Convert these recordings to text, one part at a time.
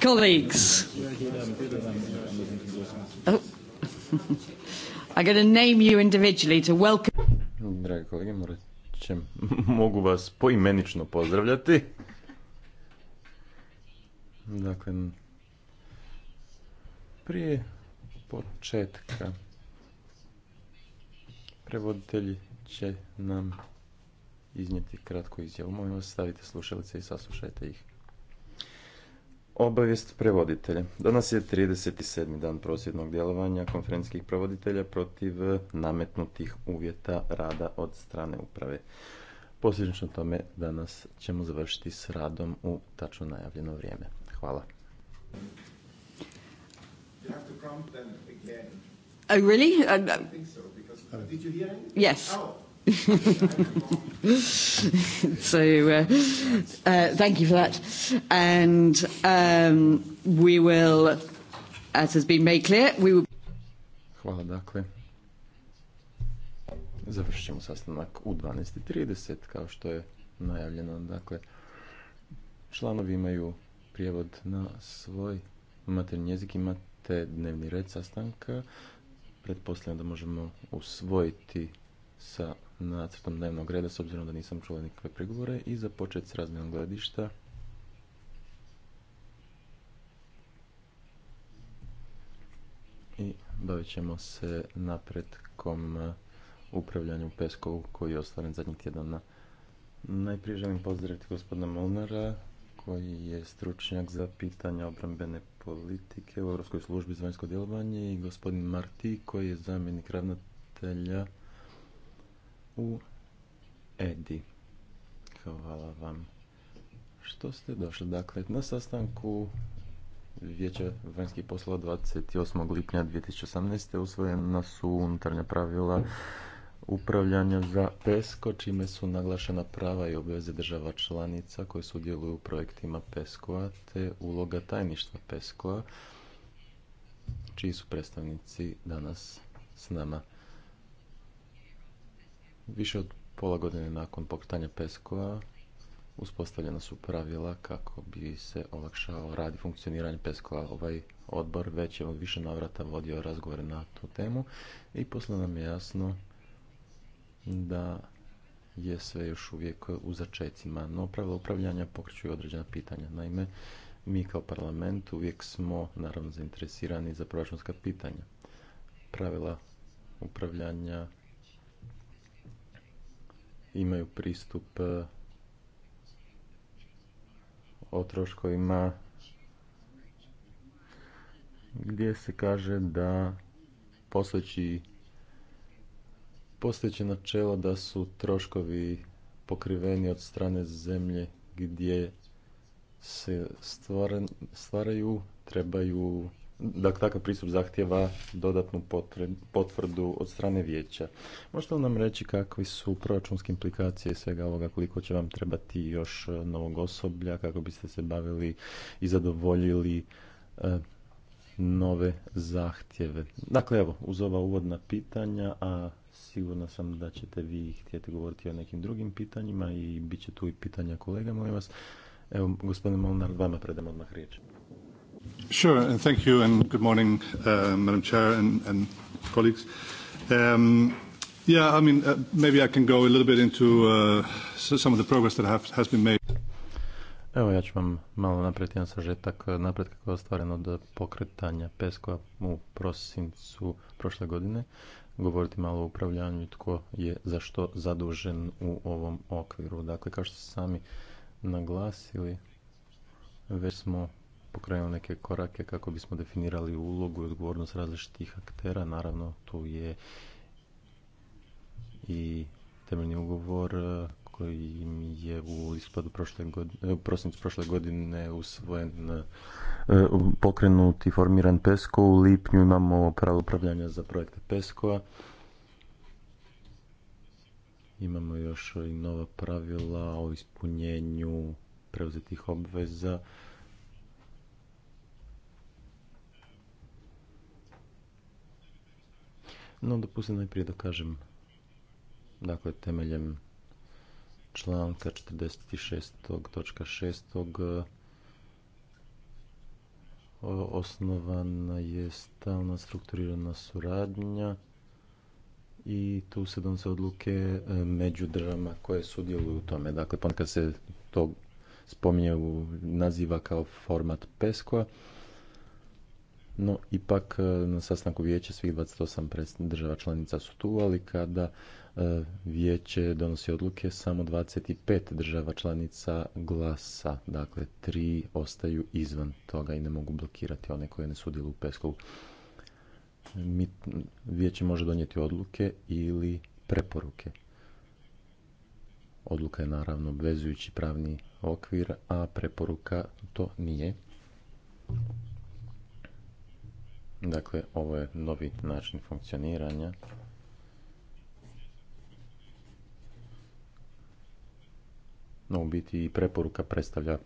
Colleagues, oh. I'm to name you individually to welcome. Dragi kolege, morat će, mogu vas poimenično pozdravljati. Dakle, prije početka prevoditelji će nam iznijeti kratku izjavu. Molim vas, stavite slušalice i saslušajte ih. Obavijest prevoditelja. Danas je 37. dan prosvjednog djelovanja konferencijskih prevoditelja protiv eh, nametnutih uvjeta rada od strane uprave. Posljedično tome danas ćemo završiti s radom u tačno najavljeno vrijeme. Hvala. so uh, uh, thank you for that. And um, we will, as has been made clear, we will... Hvala dakle. Završit ćemo sastanak u 12.30 kao što je najavljeno. Dakle, članovi imaju prijevod na svoj maternji jezik, imate dnevni red sastanka. Pretpostavljam da možemo usvojiti sa nacrtom dnevnog reda s obzirom da nisam čula nikakve prigovore i započet s razmjenom gledišta. I bavit ćemo se napretkom uh, upravljanju Peskovu koji je ostvaren zadnjih tjedana. Najprije želim pozdraviti gospodina Molnara koji je stručnjak za pitanja obrambene politike u Europskoj službi za vanjsko djelovanje i gospodin Marti koji je zamjenik ravnatelja u EDI. Hvala vam što ste došli. Dakle, na sastanku Vijeća vanjskih poslova 28. lipnja 2018. usvojena su unutarnja pravila upravljanja za PESCO, čime su naglašena prava i obveze država članica koje sudjeluju u projektima pesco te uloga tajništva PESCO-a, čiji su predstavnici danas s nama. Više od pola godine nakon pokretanja Peskova uspostavljena su pravila kako bi se olakšao rad i funkcioniranje Peskova. Ovaj odbor već je od više navrata vodio razgovore na tu temu i posle nam je jasno da je sve još uvijek u začecima. No, pravila upravljanja pokreću određena pitanja. Naime, mi kao parlament uvijek smo, naravno, zainteresirani za proračunska pitanja. Pravila upravljanja imaju pristup e, o troškovima gdje se kaže da postojeći postojeće načelo da su troškovi pokriveni od strane zemlje gdje se stvaraju trebaju Dakle, takav pristup zahtjeva dodatnu potvrdu od strane vijeća. Možete li nam reći kakvi su proračunske implikacije svega ovoga, koliko će vam trebati još e, novog osoblja, kako biste se bavili i zadovoljili e, nove zahtjeve. Dakle, evo, uz ova uvodna pitanja, a sigurno sam da ćete vi htjeti govoriti o nekim drugim pitanjima i bit će tu i pitanja kolega, molim vas. Evo, gospodine Molnar, vama predam odmah riječ. Sure, and thank you, and good morning, uh, Madam Chair and, and colleagues. Um, yeah, I mean, uh, maybe I can go a little bit into uh, some of the progress that have, has been made. Evo ja ću vam malo napraviti jedan sažetak uh, napretka koji je ostvaren od pokretanja PESCO-a u prosincu prošle godine. Govoriti malo o upravljanju i tko je za što zadužen u ovom okviru. Dakle, kao što ste sami naglasili, već smo pokrenuo neke korake kako bismo definirali ulogu i odgovornost različitih aktera. Naravno, tu je i temeljni ugovor eh, koji je u listopadu prošle godine, eh, u prosincu prošle godine usvojen eh, pokrenut i formiran PESCO. U lipnju imamo pravo upravljanja za projekte PESCO-a. Imamo još i nova pravila o ispunjenju preuzetih obveza No, dopustite najprije da kažem, dakle, temeljem članka 46.6 osnovana je stalna strukturirana suradnja i tu se donose odluke e, među državama koje sudjeluju u tome. Dakle, ponekad se to spominje u naziva kao format PESCO-a, no ipak e, na sastanku vijeća svih 28 država članica su tu, ali kada e, vijeće donosi odluke samo 25 država članica glasa, dakle tri ostaju izvan toga i ne mogu blokirati one koje ne sudjeluju u PESKO-u. Vijeće može donijeti odluke ili preporuke. Odluka je naravno obvezujući pravni okvir, a preporuka to nije Dakle, ovo je novi način funkcioniranja. No, u biti i preporuka predstavlja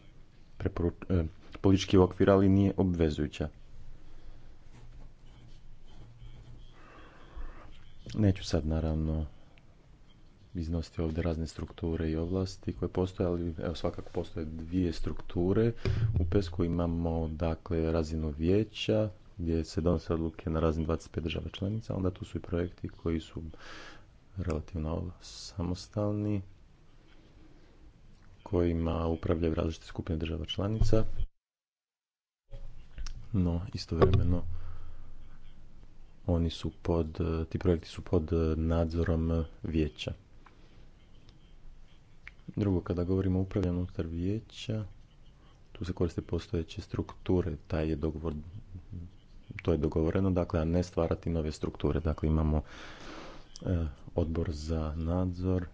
preporu, eh, politički okvir, ali nije obvezujuća. Neću sad naravno iznositi ovdje razne strukture i ovlasti koje postoje, ali evo, svakako postoje dvije strukture. U Pesku imamo dakle razinu vijeća, gdje se donose odluke na razini 25 država članica, onda tu su i projekti koji su relativno samostalni, kojima upravljaju različite skupine država članica, no istovremeno oni su pod, ti projekti su pod nadzorom vijeća. Drugo, kada govorimo o upravljanju unutar vijeća, tu se koriste postojeće strukture, taj je dogovor to je dogovoreno, dakle, a ne stvarati nove strukture. Dakle, imamo e, odbor za nadzor.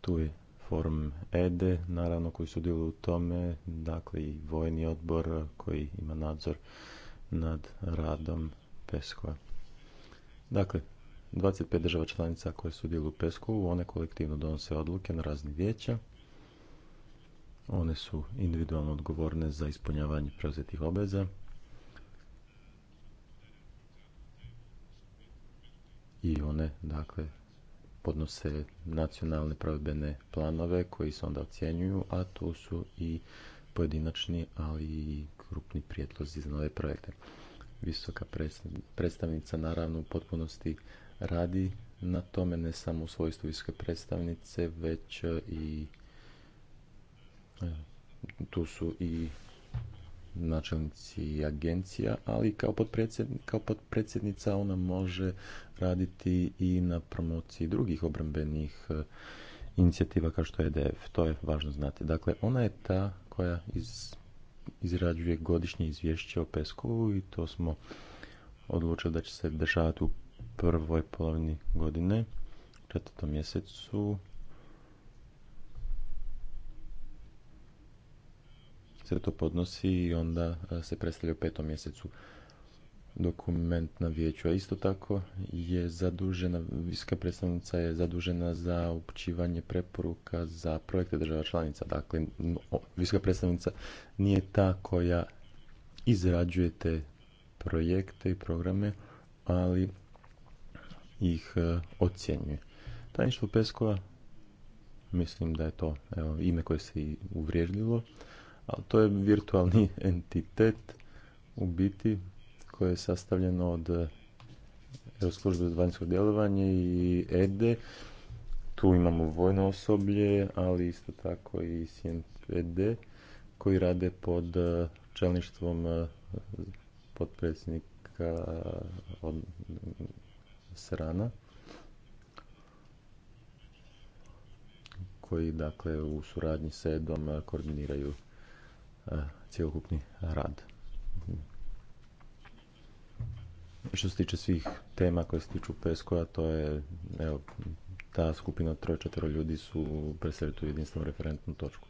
Tu je forum EDE, e, naravno, koji sudjeluju u tome, dakle, i vojni odbor koji ima nadzor nad radom PESCO-a. Dakle, 25 država članica koje sudjeluju u pesco one kolektivno donose odluke na razni vijeća. One su individualno odgovorne za ispunjavanje preuzetih obveza. I one, dakle, podnose nacionalne provedbene planove koji se onda ocjenjuju, a to su i pojedinačni, ali i grupni prijedlozi za nove projekte. Visoka predstavnica naravno u potpunosti radi na tome ne samo u svojstvu visoke predstavnice, već i tu su i načelnici agencija, ali kao potpredsjednica, ona može raditi i na promociji drugih obrambenih e, inicijativa kao što je EDF. To je važno znati. Dakle, ona je ta koja izrađuje godišnje izvješće o pesku i to smo odlučili da će se dešavati u prvoj polovini godine, četvrtom mjesecu se to podnosi i onda e, se predstavlja u petom mjesecu dokument na vijeću. A isto tako je zadužena, viska predstavnica je zadužena za upućivanje preporuka za projekte država članica. Dakle, viska predstavnica nije ta koja izrađuje te projekte i programe, ali ih e, ocjenjuje. Tajništvo Peskova, mislim da je to evo, ime koje se i uvriježdilo ali to je virtualni entitet u biti koji je sastavljen od eh, službe za vanjsko djelovanje i EDE. Tu imamo vojno osoblje, ali isto tako i CNPD koji rade pod eh, čelništvom eh, potpredsjednika od Srana koji dakle u suradnji s EDOM koordiniraju E, cijelokupni rad. Što se tiče svih tema koje se tiču PESCO-a, to je, evo, ta skupina od troje četvero ljudi su predstavili tu jedinstvenu referentnu točku.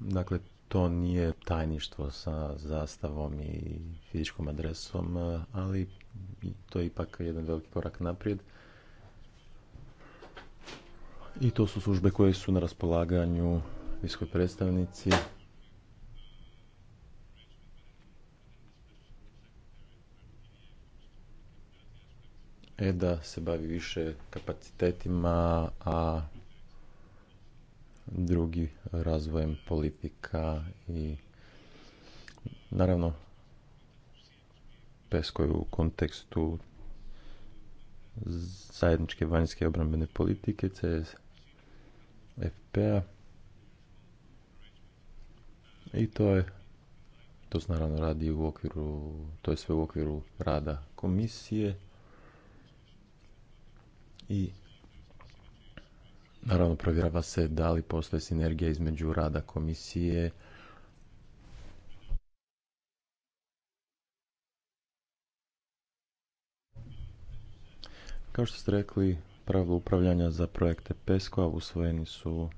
Dakle, to nije tajništvo sa zastavom i fizičkom adresom, ali to je ipak jedan veliki korak naprijed. I to su službe koje su na raspolaganju viskoj predstavnici. EDA se bavi više kapacitetima, a drugi razvojem politika i naravno pesko je u kontekstu zajedničke vanjske obrambene politike CSFP-a i to je, to se naravno radi u okviru, to je sve u okviru rada komisije. I naravno provjerava se da li postoje sinergija između rada komisije, Kao što ste rekli, pravila upravljanja za projekte PESCO-a usvojeni su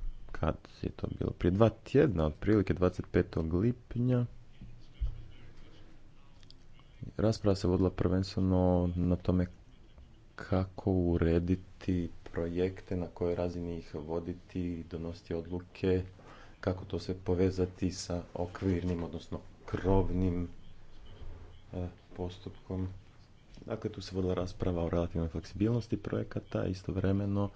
kad je to bilo prije dva tjedna, otprilike 25. lipnja. Rasprava se vodila prvenstveno na tome kako urediti projekte, na kojoj razini ih voditi, donositi odluke, kako to se povezati sa okvirnim, odnosno krovnim e, postupkom. Dakle, tu se vodila rasprava o relativnoj fleksibilnosti projekata, istovremeno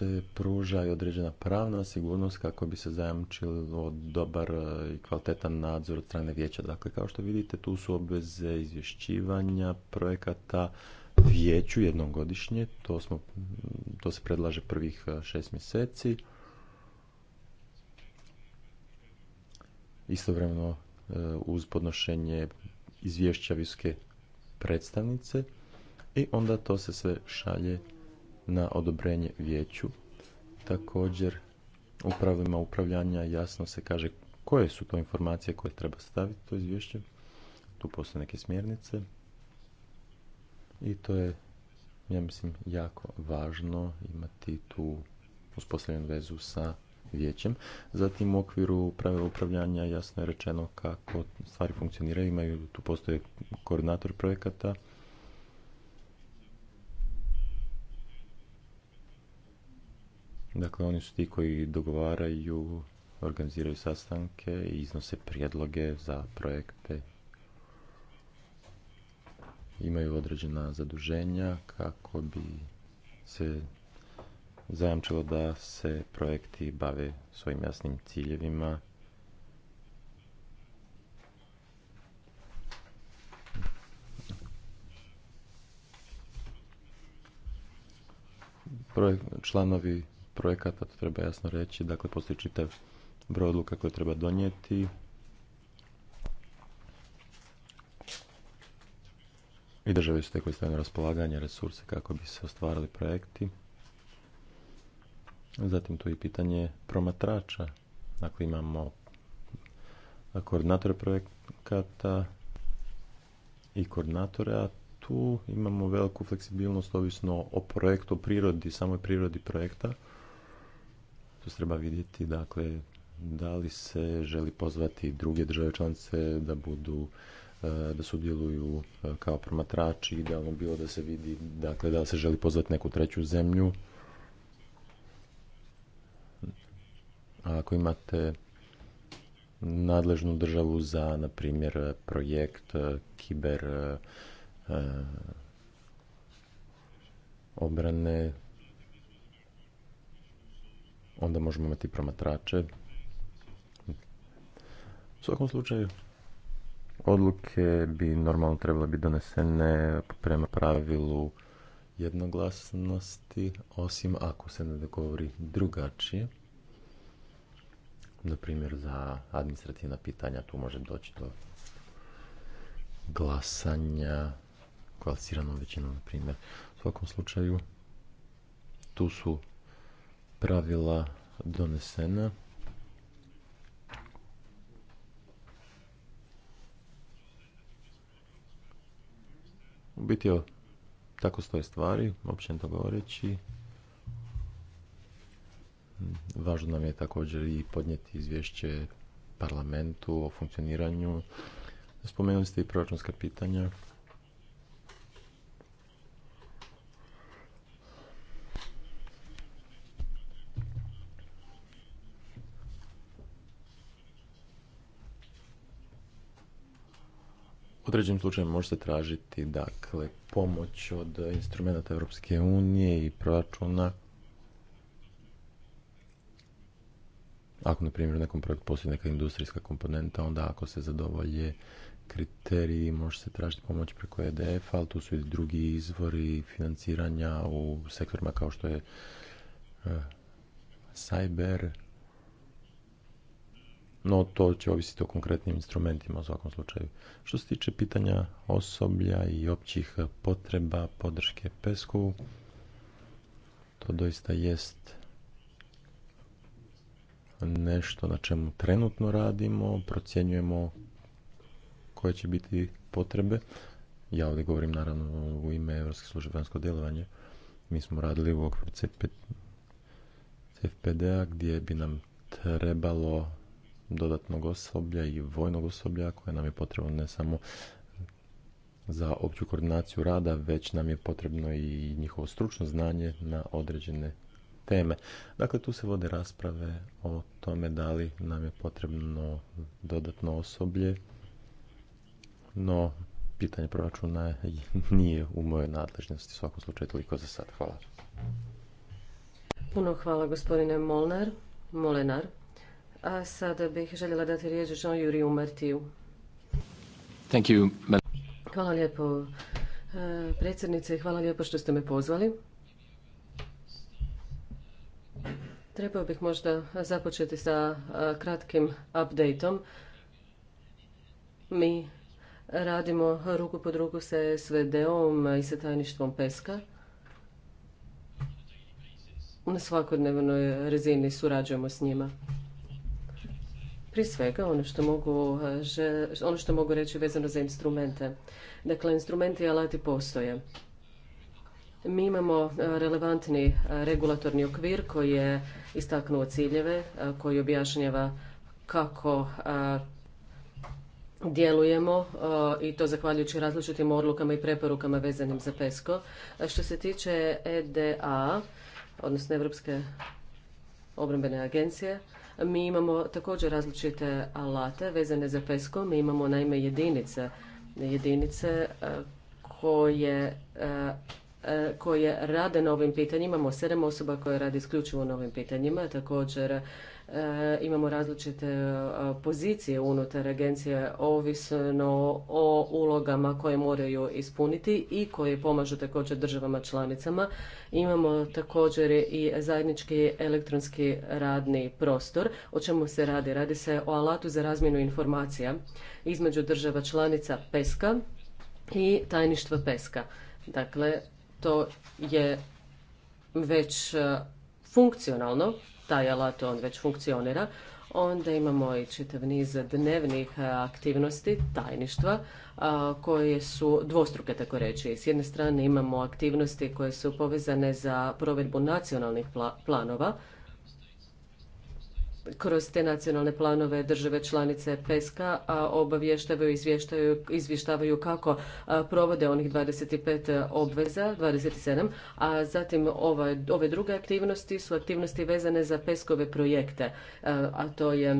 se pruža i određena pravna sigurnost kako bi se zajamčilo dobar e, i kvalitetan nadzor od strane vijeća. Dakle, kao što vidite, tu su obveze izvješćivanja projekata vijeću jednogodišnje. godišnje. To, smo, to se predlaže prvih e, šest mjeseci. Istovremeno e, uz podnošenje izvješća predstavnice i onda to se sve šalje na odobrenje vijeću. Također u pravilima upravljanja jasno se kaže koje su to informacije koje treba staviti to izvješće. Tu postoje neke smjernice i to je, ja mislim, jako važno imati tu uspostavljenu vezu sa vijećem. Zatim u okviru pravila upravljanja jasno je rečeno kako stvari funkcioniraju, imaju, tu postoje koordinator projekata Dakle, oni su ti koji dogovaraju, organiziraju sastanke i iznose prijedloge za projekte. Imaju određena zaduženja kako bi se zajamčilo da se projekti bave svojim jasnim ciljevima. članovi projekata, to treba jasno reći. Dakle, postoji čitav broj odluka koje treba donijeti. I države su te koje stavljaju na raspolaganje resurse kako bi se ostvarili projekti. Zatim tu je pitanje promatrača. Dakle, imamo koordinatore projekata i koordinatore, a tu imamo veliku fleksibilnost ovisno o projektu, o prirodi, samoj prirodi projekta. Tu treba vidjeti, dakle, da li se želi pozvati druge države članice da budu e, da sudjeluju e, kao promatrači, idealno bilo da se vidi dakle, da se želi pozvati neku treću zemlju. A ako imate nadležnu državu za, na primjer, projekt e, kiber obrane, onda možemo imati promatrače. U svakom slučaju, odluke bi normalno trebale biti donesene prema pravilu jednoglasnosti, osim ako se ne dogovori drugačije. Na primjer, za administrativna pitanja tu može doći do glasanja kvalificiranom većinom, na primjer. U svakom slučaju, tu su pravila donesena. U biti o tako stoje stvari, općenito govoreći. Važno nam je također i podnijeti izvješće parlamentu o funkcioniranju. Spomenuli ste i proračunska pitanja. određenim slučajima može se tražiti dakle, pomoć od instrumenta Europske unije i proračuna Ako, na primjer, u nekom projektu postoji neka industrijska komponenta, onda ako se zadovolje kriteriji, može se tražiti pomoć preko EDF, ali tu su i drugi izvori financiranja u sektorima kao što je e, cyber, no to će ovisiti o konkretnim instrumentima u svakom slučaju. Što se tiče pitanja osoblja i općih potreba podrške pesku, to doista jest nešto na čemu trenutno radimo, procjenjujemo koje će biti potrebe. Ja ovdje govorim naravno u ime Evropske službe vanjsko djelovanje. Mi smo radili u okviru CFPD-a gdje bi nam trebalo dodatnog osoblja i vojnog osoblja koje nam je potrebno ne samo za opću koordinaciju rada, već nam je potrebno i njihovo stručno znanje na određene teme. Dakle, tu se vode rasprave o tome da li nam je potrebno dodatno osoblje, no pitanje proračuna nije u mojoj nadležnosti, u svakom slučaju toliko za sad. Hvala. Puno hvala gospodine Molnar, Molenar. A sada bih željela dati riječ Jean-Juriju Martiju. Thank you. Hvala lijepo e, predsjednice i hvala lijepo što ste me pozvali. Trebao bih možda započeti sa e, kratkim updateom. Mi radimo ruku pod ruku sa SVD-om i sa tajništvom PESKA. Na svakodnevnoj razini surađujemo s njima. Prije svega ono što mogu, eh, ono što reći vezano za instrumente. Dakle, instrumenti i alati postoje. Mi imamo eh, relevantni eh, regulatorni okvir koji je istaknuo ciljeve, koji objašnjava kako djelujemo i to zahvaljujući različitim odlukama i preporukama vezanim za PESCO. Što se tiče EDA, odnosno Europske obrambene agencije, mi imamo također različite alate vezane za PESCO. Mi imamo naime jedinice, jedinice e, koje e, E, koje rade na ovim pitanjima. Imamo sedam osoba koje rade isključivo na ovim pitanjima. Također e, imamo različite e, pozicije unutar agencije ovisno o ulogama koje moraju ispuniti i koje pomažu također državama članicama. Imamo također i zajednički elektronski radni prostor. O čemu se radi? Radi se o alatu za razmjenu informacija između država članica PESKA i tajništva PESKA. Dakle, to je već e, funkcionalno, taj alat on već funkcionira. Onda imamo i čitav niz dnevnih aktivnosti tajništva e, koje su dvostruke tako reći. S jedne strane imamo aktivnosti koje su povezane za provedbu nacionalnih planova kroz te nacionalne planove države članice PESKA a obavještavaju i izvještavaju kako provode onih 25 obveza, 27, a zatim ove, ove druge aktivnosti su aktivnosti vezane za PESKove projekte, a to je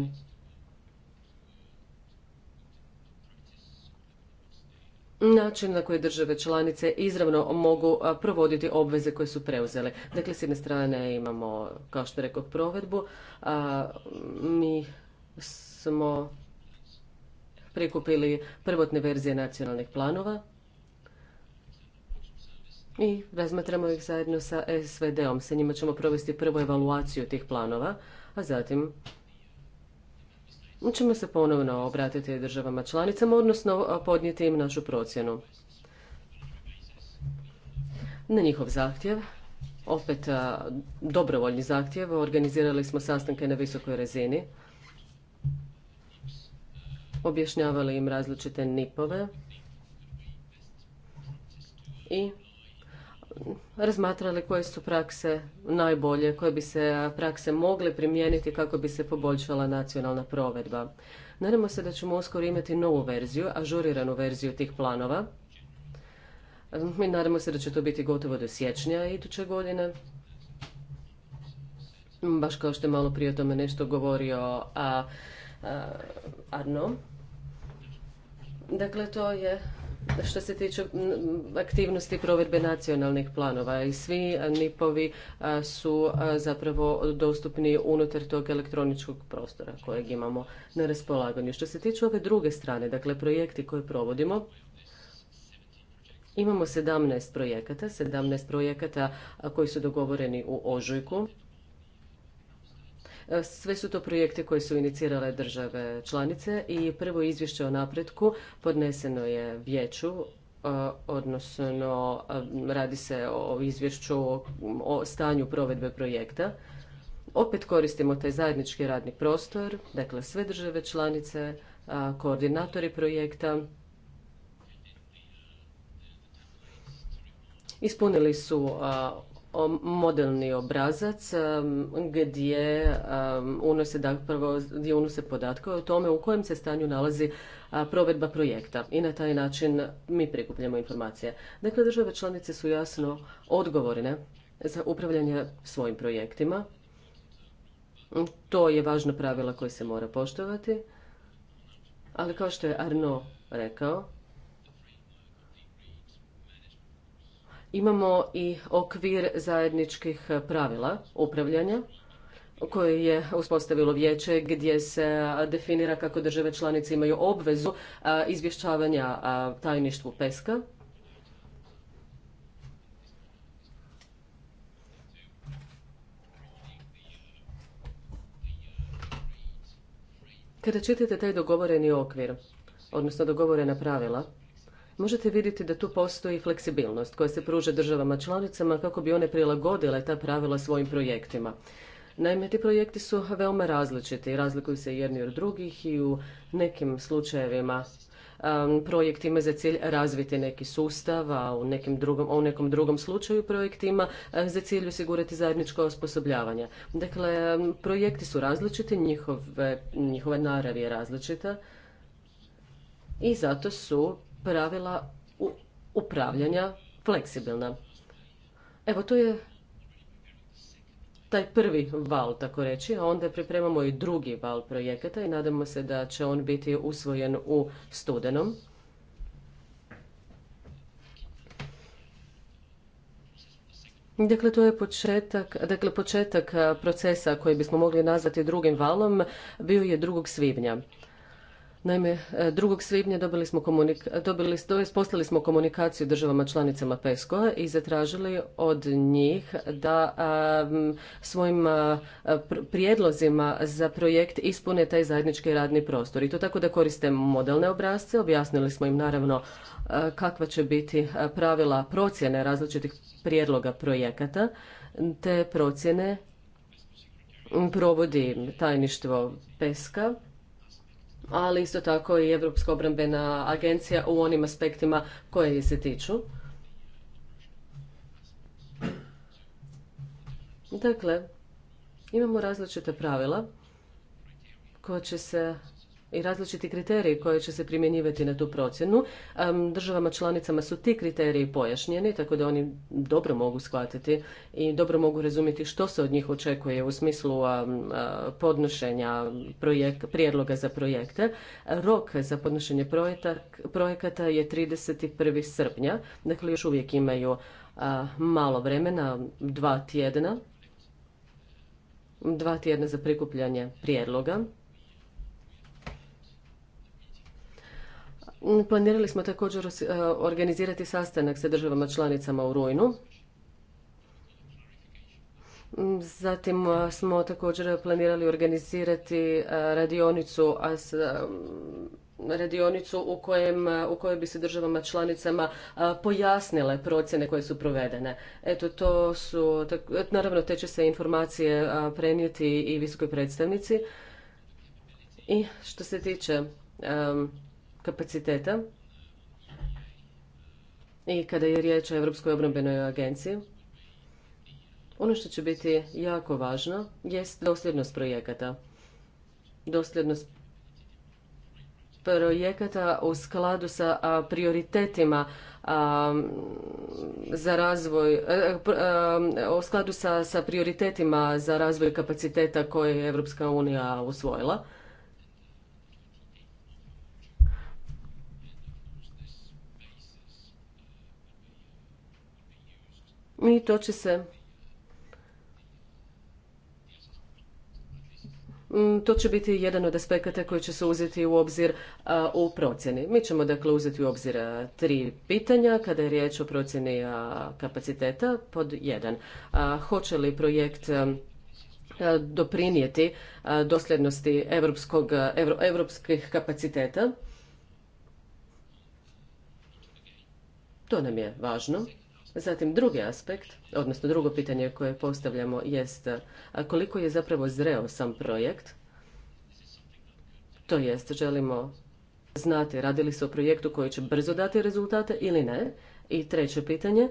način na koji države članice izravno mogu provoditi obveze koje su preuzele. Dakle, s jedne strane imamo, kao što rekao, provedbu. A, mi smo prikupili prvotne verzije nacionalnih planova i razmatramo ih zajedno sa SVD-om. Sa njima ćemo provesti prvu evaluaciju tih planova, a zatim ćemo se ponovno obratiti državama članicama, odnosno podnijeti im našu procjenu. Na njihov zahtjev, opet dobrovoljni zahtjev, organizirali smo sastanke na visokoj razini. Objašnjavali im različite nipove i razmatrali koje su prakse najbolje, koje bi se prakse mogle primijeniti kako bi se poboljšala nacionalna provedba. Nadamo se da ćemo uskoro imati novu verziju, ažuriranu verziju tih planova. Mi nadamo se da će to biti gotovo do siječnja iduće godine. Baš kao što je malo prije o tome nešto govorio a, Arno. Dakle, to je što se tiče aktivnosti provedbe nacionalnih planova i svi NIP-ovi su zapravo dostupni unutar tog elektroničkog prostora kojeg imamo na raspolaganju. Što se tiče ove druge strane, dakle projekti koje provodimo, imamo 17 projekata, 17 projekata koji su dogovoreni u ožujku E, sve su to projekte koje su inicirale države članice i prvo izvješće o napretku podneseno je vijeću e, odnosno e, radi se o izvješću o stanju provedbe projekta. Opet koristimo taj zajednički radni prostor, dakle sve države članice, koordinatori projekta. Ispunili su modelni obrazac gdje unose, prvo, podatke o tome u kojem se stanju nalazi provedba projekta i na taj način mi prikupljamo informacije. Dakle, države članice su jasno odgovorne za upravljanje svojim projektima. To je važno pravilo koje se mora poštovati. Ali kao što je Arno rekao, imamo i okvir zajedničkih pravila upravljanja koje je uspostavilo vijeće gdje se definira kako države članice imaju obvezu izvješćavanja tajništvu peska. Kada čitate taj dogovoreni okvir, odnosno dogovorena pravila, možete vidjeti da tu postoji fleksibilnost koja se pruža državama članicama kako bi one prilagodile ta pravila svojim projektima. Naime, ti projekti su veoma različiti, razlikuju se jedni od drugih i u nekim slučajevima um, projekt ima za cilj razviti neki sustav, a u, nekim drugom, u nekom drugom slučaju projekt ima eh, za cilj osigurati zajedničko osposobljavanje. Dakle, um, projekti su različiti, njihove, njihova narav je različita i zato su pravila upravljanja fleksibilna. Evo, to je taj prvi val, tako reći, a onda pripremamo i drugi val projekata i nadamo se da će on biti usvojen u studenom. Dakle, to je početak, dakle, početak procesa koji bismo mogli nazvati drugim valom bio je 2. svibnja. Naime, 2. E, svibnja dobili smo komunik dobili, poslali smo komunikaciju državama članicama PESCO i zatražili od njih da svojim prijedlozima za projekt ispune taj zajednički radni prostor. I to tako da koriste modelne obrazce. Objasnili smo im naravno kakva će biti pravila procjene različitih prijedloga projekata. Te procjene provodi tajništvo peska ali isto tako i Europska obrambena agencija u onim aspektima koje ih se tiču. Dakle, imamo različita pravila koja će se i različiti kriteriji koji će se primjenjivati na tu procjenu. Državama članicama su ti kriteriji pojašnjeni, tako da oni dobro mogu shvatiti i dobro mogu razumjeti što se od njih očekuje u smislu e, podnošenja projek prijedloga za projekte. Rok za podnošenje projekata je 31. srpnja, dakle još uvijek imaju e, malo vremena, dva tjedna, dva tjedna za prikupljanje prijedloga Planirali smo također e, organizirati sastanak sa državama članicama u rujnu. Zatim e, smo također planirali organizirati e, radionicu, a radionicu u, kojem, u kojoj bi se državama članicama pojasnile procjene koje su provedene. Eto, to su, naravno, te će se informacije prenijeti i visokoj predstavnici. I što se tiče kapaciteta i kada je riječ o Europskoj obrambenoj agenciji, ono što će biti jako važno jest dosljednost projekata. Dosljednost projekata u skladu sa prioritetima za razvoj, u skladu sa, sa prioritetima za razvoj kapaciteta koje je Europska unija usvojila. i to će se mm, To će biti jedan od aspekata koji će se uzeti u obzir u procjeni. Mi ćemo dakle uzeti u obzir tri pitanja kada je riječ o procjeni kapaciteta. Pod jedan, hoće li projekt doprinijeti dosljednosti europskih kapaciteta? To nam je važno. Zatim drugi aspekt, odnosno drugo pitanje koje postavljamo jest koliko je zapravo zreo sam projekt, to jest želimo znati radi li se o projektu koji će brzo dati rezultate ili ne. I treće pitanje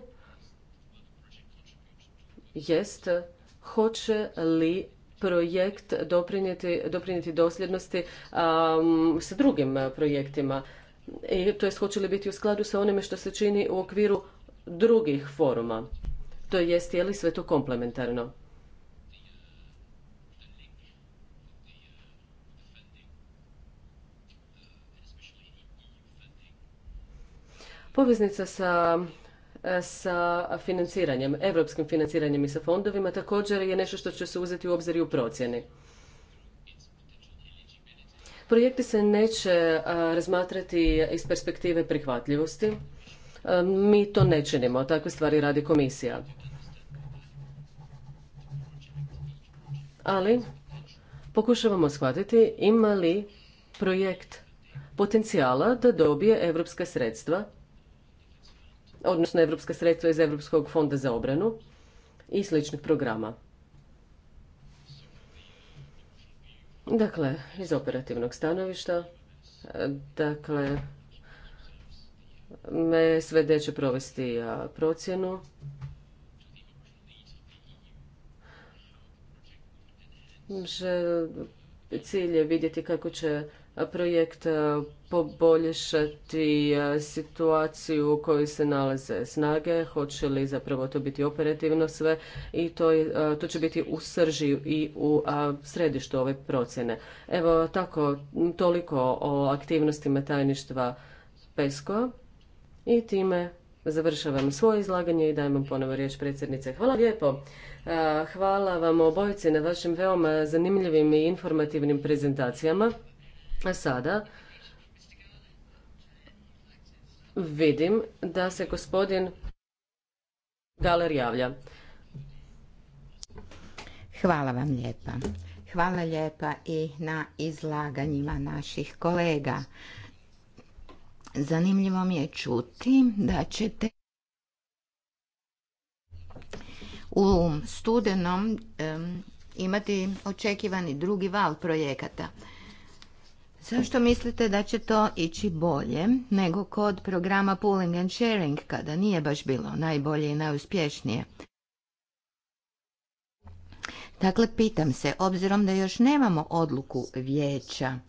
jest hoće li projekt doprinijeti, dosljednosti s drugim projektima, i, to jest hoće li biti u skladu sa onime što se čini u okviru drugih foruma. To jest, je li sve to komplementarno? Poveznica sa sa financiranjem, europskim financiranjem i sa fondovima također je nešto što će se uzeti u obzir i u procjeni. Projekti se neće razmatrati iz perspektive prihvatljivosti, mi to ne činimo, takve stvari radi komisija. Ali pokušavamo shvatiti ima li projekt potencijala da dobije evropska sredstva, odnosno evropska sredstva iz Evropskog fonda za obranu i sličnih programa. Dakle, iz operativnog stanovišta, dakle, sve deće provesti procjenu. Cilj je vidjeti kako će projekt poboljšati situaciju u kojoj se nalaze snage, hoće li zapravo to biti operativno sve i to, to će biti u srži i u središtu ove procjene. Evo tako, toliko o aktivnostima tajništva PESCO. I time završavam svoje izlaganje i dajem vam ponovo riječ predsjednice. Hvala lijepo. Hvala vam obojici na vašim veoma zanimljivim i informativnim prezentacijama. A sada vidim da se gospodin Galer javlja. Hvala vam lijepa. Hvala lijepa i na izlaganjima naših kolega. Zanimljivo mi je čuti da ćete u studenom imati očekivani drugi val projekata. Zašto mislite da će to ići bolje nego kod programa Pooling and Sharing kada nije baš bilo najbolje i najuspješnije? Dakle, pitam se, obzirom da još nemamo odluku vijeća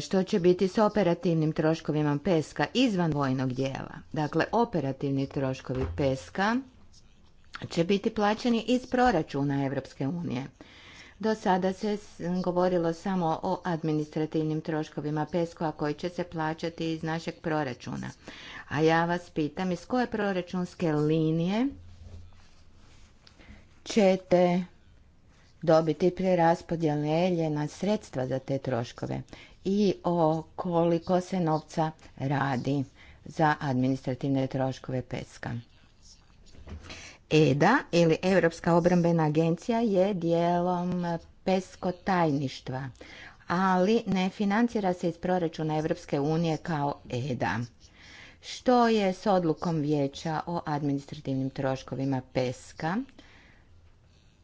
što će biti s operativnim troškovima peska izvan vojnog dijela. Dakle, operativni troškovi peska će biti plaćeni iz proračuna Europske unije. Do sada se govorilo samo o administrativnim troškovima PESCO-a koji će se plaćati iz našeg proračuna. A ja vas pitam iz koje proračunske linije ćete dobiti preraspodjelje na sredstva za te troškove i o koliko se novca radi za administrativne troškove peska. EDA ili Europska obrambena agencija je dijelom pesko tajništva, ali ne financira se iz proračuna Europske unije kao EDA. Što je s odlukom vijeća o administrativnim troškovima peska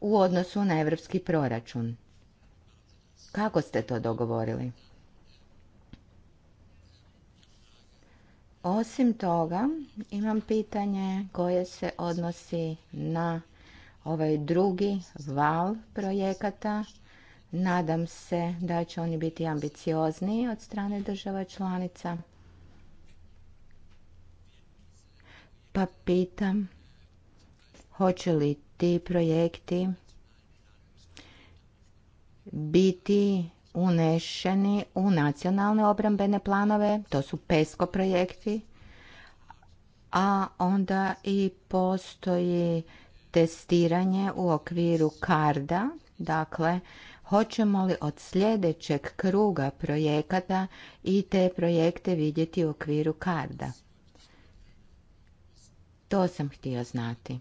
u odnosu na europski proračun? Kako ste to dogovorili? Osim toga, imam pitanje koje se odnosi na ovaj drugi val projekata. Nadam se da će oni biti ambiciozniji od strane država članica. Pa pitam, hoće li ti projekti biti unešeni u nacionalne obrambene planove, to su PESCO projekti, a onda i postoji testiranje u okviru karda, dakle hoćemo li od sljedećeg kruga projekata i te projekte vidjeti u okviru karda. To sam htio znati.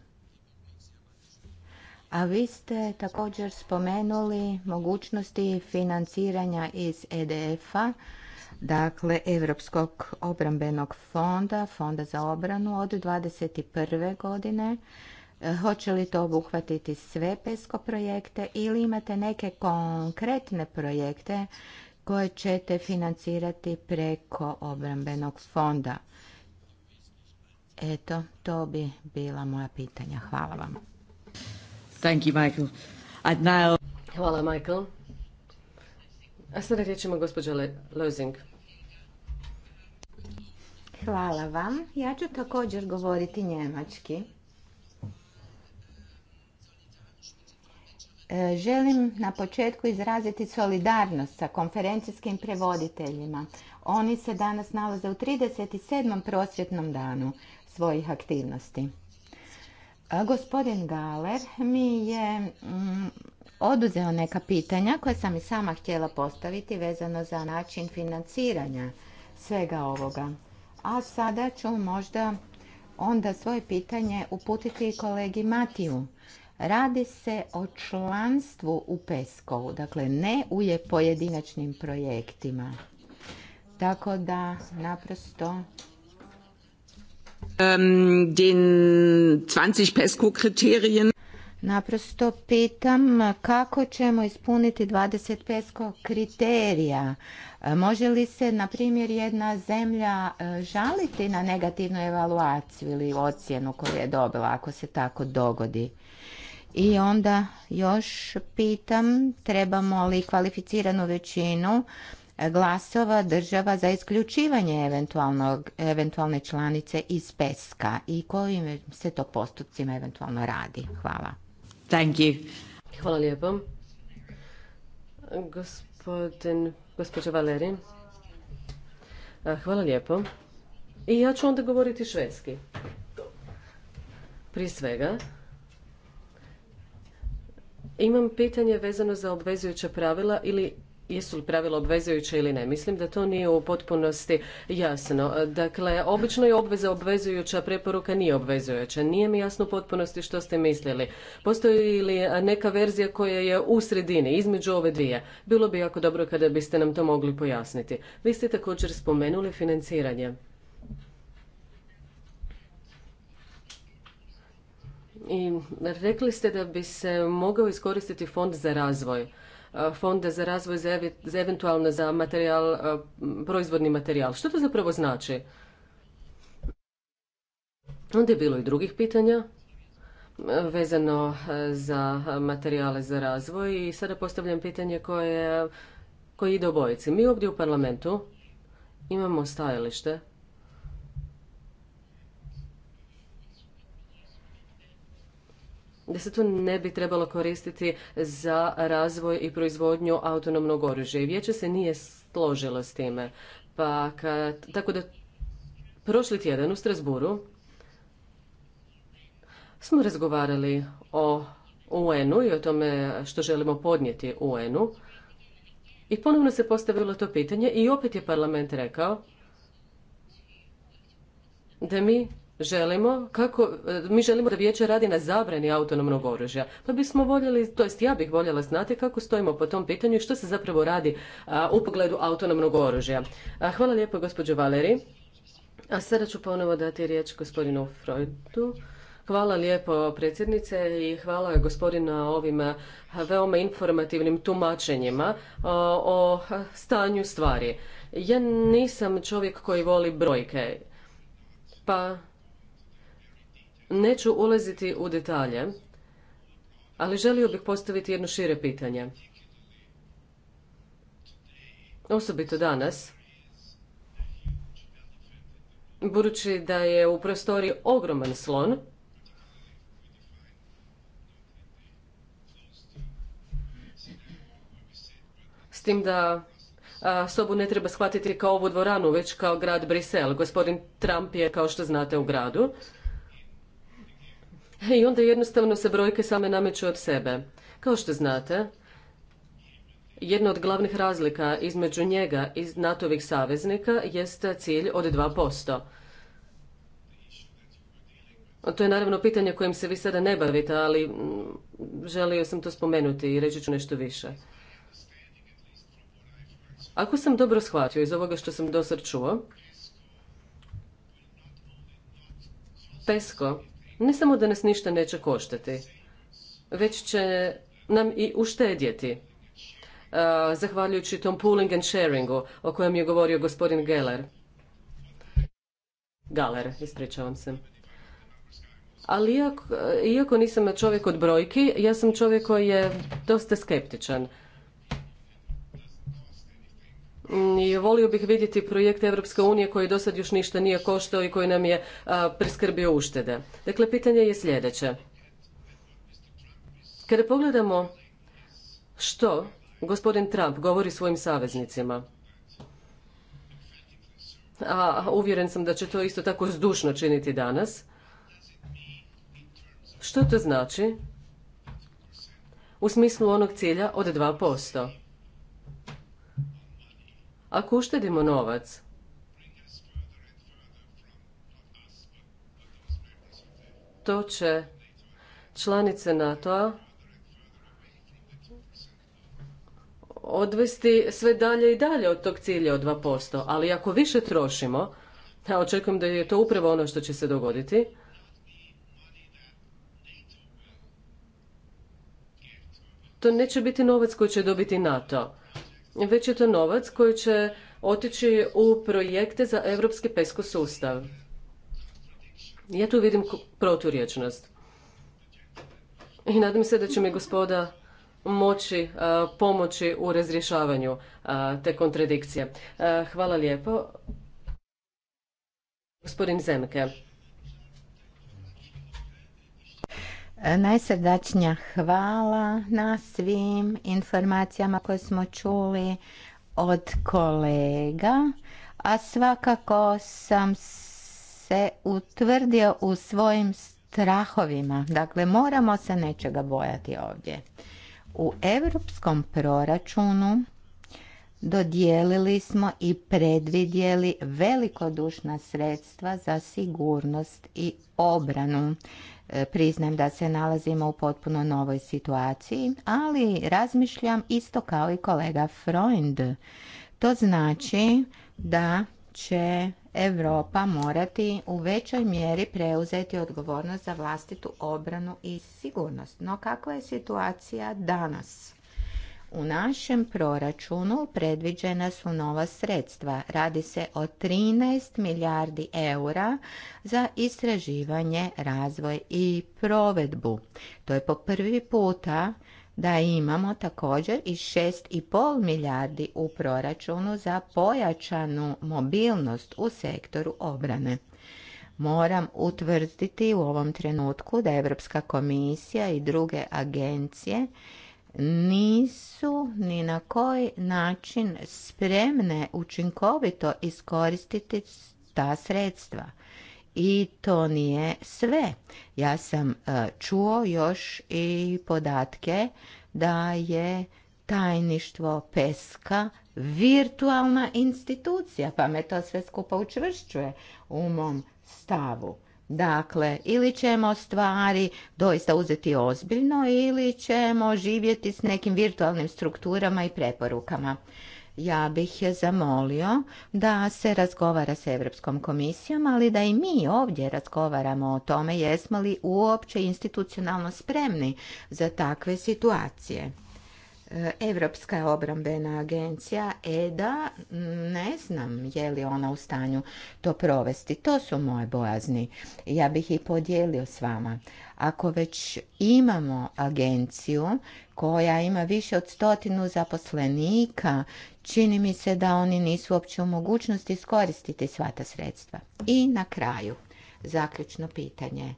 A vi ste također spomenuli mogućnosti financiranja iz EDF-a, dakle Europskog obrambenog fonda, fonda za obranu od 2021. godine. Hoće li to obuhvatiti sve PESCO projekte ili imate neke konkretne projekte koje ćete financirati preko obrambenog fonda? Eto, to bi bila moja pitanja. Hvala vam. Thank you, Michael. I'd now... Hvala, Michael. A sada riječ ima Hvala vam. Ja ću također govoriti njemački. E, želim na početku izraziti solidarnost sa konferencijskim prevoditeljima. Oni se danas nalaze u 37. prosvjetnom danu svojih aktivnosti. Gospodin Galer mi je mm, oduzeo neka pitanja koje sam i sama htjela postaviti vezano za način financiranja svega ovoga. A sada ću možda onda svoje pitanje uputiti kolegi Matiju. Radi se o članstvu u Peskovu, dakle ne u je pojedinačnim projektima. Tako da naprosto Ähm, den 20 PESCO-Kriterien. Naprosto pitam kako ćemo ispuniti 20 PESCO kriterija. Može li se, na primjer, jedna zemlja e, žaliti na negativnu evaluaciju ili ocjenu koju je dobila ako se tako dogodi? I onda još pitam, trebamo li kvalificiranu većinu glasova država za isključivanje eventualne članice iz peska i kojim se to postupcima eventualno radi. Hvala. Thank you. Hvala lijepo. Gospodin, gospođa Hvala lijepo. I ja ću onda govoriti švedski. Prije svega, imam pitanje vezano za obvezujuća pravila ili jesu li pravila obvezujuće ili ne. Mislim da to nije u potpunosti jasno. Dakle, obično je obveza obvezujuća, preporuka nije obvezujuća. Nije mi jasno u potpunosti što ste mislili. Postoji li neka verzija koja je u sredini, između ove dvije? Bilo bi jako dobro kada biste nam to mogli pojasniti. Vi ste također spomenuli financiranje. I rekli ste da bi se mogao iskoristiti fond za razvoj fonda za razvoj za, za eventualno za materijal, e, proizvodni materijal. Što to zapravo znači? Onda je bilo i drugih pitanja e, vezano e, za materijale za razvoj i sada postavljam pitanje koje, koje ide obojici. Mi ovdje u parlamentu imamo stajalište da se to ne bi trebalo koristiti za razvoj i proizvodnju autonomnog oružja. I vijeće se nije složilo s time. Pa tako da prošli tjedan u Strasburu smo razgovarali o UN-u i o tome što želimo podnijeti UN-u. I ponovno se postavilo to pitanje i opet je parlament rekao da mi želimo kako, mi želimo da vijeće radi na zabrani autonomnog oružja. Pa bismo voljeli, to jest ja bih voljela znati kako stojimo po tom pitanju i što se zapravo radi u pogledu autonomnog oružja. hvala lijepo gospođo Valeri. A sada ću ponovo dati riječ gospodinu Freudu. Hvala lijepo predsjednice i hvala gospodina ovim veoma informativnim tumačenjima o stanju stvari. Ja nisam čovjek koji voli brojke, pa Neću ulaziti u detalje, ali želio bih postaviti jedno šire pitanje. Osobito danas, budući da je u prostori ogroman slon, s tim da sobu ne treba shvatiti kao ovu dvoranu, već kao grad Brisel. Gospodin Trump je, kao što znate, u gradu. i onda jednostavno se brojke same nameću od sebe. Kao što znate, jedna od glavnih razlika između njega i NATO-vih saveznika jeste cilj od 2%. To je naravno pitanje kojim se vi sada ne bavite, ali želio sam to spomenuti i reći ću nešto više. Ako sam dobro shvatio iz ovoga što sam dosad čuo, PESCO ne samo da nas ništa neće koštati, već će nam i uštedjeti. E, zahvaljujući tom pooling and sharingu o kojem je govorio gospodin Geller. Galer, ispričavam se. Ali iako, iako nisam čovjek od brojki, ja sam čovjek koji je dosta skeptičan. Mm, i volio bih vidjeti projekt Europske unije koji do sad još ništa nije koštao i koji nam je preskrbio priskrbio uštede. Dakle, pitanje je sljedeće. Kada pogledamo što gospodin Trump govori svojim saveznicima, a uvjeren sam da će to isto tako zdušno činiti danas, što to znači u smislu onog cilja od 2%? Ako uštedimo novac, to će članice NATO-a odvesti sve dalje i dalje od tog cilja od 2%, ali ako više trošimo, ja očekujem da je to upravo ono što će se dogoditi, to neće biti novac koji će dobiti NATO već je to novac koji će otići u projekte za europski pesko sustav. Ja tu vidim proturječnost. I nadam se da će mi gospoda moći pomoći u razrješavanju te kontradikcije. hvala lijepo. Gospodin Zemke. Najsrdačnija hvala na svim informacijama koje smo čuli od kolega, a svakako sam se utvrdio u svojim strahovima. Dakle, moramo se nečega bojati ovdje. U europskom proračunu dodijelili smo i predvidjeli velikodušna sredstva za sigurnost i obranu. E, priznam da se nalazimo u potpuno novoj situaciji, ali razmišljam isto kao i kolega Freund. To znači da će Europa morati u većoj mjeri preuzeti odgovornost za vlastitu obranu i sigurnost. No kakva je situacija danas? U našem proračunu predviđena su nova sredstva. Radi se o 13 milijardi eura za istraživanje, razvoj i provedbu. To je po prvi puta da imamo također i 6,5 milijardi u proračunu za pojačanu mobilnost u sektoru obrane. Moram utvrditi u ovom trenutku da Europska komisija i druge agencije nisu ni na koji način spremne učinkovito iskoristiti ta sredstva. I to nije sve. Ja sam e, čuo još i podatke da je tajništvo peska virtualna institucija, pa me to sve skupa učvršćuje u mom stavu. Dakle, ili ćemo stvari doista uzeti ozbiljno ili ćemo živjeti s nekim virtualnim strukturama i preporukama. Ja bih je zamolio da se razgovara s Europskom komisijom, ali da i mi ovdje razgovaramo o tome jesmo li uopće institucionalno spremni za takve situacije. Evropska obrambena agencija EDA, ne znam je li ona u stanju to provesti. To su moje bojazni. Ja bih ih podijelio s vama. Ako već imamo agenciju koja ima više od stotinu zaposlenika, čini mi se da oni nisu uopće u mogućnosti iskoristiti sva ta sredstva. I na kraju, zaključno pitanje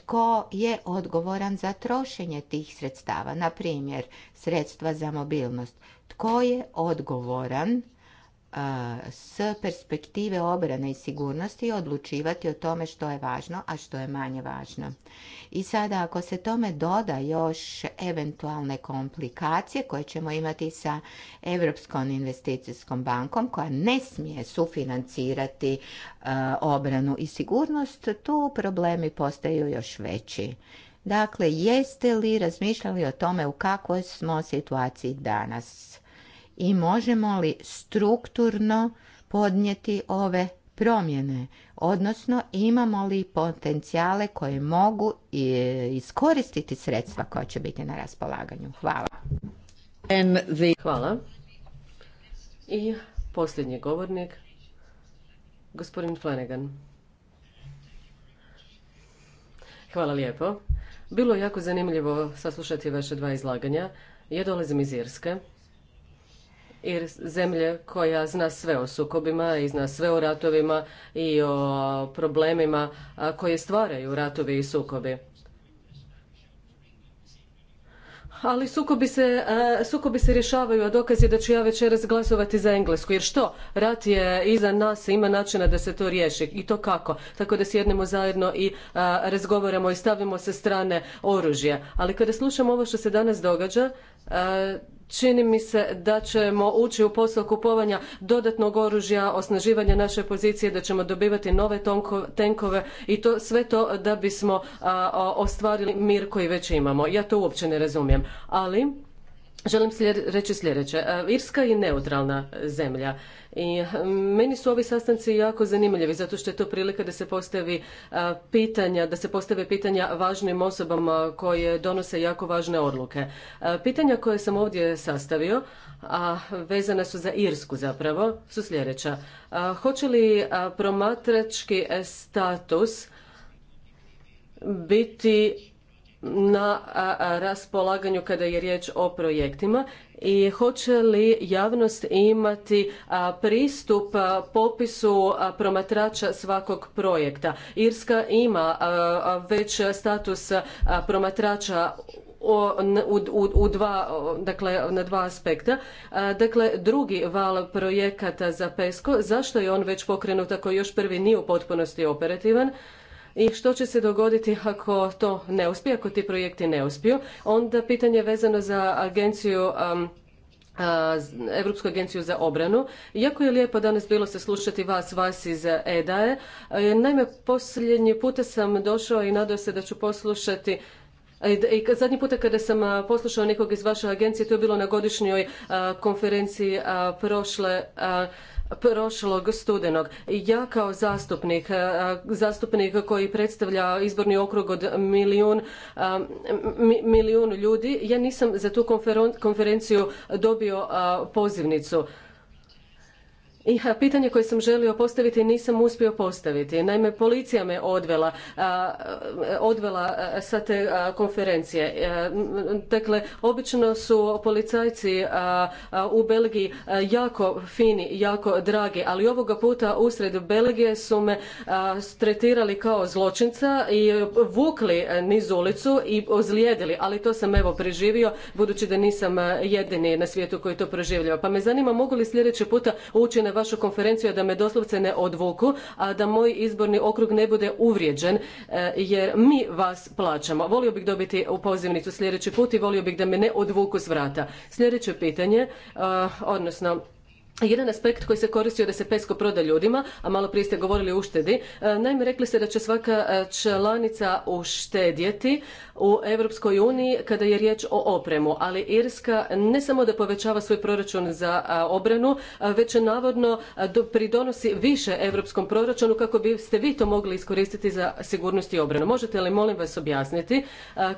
tko je odgovoran za trošenje tih sredstava, na primjer sredstva za mobilnost. Tko je odgovoran s perspektive obrane i sigurnosti odlučivati o tome što je važno, a što je manje važno. I sada ako se tome doda još eventualne komplikacije koje ćemo imati sa Europskom investicijskom bankom koja ne smije sufinancirati obranu i sigurnost, tu problemi postaju još veći. Dakle, jeste li razmišljali o tome u kakvoj smo situaciji danas? i možemo li strukturno podnijeti ove promjene, odnosno imamo li potencijale koje mogu e, iskoristiti sredstva koja će biti na raspolaganju. Hvala. Hvala. I posljednji govornik, gospodin Flanagan. Hvala lijepo. Bilo je jako zanimljivo saslušati vaše dva izlaganja. Ja dolazim iz Irske jer zemlje koja zna sve o sukobima i zna sve o ratovima i o problemima koje stvaraju ratovi i sukobi. Ali sukobi se, sukobi se rješavaju, a dokaz je da ću ja večeras glasovati za Englesku. Jer što? Rat je iza nas, ima načina da se to riješi. I to kako? Tako da sjednemo zajedno i razgovaramo i stavimo sa strane oružje. Ali kada slušamo ovo što se danas događa, čini mi se da ćemo ući u posao kupovanja dodatnog oružja, osnaživanja naše pozicije, da ćemo dobivati nove tenkove i to sve to da bismo ostvarili mir koji već imamo. Ja to uopće ne razumijem. Ali Želim reći sljedeće. E, Irska je neutralna zemlja i e, meni su ovi sastanci jako zanimljivi zato što je to prilika da se postavi e, pitanja, da se postave pitanja važnim osobama koje donose jako važne odluke. Pitanja koje sam ovdje sastavio, a vezana su za Irsku zapravo, su sljedeća. Hoće li promatrački status biti na raspolaganju kada je riječ o projektima i hoće li javnost imati pristup popisu promatrača svakog projekta. Irska ima već status promatrača u, dva, dakle, na dva aspekta. Dakle, drugi val projekata za PESCO, zašto je on već pokrenut ako još prvi nije u potpunosti operativan? i što će se dogoditi ako to ne uspije, ako ti projekti ne uspiju. Onda pitanje vezano za agenciju Europsku agenciju za obranu. Jako je lijepo danas bilo se slušati vas, vas iz EDAE. E. E, naime, posljednji puta sam došao i nadao se da ću poslušati e, i zadnji puta kada sam poslušao nekog iz vaše agencije, to je bilo na godišnjoj konferenciji prošle prošlog studenog. Ja kao zastupnik, zastupnik koji predstavlja izborni okrug od milijun, milijun ljudi, ja nisam za tu konferenciju dobio pozivnicu. I pitanje koje sam želio postaviti nisam uspio postaviti. Naime, policija me odvela, odvela sa te konferencije. Tekle, dakle, obično su policajci u Belgiji jako fini, jako dragi, ali ovoga puta usred Belgije su me tretirali kao zločinca i vukli niz ulicu i ozlijedili, ali to sam evo preživio budući da nisam jedini na svijetu koji to proživljava. Pa me zanima mogu li sljedeći puta ući na vašu konferenciju da me doslovce ne odvuku, a da moj izborni okrug ne bude uvrijeđen e, jer mi vas plaćamo. Volio bih dobiti pozivnicu sljedeći put i volio bih da me ne odvuku s vrata. Sljedeće pitanje, e, odnosno jedan aspekt koji se koristio da se pesko proda ljudima, a malo prije ste govorili o uštedi, e, naime rekli ste da će svaka e, članica uštedjeti u Europskoj uniji kada je riječ o opremu, ali Irska ne samo da povećava svoj proračun za e, obranu, već navodno pridonosi više europskom proračunu kako biste vi to mogli iskoristiti za sigurnost i obranu. Možete li molim vas objasniti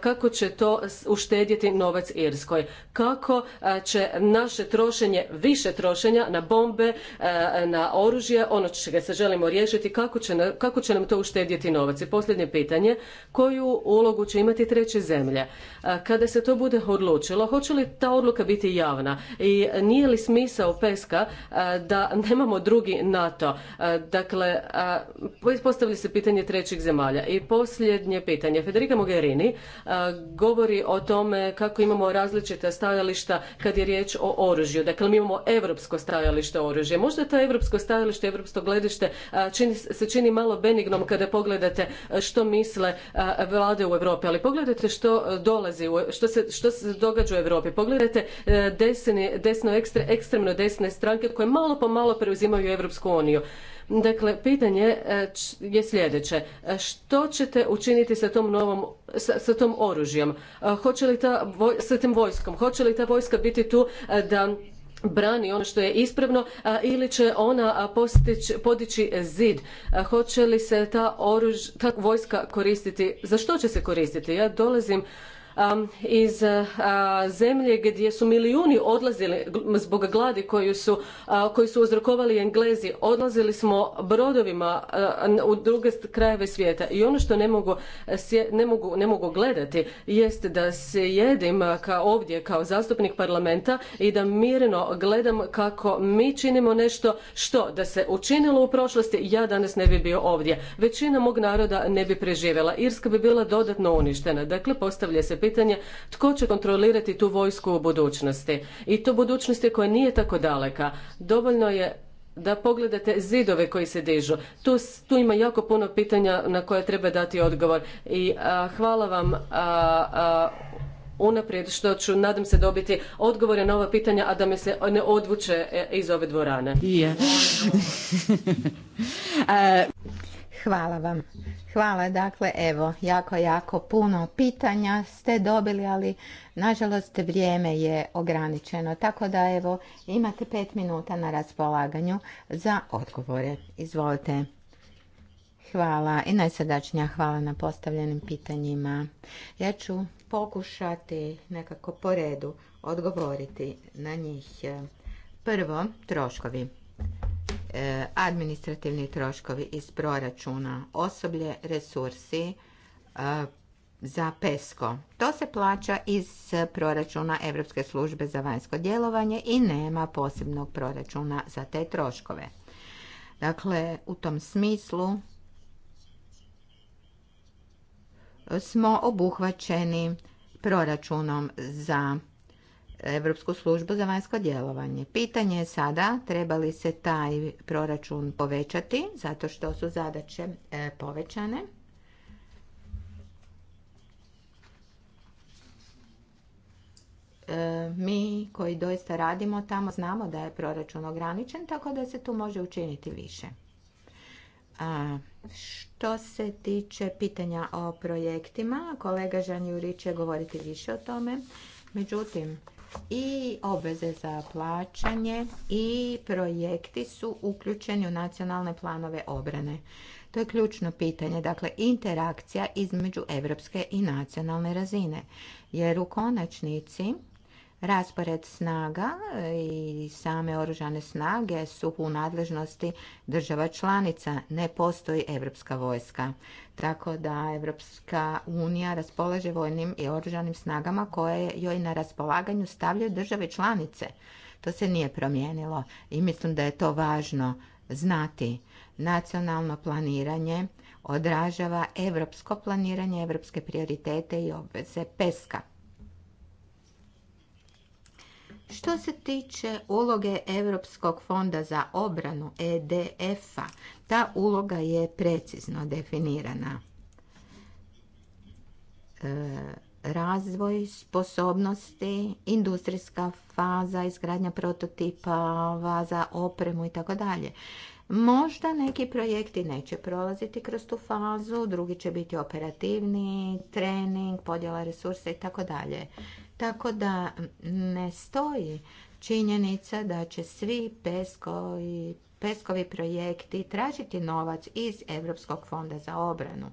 kako će to uštedjeti novac Irskoj? Kako će naše trošenje, više trošenja na bombe, e, na oružje, ono čega se želimo riješiti, kako će, nam to uštedjeti novac? I posljednje pitanje, koju ulogu će imati treće zemlje? E, kada se to bude odlučilo, hoće li ta odluka biti javna? I nije li smisao peska e, da nemamo drugi NATO? Dakle, postavlja se pitanje trećih zemalja. I posljednje pitanje. Federica Mogherini govori o tome kako imamo različita stajališta kad je riječ o oružju. Dakle, mi imamo europsko stajalište oružja. Možda to europsko stajalište, europsko gledište se čini malo benignom kada pogledate što misle vlade u Europi, ali pogledajte što dolazi, što se, što se događa u Europi. Pogledajte e, desni, desno ekstremno desne stranke koje malo po malo preuzimaju Europsku uniju. Dakle, pitanje e, je sljedeće. E, što ćete učiniti sa tom novom, sa, sa tom oružjem? Hoće li ta, sa tim vojskom? Hoće li ta vojska biti tu da brani ono što je ispravno ili će ona podići zid? hoće li se ta, oruž, ta vojska koristiti? Za što će se koristiti? Ja dolazim iz zemlje gdje su milijuni odlazili zbog gladi koju su, koji su uzrokovali Englezi. Odlazili smo brodovima u druge krajeve svijeta i ono što ne mogu, ne mogu, gledati jest da se jedim kao ovdje kao zastupnik parlamenta i da mirno gledam kako mi činimo nešto što da se učinilo u prošlosti ja danas ne bi bio ovdje. Većina mog naroda ne bi preživjela. Irska bi bila dodatno uništena. Dakle, postavlja se pitanje tko će kontrolirati tu vojsku u budućnosti. I to budućnosti koja nije tako daleka. Dovoljno je da pogledate zidove koji se dižu. Tu, ima jako puno pitanja na koje treba dati odgovor. I hvala vam unaprijed što ću nadam se dobiti odgovore na ova pitanja, a da me se ne odvuče e, iz ove dvorane. Hvala vam. Hvala, dakle, evo, jako, jako puno pitanja ste dobili, ali nažalost vrijeme je ograničeno. Tako da, evo, imate pet minuta na raspolaganju za odgovore. Izvolite. Hvala i najsrdačnija hvala na postavljenim pitanjima. Ja ću pokušati nekako po redu odgovoriti na njih. Prvo, troškovi. E, administrativni troškovi iz proračuna, osoblje, resursi e, za PESCO. To se plaća iz proračuna Europske službe za vanjsko djelovanje i nema posebnog proračuna za te troškove. Dakle, u tom smislu smo obuhvaćeni proračunom za Europsku službu za vanjsko djelovanje. Pitanje je sada treba li se taj proračun povećati zato što su zadaće e, povećane. E, mi koji doista radimo tamo znamo da je proračun ograničen, tako da se tu može učiniti više. A, što se tiče pitanja o projektima, kolega Žan Jurić će govoriti više o tome. Međutim, i obveze za plaćanje i projekti su uključeni u nacionalne planove obrane. To je ključno pitanje, dakle interakcija između evropske i nacionalne razine. Jer u konačnici Raspored snaga e, i same oružane snage su u nadležnosti država članica, ne postoji evropska vojska. Tako da Evropska unija raspolaže vojnim i oružanim snagama koje joj na raspolaganju stavljaju države članice. To se nije promijenilo i mislim da je to važno znati. Nacionalno planiranje odražava evropsko planiranje, evropske prioritete i obveze PESKA. Što se tiče uloge Europskog fonda za obranu EDF-a, ta uloga je precizno definirana. E, razvoj sposobnosti, industrijska faza, izgradnja prototipa, za opremu i tako dalje. Možda neki projekti neće prolaziti kroz tu fazu, drugi će biti operativni, trening, podjela resursa i tako dalje. Tako da ne stoji činjenica da će svi peskovi, peskovi projekti tražiti novac iz Europskog fonda za obranu,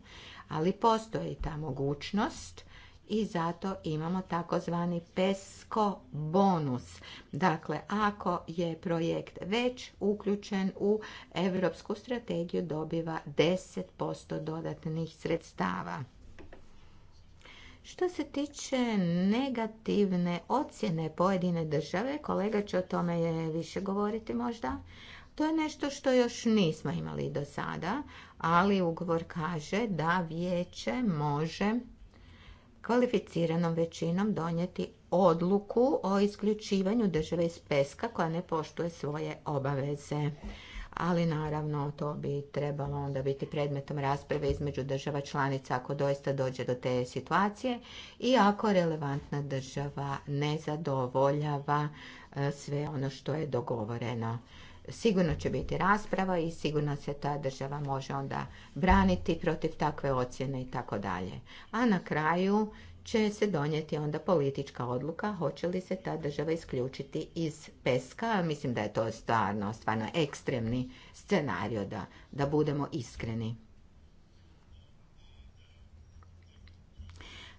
ali postoji ta mogućnost i zato imamo takozvani PESCO bonus. Dakle, ako je projekt već uključen u Europsku strategiju, dobiva 10% dodatnih sredstava. Što se tiče negativne ocjene pojedine države, kolega će o tome više govoriti možda, to je nešto što još nismo imali do sada, ali ugovor kaže da vijeće može kvalificiranom većinom donijeti odluku o isključivanju države iz peska koja ne poštuje svoje obaveze. Ali naravno to bi trebalo onda biti predmetom rasprave između država članica ako doista dođe do te situacije i ako relevantna država ne zadovoljava e, sve ono što je dogovoreno sigurno će biti rasprava i sigurno se ta država može onda braniti protiv takve ocjene i tako dalje. A na kraju će se donijeti onda politička odluka hoće li se ta država isključiti iz peska. Mislim da je to stvarno, stvarno ekstremni scenario da, da budemo iskreni.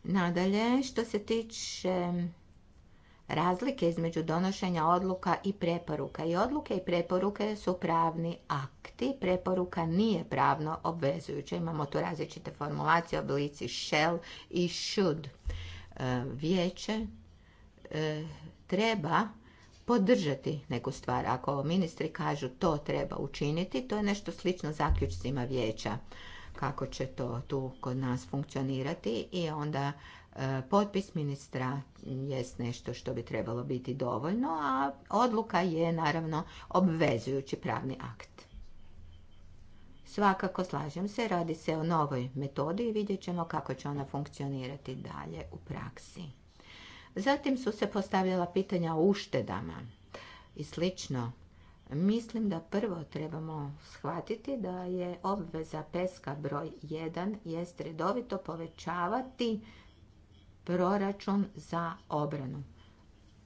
Nadalje, što se tiče razlike između donošenja odluka i preporuka. I odluke i preporuke su pravni akti. Preporuka nije pravno obvezujuća. Imamo tu različite formulacije, oblici shall i should. E, vijeće e, treba podržati neku stvar. Ako ministri kažu to treba učiniti, to je nešto slično zaključcima vijeća kako će to tu kod nas funkcionirati i onda E, potpis ministra jest nešto što bi trebalo biti dovoljno, a odluka je naravno obvezujući pravni akt. Svakako slažem se, radi se o novoj metodi i vidjet ćemo kako će ona funkcionirati dalje u praksi. Zatim su se postavljala pitanja o uštedama i slično. Mislim da prvo trebamo shvatiti da je obveza peska broj 1 jest redovito povećavati proračun za obranu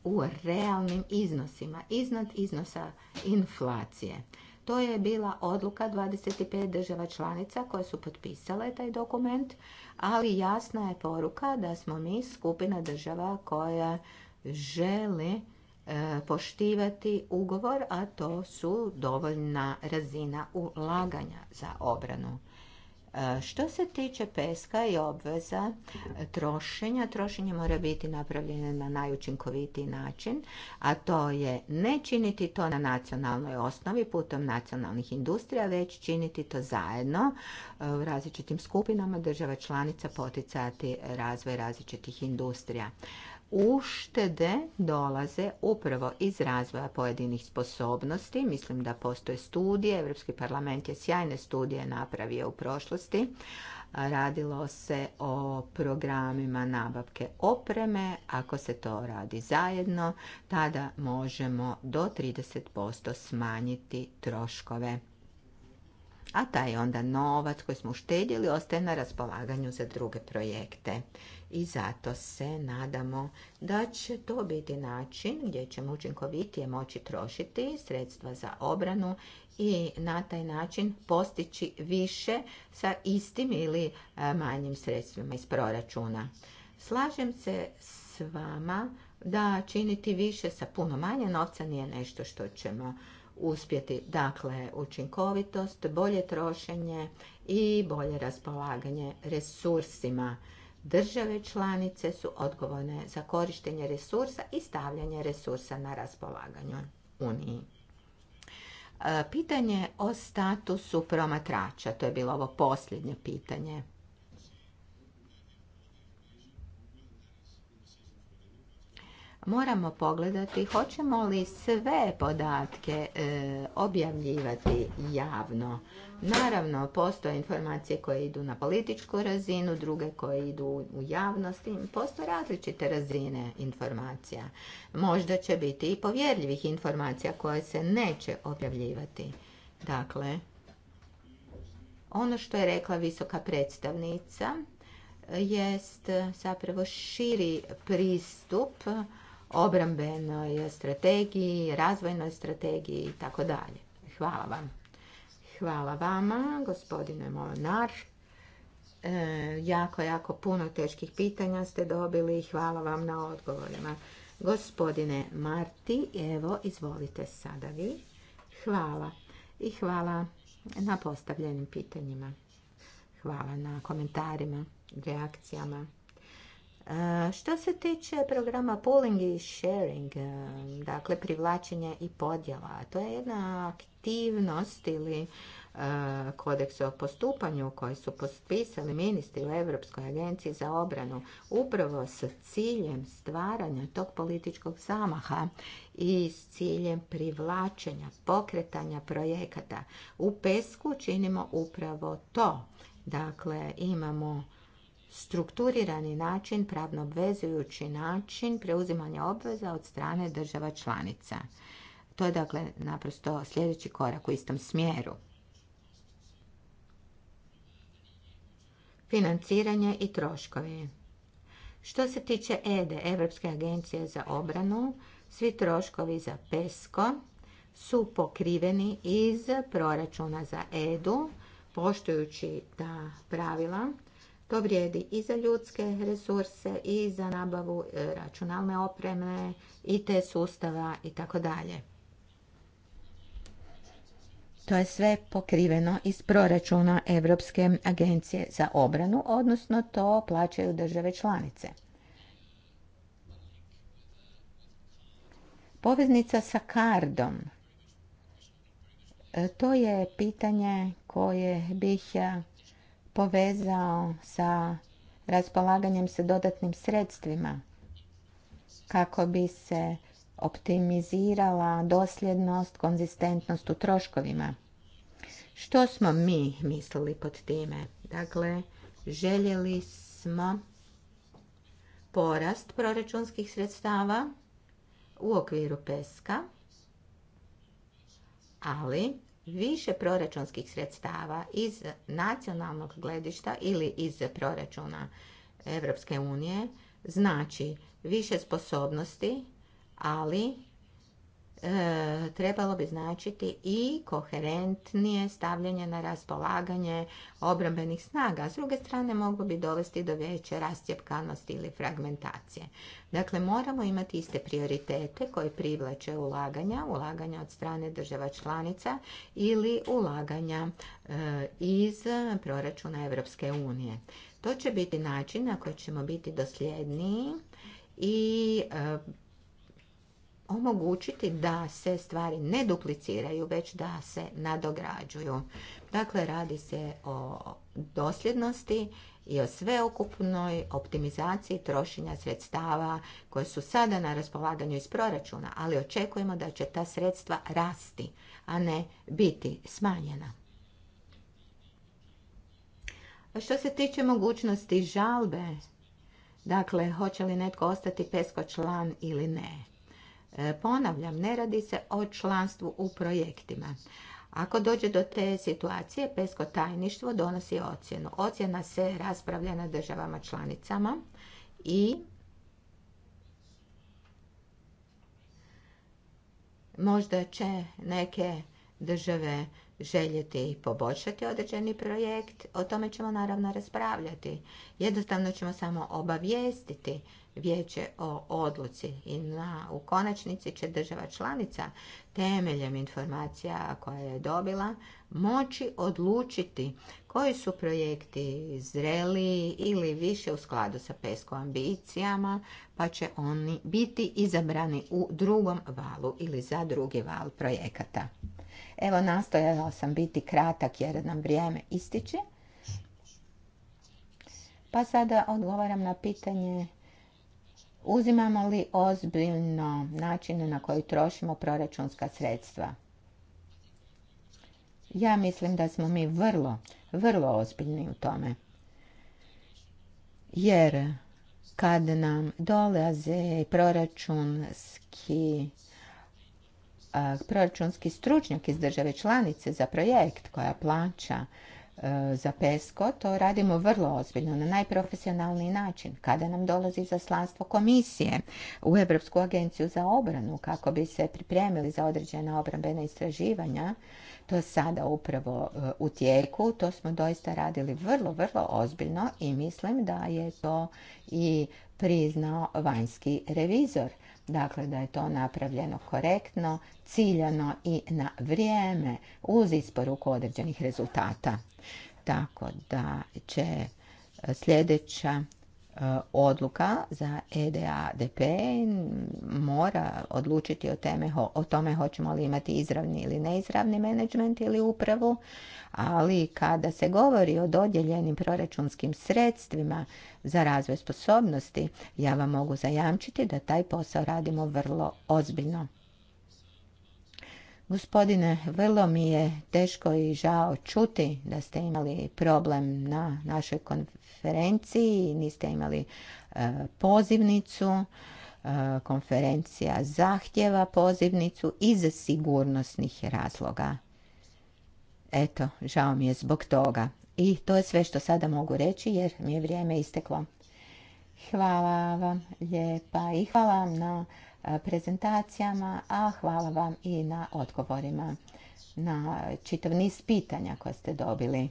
u realnim iznosima, iznad iznosa inflacije. To je bila odluka 25 država članica koje su potpisale taj dokument, ali jasna je poruka da smo mi skupina država koja želi e, poštivati ugovor, a to su dovoljna razina ulaganja za obranu. Što se tiče peska i obveza e, trošenja, trošenje mora biti napravljeno na najučinkovitiji način, a to je ne činiti to na nacionalnoj osnovi putom nacionalnih industrija, već činiti to zajedno e, u različitim skupinama država članica poticati razvoj različitih industrija. Uštede dolaze upravo iz razvoja pojedinih sposobnosti. Mislim da postoje studije, Europski parlament je sjajne studije napravio u prošlosti. Radilo se o programima nabavke opreme. Ako se to radi zajedno, tada možemo do 30% smanjiti troškove a taj onda novac koji smo uštedjeli ostaje na raspolaganju za druge projekte. I zato se nadamo da će to biti način gdje ćemo učinkovitije moći trošiti sredstva za obranu i na taj način postići više sa istim ili e, manjim sredstvima iz proračuna. Slažem se s vama da činiti više sa puno manje novca nije nešto što ćemo uspjeti. Dakle, učinkovitost, bolje trošenje i bolje raspolaganje resursima. Države članice su odgovorne za korištenje resursa i stavljanje resursa na raspolaganju Uniji. E, pitanje o statusu promatrača, to je bilo ovo posljednje pitanje. moramo pogledati hoćemo li sve podatke e, objavljivati javno. Naravno, postoje informacije koje idu na političku razinu, druge koje idu u javnost, postoje različite razine informacija. Možda će biti i povjerljivih informacija koje se neće objavljivati. Dakle, ono što je rekla visoka predstavnica jest zapravo širi pristup obrambenoj strategiji, razvojnoj strategiji i tako dalje. Hvala vam. Hvala vama, gospodine Molnar. E, jako, jako puno teških pitanja ste dobili hvala vam na odgovorima. Gospodine Marti, evo, izvolite sada vi. Hvala i hvala na postavljenim pitanjima. Hvala na komentarima, reakcijama. Što se tiče programa pooling i sharing, e, dakle privlačenja i podjela, to je jedna aktivnost ili e, kodeks o postupanju koji su potpisali ministri u Europskoj agenciji za obranu upravo s ciljem stvaranja tog političkog zamaha i s ciljem privlačenja, pokretanja projekata. U Pesku činimo upravo to. Dakle, imamo strukturirani način, pravno obvezujući način preuzimanja obveza od strane država članica. To je dakle naprosto sljedeći korak u istom smjeru. Financiranje i troškovi. Što se tiče EDE, Europske agencije za obranu, svi troškovi za PESCO su pokriveni iz proračuna za EDU, poštujući ta pravila to vrijedi i za ljudske resurse i za nabavu e, računalne opreme, te sustava i tako dalje. To je sve pokriveno iz proračuna Europske agencije za obranu, odnosno to plaćaju države članice. Poveznica sa kardom. E, to je pitanje koje bih ja e, povezao sa raspolaganjem se dodatnim sredstvima kako bi se optimizirala dosljednost, konzistentnost u troškovima. Što smo mi mislili pod time? Dakle, željeli smo porast proračunskih sredstava u okviru peska, ali više proračunskih sredstava iz nacionalnog gledišta ili iz proračuna Europske unije znači više sposobnosti, ali E, trebalo bi značiti i koherentnije stavljanje na raspolaganje obrambenih snaga. S druge strane moglo bi dovesti do veće rastjepkanosti ili fragmentacije. Dakle, moramo imati iste prioritete koje privlače ulaganja, ulaganja od strane država članica ili ulaganja e, iz proračuna Europske unije. To će biti način na koji ćemo biti dosljedniji i e, omogućiti da se stvari ne dupliciraju, već da se nadograđuju. Dakle, radi se o dosljednosti i o sveokupnoj optimizaciji trošenja sredstava koje su sada na raspolaganju iz proračuna, ali očekujemo da će ta sredstva rasti, a ne biti smanjena. Što se tiče mogućnosti žalbe, dakle, hoće li netko ostati pesko član ili ne? E, ponavljam, ne radi se o članstvu u projektima. Ako dođe do te situacije, pesko tajništvo donosi ocjenu. Ocjena se raspravlja na državama članicama i možda će neke države željeti poboljšati određeni projekt, o tome ćemo naravno raspravljati. Jednostavno ćemo samo obavijestiti vijeće o odluci i na, u konačnici će država članica temeljem informacija koje je dobila moći odlučiti koji su projekti zreli ili više u skladu sa PESCO ambicijama, pa će oni biti izabrani u drugom valu ili za drugi val projekata. Evo, nastojala sam biti kratak jer nam vrijeme ističe. Pa sada odgovaram na pitanje Uzimamo li ozbiljno način na koji trošimo proračunska sredstva? Ja mislim da smo mi vrlo, vrlo ozbiljni u tome. Jer kad nam dolaze proračunski proračunski stručnjak iz države članice za projekt koja plaća E, za PESCO, to radimo vrlo ozbiljno, na najprofesionalniji način. Kada nam dolazi zaslanstvo komisije u Europsku agenciju za obranu, kako bi se pripremili za određena obrambena istraživanja, to je sada upravo e, u tijeku. To smo doista radili vrlo, vrlo ozbiljno i mislim da je to i priznao vanjski revizor. Dakle, da je to napravljeno korektno, ciljano i na vrijeme uz isporuku određenih rezultata. Tako da će sljedeća E, odluka za EDADP mora odlučiti o, teme, o tome hoćemo li imati izravni ili neizravni menadžment ili upravu, ali kada se govori o dodjeljenim proračunskim sredstvima za razvoj sposobnosti, ja vam mogu zajamčiti da taj posao radimo vrlo ozbiljno. Gospodine, vrlo mi je teško i žao čuti da ste imali problem na našoj konferenciji, niste imali e, pozivnicu, e, konferencija zahtjeva pozivnicu iz sigurnosnih razloga. Eto, žao mi je zbog toga. I to je sve što sada mogu reći jer mi je vrijeme isteklo. Hvala vam lijepa i hvala vam na prezentacijama, a hvala vam i na odgovorima na čitav niz pitanja koje ste dobili.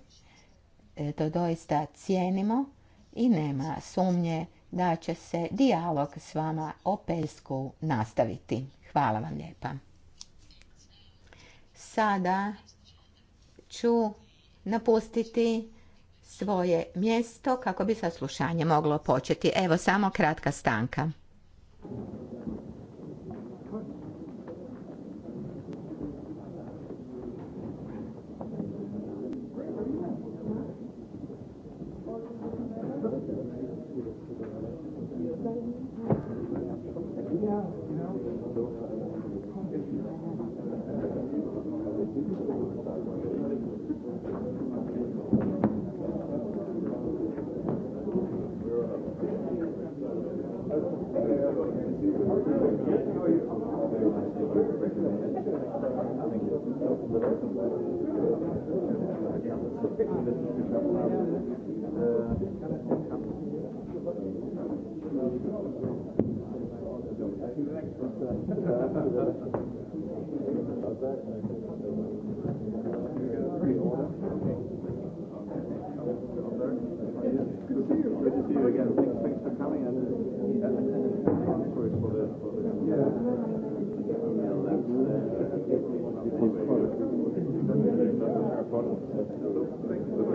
E, to doista cijenimo i nema sumnje da će se dijalog s vama o Pesku nastaviti. Hvala vam lijepa. Sada ću napustiti svoje mjesto kako bi saslušanje moglo početi. Evo samo kratka stanka. Hvala a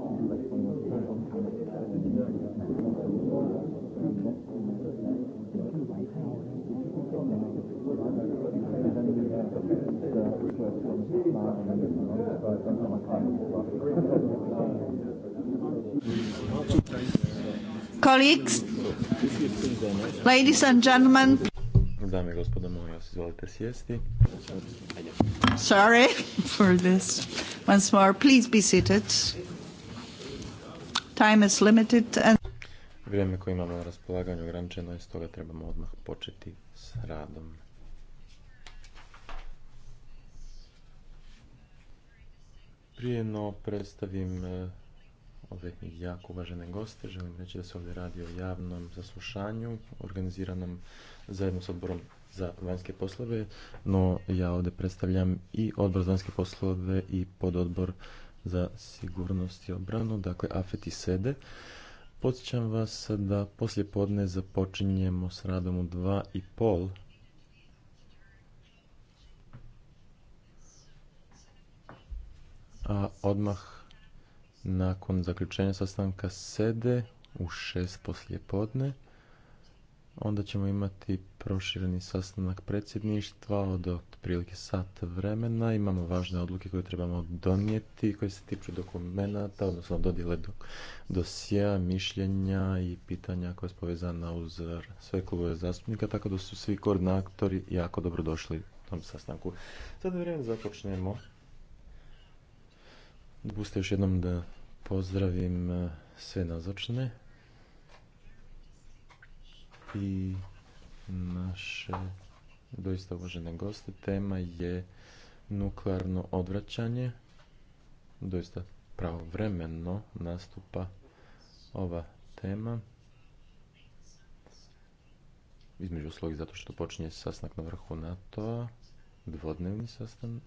Colleagues, ladies and gentlemen. Dame i gospodo, molim vas, izvolite sjesti. Sorry for this. Once more, please be seated. Time is limited and... Vrijeme koje imamo na raspolaganju ograničeno je, stoga trebamo odmah početi s radom. Prije no predstavim e, ove jako uvažene goste, želim reći da se ovdje radi o javnom zaslušanju organiziranom zajedno s odborom za vanjske poslove, no ja ovdje predstavljam i odbor za vanjske poslove i pododbor za sigurnost i obranu, dakle AFET i SEDE. Podsjećam vas da poslije podne započinjemo s radom u dva i pol a odmah nakon zaključenja sastanka sede u šest poslijepodne onda ćemo imati prošireni sastanak predsjedništva od otprilike sat vremena. Imamo važne odluke koje trebamo donijeti, koje se tiču dokumenata, odnosno dodjele dosija, mišljenja i pitanja koja su povezana uz sve klubove zastupnika, tako da su svi koordinatori jako došli došli tom sastanku. Sada je vrijeme započnemo Dopustite još jednom da pozdravim e, sve nazočne i naše doista uvažene goste. Tema je nuklearno odvraćanje. Doista pravovremeno nastupa ova tema. Između slog zato što počinje sasnak na vrhu NATO-a, dvodnevni sastanak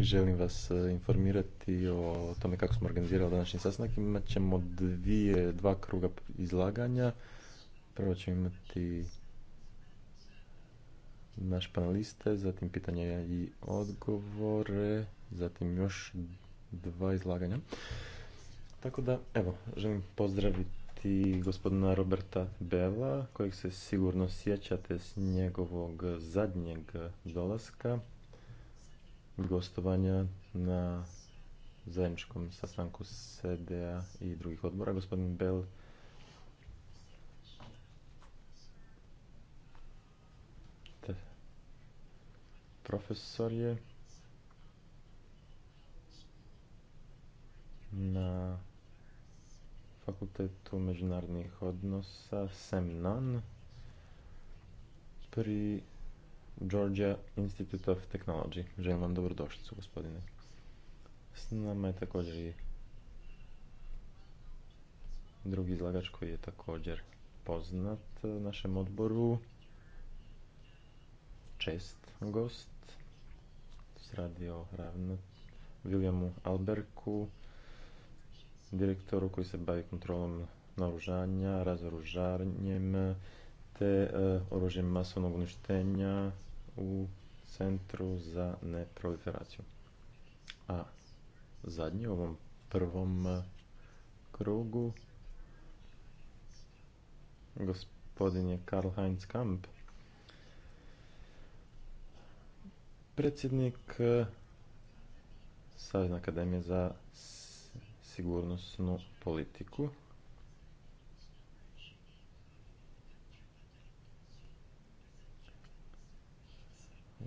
Želim vas e, informirati o tome kako smo organizirali današnji sastanak. Imat ćemo dvije, dva kruga izlaganja. Prvo ćemo imati naš paneliste, zatim pitanja i odgovore, zatim još dva izlaganja. Tako da, evo, želim pozdraviti gospodina Roberta Bela, kojeg se sigurno sjećate s njegovog zadnjeg dolaska gostovanja na zajedničkom sastanku SEDEA i drugih odbora. Gospodin Bell te profesor je na Fakultetu međunarodnih odnosa Semnan pri Georgia Institute of Technology. Želim vam dobrodošlicu, gospodine. S nama je također drugi izlagač koji je također poznat našem odboru. Čest gost. Se radio ravno Williamu Alberku, direktoru koji se bavi kontrolom naoružanja, razoružanjem te e, oružjem masovnog uništenja u Centru za neproliferaciju. A zadnji u ovom prvom e, krugu gospodin je Karl Heinz Kamp, predsjednik e, Savjezna akademije za sigurnosnu politiku.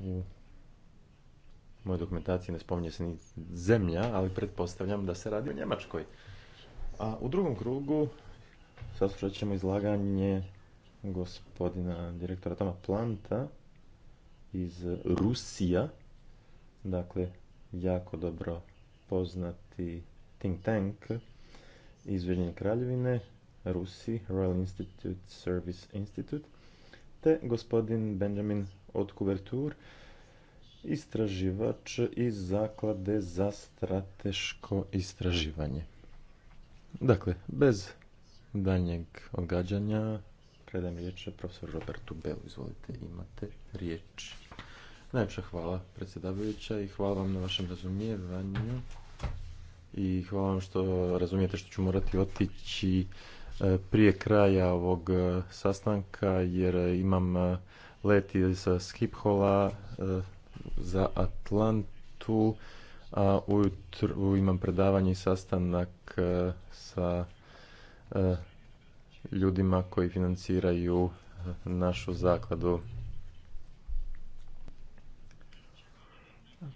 U mojoj dokumentaciji ne spominje se ni zemlja, ali pretpostavljam da se radi o Njemačkoj. A u drugom krugu saslušat ćemo izlaganje gospodina direktora Toma Planta iz Rusija. Dakle, jako dobro poznati think tank iz Ujedinjene kraljevine, Rusi, Royal Institute, Service Institute, te gospodin Benjamin od Kuvertur, istraživač iz Zaklade za strateško istraživanje. Dakle, bez daljnjeg odgađanja predajem riječ profesor Robertu Belu. Izvolite, imate riječ. Najljepša hvala predsjedavajuća i hvala vam na vašem razumijevanju i hvala vam što razumijete što ću morati otići e, prije kraja ovog e, sastanka jer e, imam let iz eh, Skiphola eh, za Atlantu, a ujutru imam predavanje i sastanak eh, sa ljudima koji financiraju našu zakladu.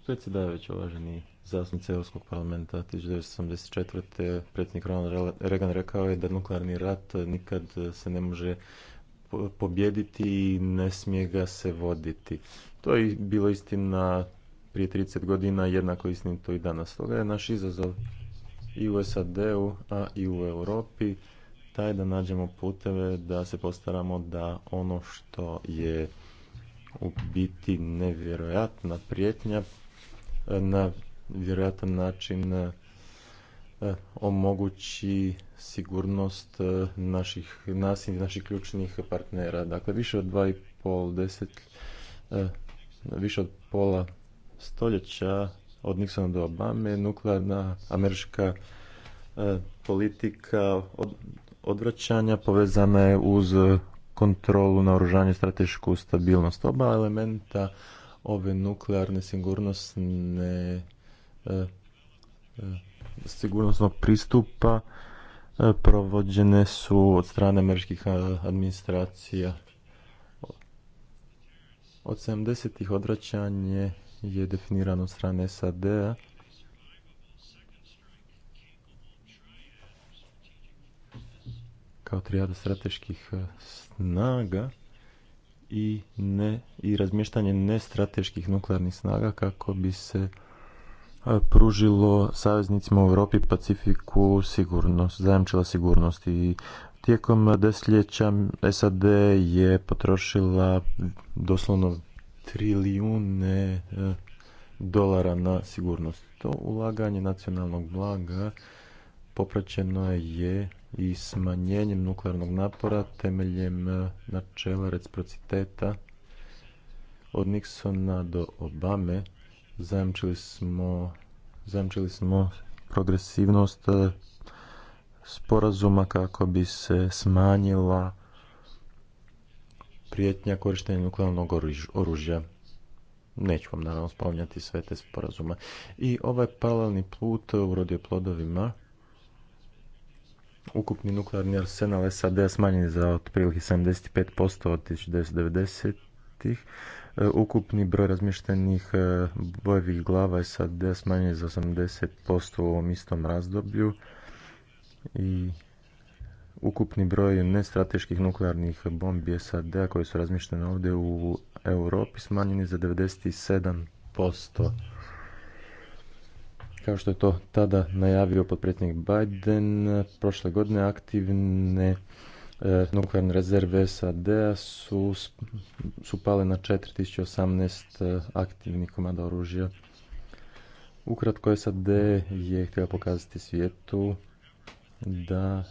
Predsjedavajući uvaženi zastupnici Europskog parlamenta 1984. predsjednik Ronald Reagan rekao je da nuklearni rat nikad se ne može pobjediti i ne smije ga se voditi. To je bilo istina prije 30 godina, jednako istinito i danas. Toga je naš izazov i u SAD-u, a i u Europi, taj da nađemo puteve, da se postaramo da ono što je u biti nevjerojatna prijetnja na vjerojatan način E, omogući sigurnost e, naših i naših ključnih partnera. Dakle, više od dvapet deset, e, više od pola stoljeća od Nixona do Obame, nuklearna američka politika odvraćanja povezana je uz kontrolu naoružanja stratešku stabilnost. Oba elementa ove nuklearne sigurnosne sigurnosnog pristupa e, provođene su od strane američkih e, administracija. Od 70-ih je definirano od strane SAD-a kao trijada strateških e, snaga i, ne, i razmještanje nestrateških nuklearnih snaga kako bi se pružilo saveznicima u Europi Pacifiku sigurnost, zajamčila sigurnost i tijekom desetljeća SAD je potrošila doslovno trilijune e, dolara na sigurnost. To ulaganje nacionalnog blaga popraćeno je i smanjenjem nuklearnog napora temeljem e, načela reciprociteta od Nixona do Obame zajamčili smo, zajamčili smo progresivnost e, sporazuma kako bi se smanjila prijetnja korištenja nuklearnog oružja. Neću vam naravno spominjati sve te sporazume. I ovaj paralelni put urodio plodovima. Ukupni nuklearni arsenal sad smanjen za otprilike 75% od 1990-ih E, ukupni broj razmještenih e, bojevih glava sad sad smanjen za 80% u ovom istom razdoblju i ukupni broj nestrateških nuklearnih bombi sad koje su razmještene ovdje u Europi smanjen je za 97%. Kao što je to tada najavio potpredsjednik Biden, prošle godine aktivne E, nuklearne rezerve SAD-a su, su pale na 4018 e, aktivnih komada oružja. Ukratko SAD je htio pokazati svijetu da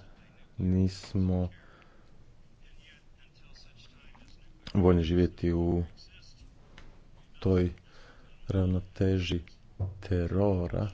nismo voljni živjeti u toj ravnoteži terora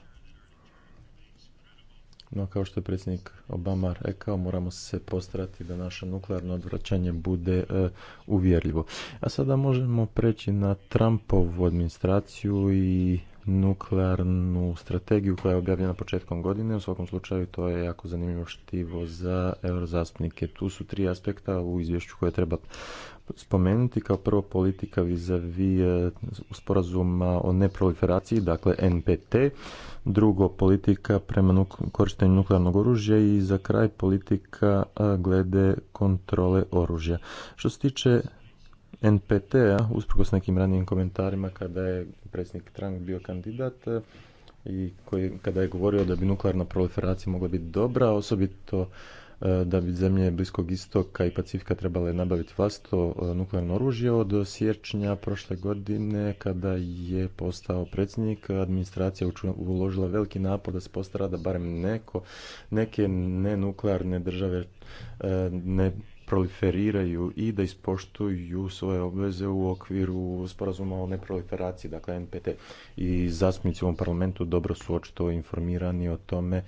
no, kao što je predsjednik Obama rekao, moramo se postarati da naše nuklearno odvraćanje bude e, uvjerljivo. A sada možemo preći na Trumpovu administraciju i nuklearnu strategiju koja je objavljena početkom godine. U svakom slučaju to je jako zanimljivo štivo za eurozastupnike. Tu su tri aspekta u izvješću koje treba spomenuti kao prvo politika vizavi e, sporazuma o neproliferaciji, dakle NPT, drugo politika prema nuk korištenju nuklearnog oružja i za kraj politika glede kontrole oružja. Što se tiče NPT-a, usprkos nekim ranijim komentarima kada je predsjednik Trump bio kandidat, e, i koji, kada je govorio da bi nuklearna proliferacija mogla biti dobra, osobito E, da bi zemlje Bliskog istoka i Pacifika trebale nabaviti vlasto e, nuklearno oružje od siječnja prošle godine kada je postao predsjednik administracija uložila veliki napor da se postara da barem neko, neke nenuklearne države e, ne proliferiraju i da ispoštuju svoje obveze u okviru sporazuma o neproliferaciji, dakle NPT. I zastupnici u ovom parlamentu dobro su očito informirani o tome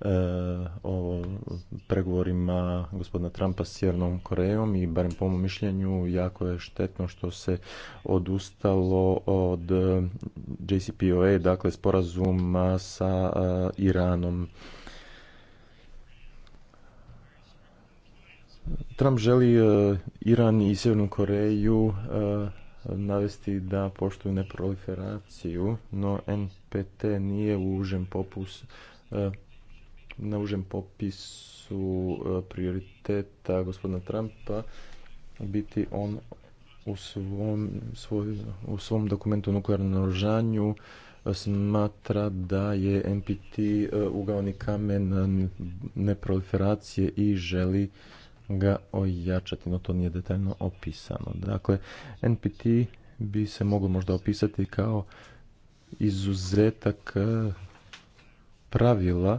E, o pregovorima gospodina Trumpa s Sjevernom Korejom i barem po mom mišljenju jako je štetno što se odustalo od JCPOA, dakle sporazuma sa e, Iranom. Trump želi e, Iran i Sjevernu Koreju navesti da poštuju neproliferaciju, no NPT nije u užem popus na užem popisu e, prioriteta gospodina Trumpa biti on u svom, svom dokumentu o nuklearnom naoružanju e, smatra da je NPT e, ugaoni kamen neproliferacije i želi ga ojačati, no to nije detaljno opisano. Dakle, NPT bi se moglo možda opisati kao izuzetak pravila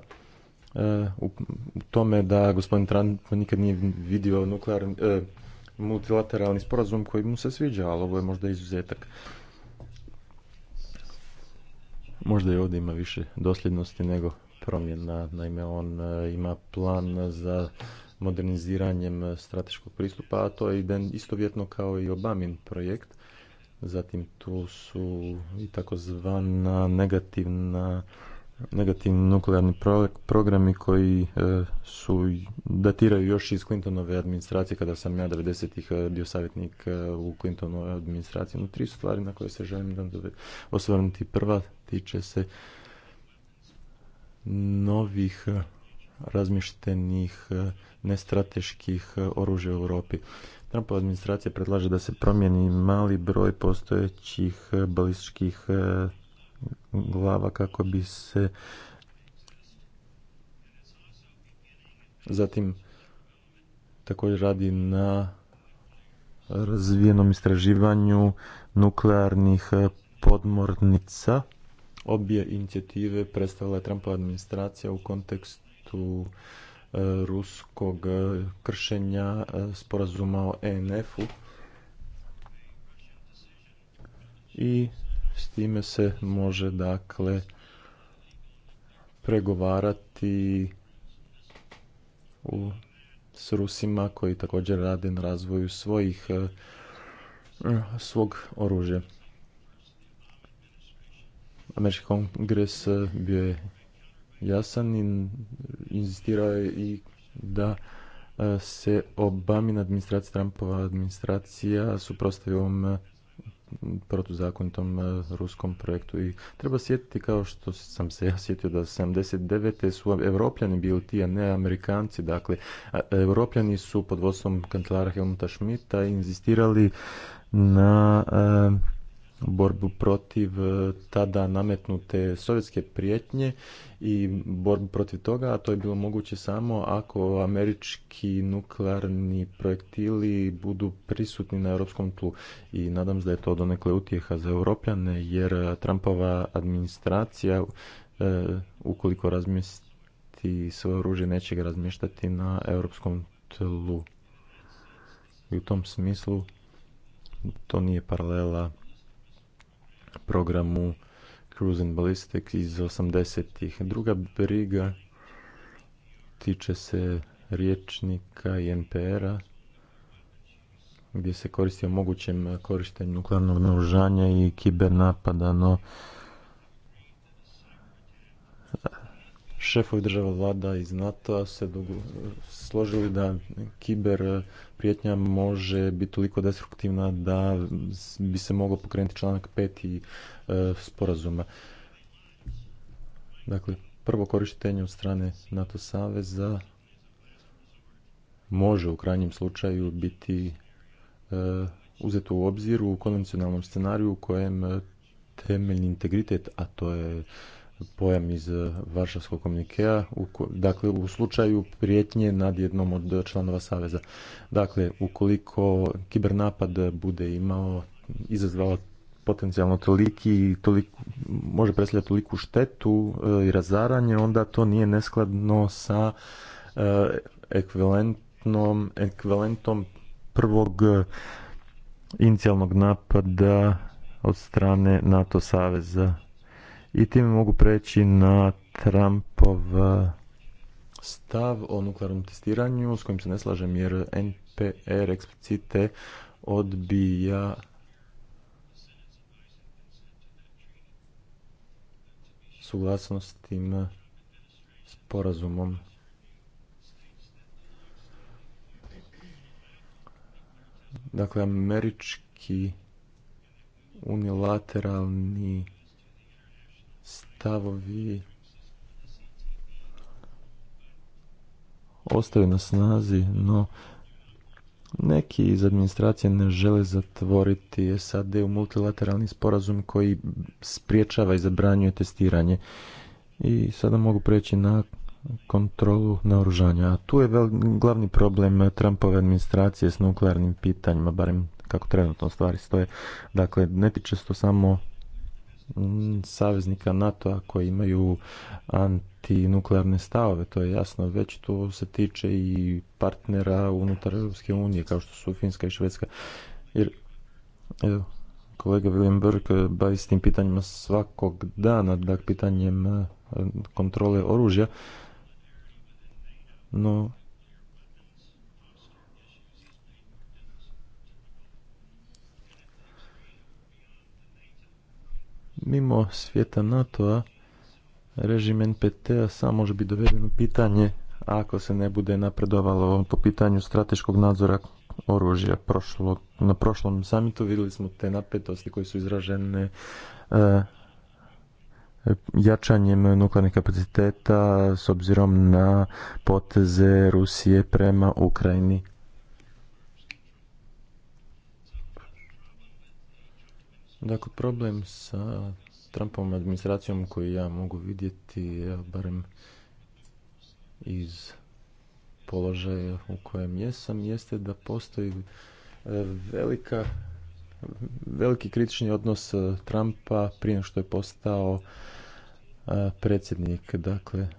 E, u tome da gospodin Trump nikad nije vidio e, multilateralni sporazum koji mu se sviđa, ali ovo je možda izuzetak. Možda i ovdje ima više dosljednosti nego promjena. Naime, on e, ima plan za moderniziranjem strateškog pristupa, a to je istovjetno kao i Obamin projekt. Zatim tu su i takozvana negativna negativni nuklearni programi koji e, su datiraju još iz Clintonove administracije kada sam ja 90-ih e, bio savjetnik e, u Clintonove administraciji. No, tri stvari na koje se želim osvrnuti. Prva tiče se novih razmještenih nestrateških oružja u Europi. Trumpova administracija predlaže da se promijeni mali broj postojećih balističkih glava kako bi se zatim također radi na razvijenom istraživanju nuklearnih e, podmornica. Obje inicijative predstavila je Trumpova administracija u kontekstu e, ruskog e, kršenja sporazuma o ENF-u i s time se može dakle pregovarati s Rusima koji također rade na razvoju svojih e, svog oružja. Američki kongres bio je jasan i inzistirao je i da e, se Obamina administracija, Trumpova administracija suprostavi ovom protuzakonitom eh, ruskom projektu. I treba sjetiti kao što sam se ja sjetio da 79. su evropljani bili ti, a ne amerikanci. Dakle, evropljani su pod vodstvom kancelara Helmuta Schmidta inzistirali na eh, borbu protiv e, tada nametnute sovjetske prijetnje i borbu protiv toga, a to je bilo moguće samo ako američki nuklearni projektili budu prisutni na europskom tlu. I nadam se da je to donekle utjeha za europljane, jer Trumpova administracija, e, ukoliko razmjesti svoje oružje, neće ga razmještati na europskom tlu. I u tom smislu to nije paralela programu Cruise and Ballistic iz 80-ih. Druga briga tiče se riječnika i NPR-a gdje se koristi o mogućem korištenju nuklearnog naoružanja i kibernapada, no šefovi država vlada iz NATO-a se složili da kiber prijetnja može biti toliko destruktivna da bi se mogao pokrenuti članak 5. E, sporazuma. Dakle, prvo korištenje od strane NATO saveza može u krajnjem slučaju biti e, uzeto u obzir u konvencionalnom scenariju u kojem e, temeljni integritet, a to je pojam iz e, Varšavskog komunikea, dakle u slučaju prijetnje nad jednom od članova Saveza. Dakle, ukoliko kibernapad bude imao, izazvao potencijalno toliki, tolik, može predstavljati toliku štetu e, i razaranje, onda to nije neskladno sa e, ekvivalentnom, ekvivalentom prvog inicijalnog napada od strane NATO saveza i time mogu preći na Trumpov e, stav o nuklearnom testiranju s kojim se ne slažem jer NPR eksplicite odbija suglasnost s tim sporazumom. Dakle, američki unilateralni stavovi ostaju na snazi, no neki iz administracije ne žele zatvoriti SAD u multilateralni sporazum koji spriječava i zabranjuje testiranje. I sada mogu preći na kontrolu naoružanja. A tu je vel, glavni problem Trumpove administracije s nuklearnim pitanjima, barem kako trenutno stvari stoje. Dakle, ne tiče se to samo Mm, saveznika NATO-a koji imaju antinuklearne stavove, to je jasno, već to se tiče i partnera unutar Europske unije, kao što su Finska i Švedska. Jer, evo, kolega William Burke eh, bavi s tim pitanjima svakog dana, dakle pitanjem eh, kontrole oružja, no Mimo svijeta NATO-a, režim NPT-a sam može biti doveden pitanje ako se ne bude napredovalo po pitanju strateškog nadzora oružja. Prošlo, na prošlom samitu vidjeli smo te napetosti koje su izražene eh, jačanjem nuklearnih kapaciteta s obzirom na poteze Rusije prema Ukrajini. Dakle, problem sa Trumpovom administracijom koju ja mogu vidjeti, evo, barem iz položaja u kojem jesam, jeste da postoji e, velika, veliki kritični odnos e, Trumpa prije što je postao e, predsjednik. Dakle,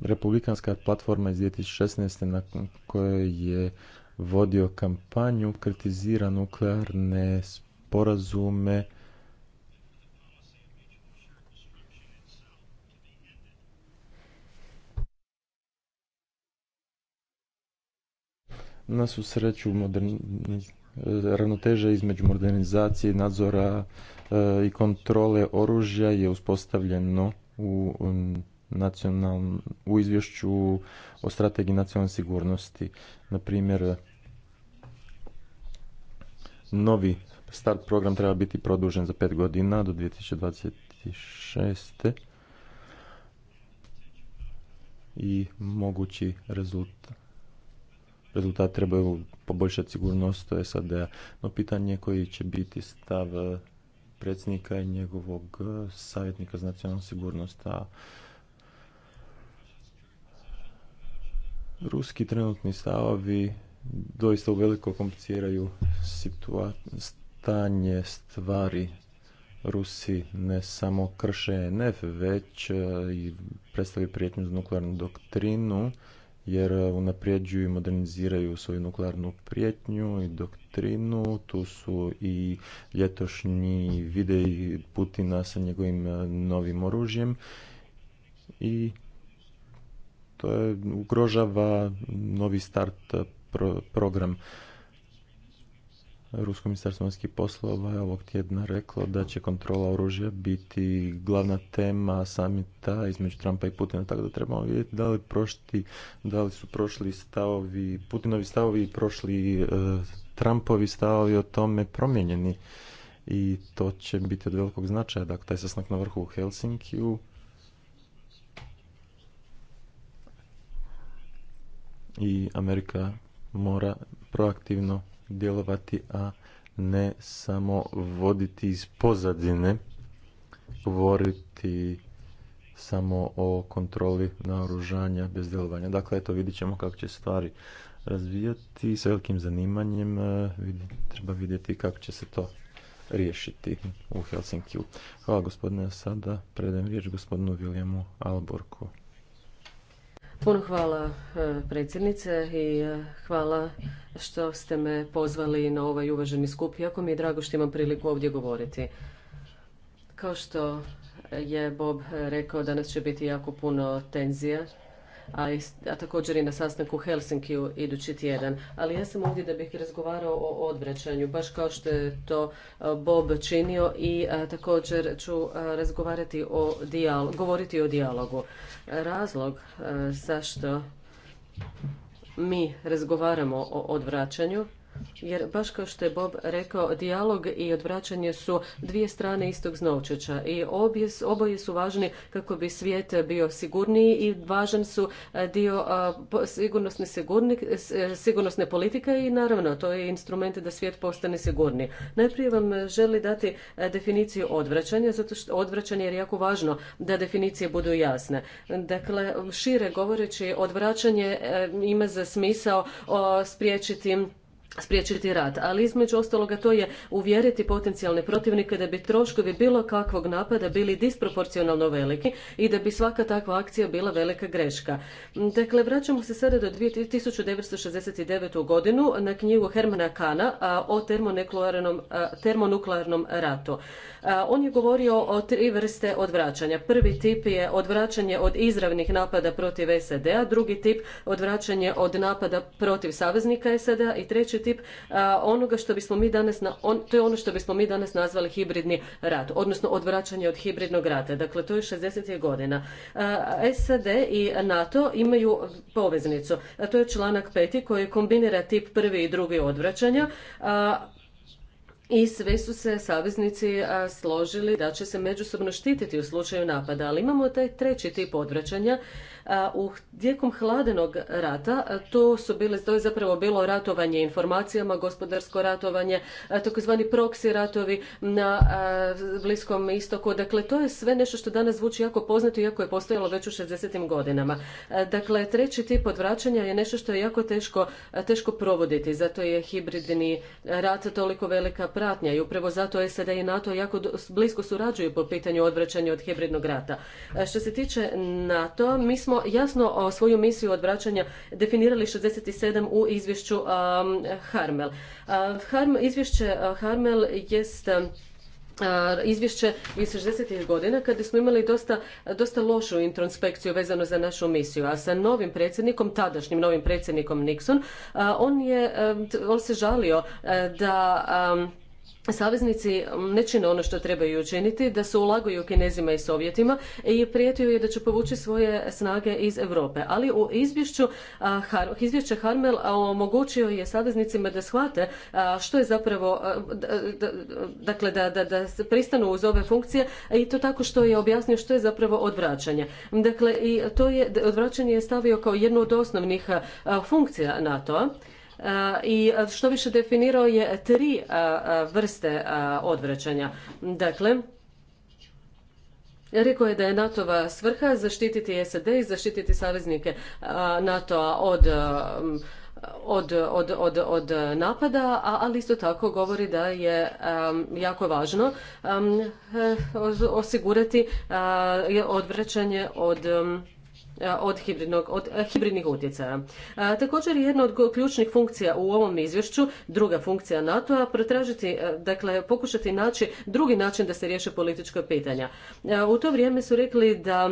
republikanska platforma iz 2016. na kojoj je vodio kampanju, kritizira nuklearne sporazume na su sreću ravnoteža između modernizacije, nadzora e, i kontrole oružja je uspostavljeno u, u izvješću o strategiji nacionalne sigurnosti. Na primjer, novi start program treba biti produžen za pet godina do 2026. I mogući rezultat rezultat trebaju poboljšati sigurnost SAD-a. No pitanje koji će biti stav eh, predsjednika i njegovog eh, savjetnika za nacionalnu sigurnost. A ruski trenutni stavovi doista u veliko kompliciraju situaciju stanje stvari Rusi ne samo krše NF, već e, i predstavljaju prijetnju za nuklearnu doktrinu, jer e, unaprijeđuju i moderniziraju svoju nuklearnu prijetnju i doktrinu. Tu su i ljetošnji videi Putina sa njegovim e, novim oružjem i to je, ugrožava novi start program. Rusko ministarstvo vanjskih poslova je ovog tjedna reklo da će kontrola oružja biti glavna tema samita između Trumpa i Putina, tako da trebamo vidjeti da li, prošli, da li su prošli stavovi, Putinovi stavovi i prošli trampovi e, Trumpovi stavovi o tome promijenjeni i to će biti od velikog značaja. Dakle, taj sasnak na vrhu u Helsinkiju i Amerika mora proaktivno djelovati, a ne samo voditi iz pozadine, govoriti samo o kontroli naoružanja bez djelovanja. Dakle, eto, vidjet ćemo kako će stvari razvijati s velikim zanimanjem. E, treba vidjeti kako će se to riješiti u Helsinkiju. Hvala gospodine, sada predajem riječ gospodinu Viljemu Alborku. Puno hvala e, predsjednice i e, hvala što ste me pozvali na ovaj uvaženi skup. Jako mi je drago što imam priliku ovdje govoriti. Kao što je Bob rekao, danas će biti jako puno tenzija a, također i na sastanku u Helsinkiju idući tjedan. Ali ja sam ovdje da bih razgovarao o odvraćanju, baš kao što je to Bob činio i također ću razgovarati o dijalog, govoriti o dijalogu. Razlog zašto mi razgovaramo o odvraćanju jer baš kao što je Bob rekao, dijalog i odvraćanje su dvije strane istog znovčeća i obje, oboje su važni kako bi svijet bio sigurniji i važan su e, dio sigurnosne, e, sigurnosne politike i naravno to je instrument da svijet postane sigurniji. Najprije vam želi dati e, definiciju odvraćanja, zato što odvraćanje je jako važno da definicije budu jasne. Dakle, šire govoreći odvraćanje ima za smisao spriječiti spriječiti rat, ali između ostaloga to je uvjeriti potencijalne protivnike da bi troškovi bilo kakvog napada bili disproporcionalno veliki i da bi svaka takva akcija bila velika greška. Dakle, vraćamo se sada do 1969. godinu na knjigu Hermana Kana o termonuklearnom, ratu. On je govorio o tri vrste odvraćanja. Prvi tip je odvraćanje od izravnih napada protiv SAD-a, drugi tip odvraćanje od napada protiv saveznika SAD-a i treći tip onoga što bismo mi danas, na, to je ono što bismo mi danas nazvali hibridni rat, odnosno odvraćanje od hibridnog rata. Dakle, to je 60. godina. SAD i NATO imaju poveznicu. To je članak peti koji kombinira tip prvi i drugi odvraćanja, i sve su se saveznici a, složili da će se međusobno štititi u slučaju napada, ali imamo taj treći tip odvraćanja u tijekom hladenog rata to su bili, to je zapravo bilo ratovanje informacijama, gospodarsko ratovanje, takozvani proksi ratovi na Bliskom istoku. Dakle, to je sve nešto što danas zvuči jako poznato, iako je postojalo već u 60. godinama. Dakle, treći tip odvraćanja je nešto što je jako teško, teško provoditi. Zato je hibridni rat toliko velika pratnja i upravo zato je sada i NATO jako blisko surađuju po pitanju odvraćanja od hibridnog rata. Što se tiče NATO, mi smo jasno svoju misiju odvraćanja definirali 67 u izvješću Harmel. izvješće Harmel jest izvješće iz 60. godina kada smo imali dosta, dosta lošu introspekciju vezano za našu misiju. A sa novim predsjednikom, tadašnjim novim predsjednikom Nixon, on, je, on se žalio da saveznici ne čine ono što trebaju učiniti, da se ulaguju Kinezima i Sovjetima i prijetio je da će povući svoje snage iz Europe. Ali u izvješću izvješće Harmel omogućio je saveznicima da shvate što je zapravo, dakle da, da, da pristanu uz ove funkcije i to tako što je objasnio što je zapravo odvraćanje. Dakle, i to je, odvraćanje je stavio kao jednu od osnovnih funkcija NATO-a i što više definirao je tri vrste odvraćanja. Dakle, Rekao je da je NATO-va svrha zaštititi SAD i zaštititi saveznike NATO-a od od, od, od, od napada, ali isto tako govori da je jako važno osigurati odvraćanje od E, od, hibridnog, od e, hibridnih utjecaja. E, također je jedna od ključnih funkcija u ovom izvješću, druga funkcija NATO-a, pretražiti, dakle pokušati naći drugi način da se riješe politička pitanja. u to vrijeme su rekli da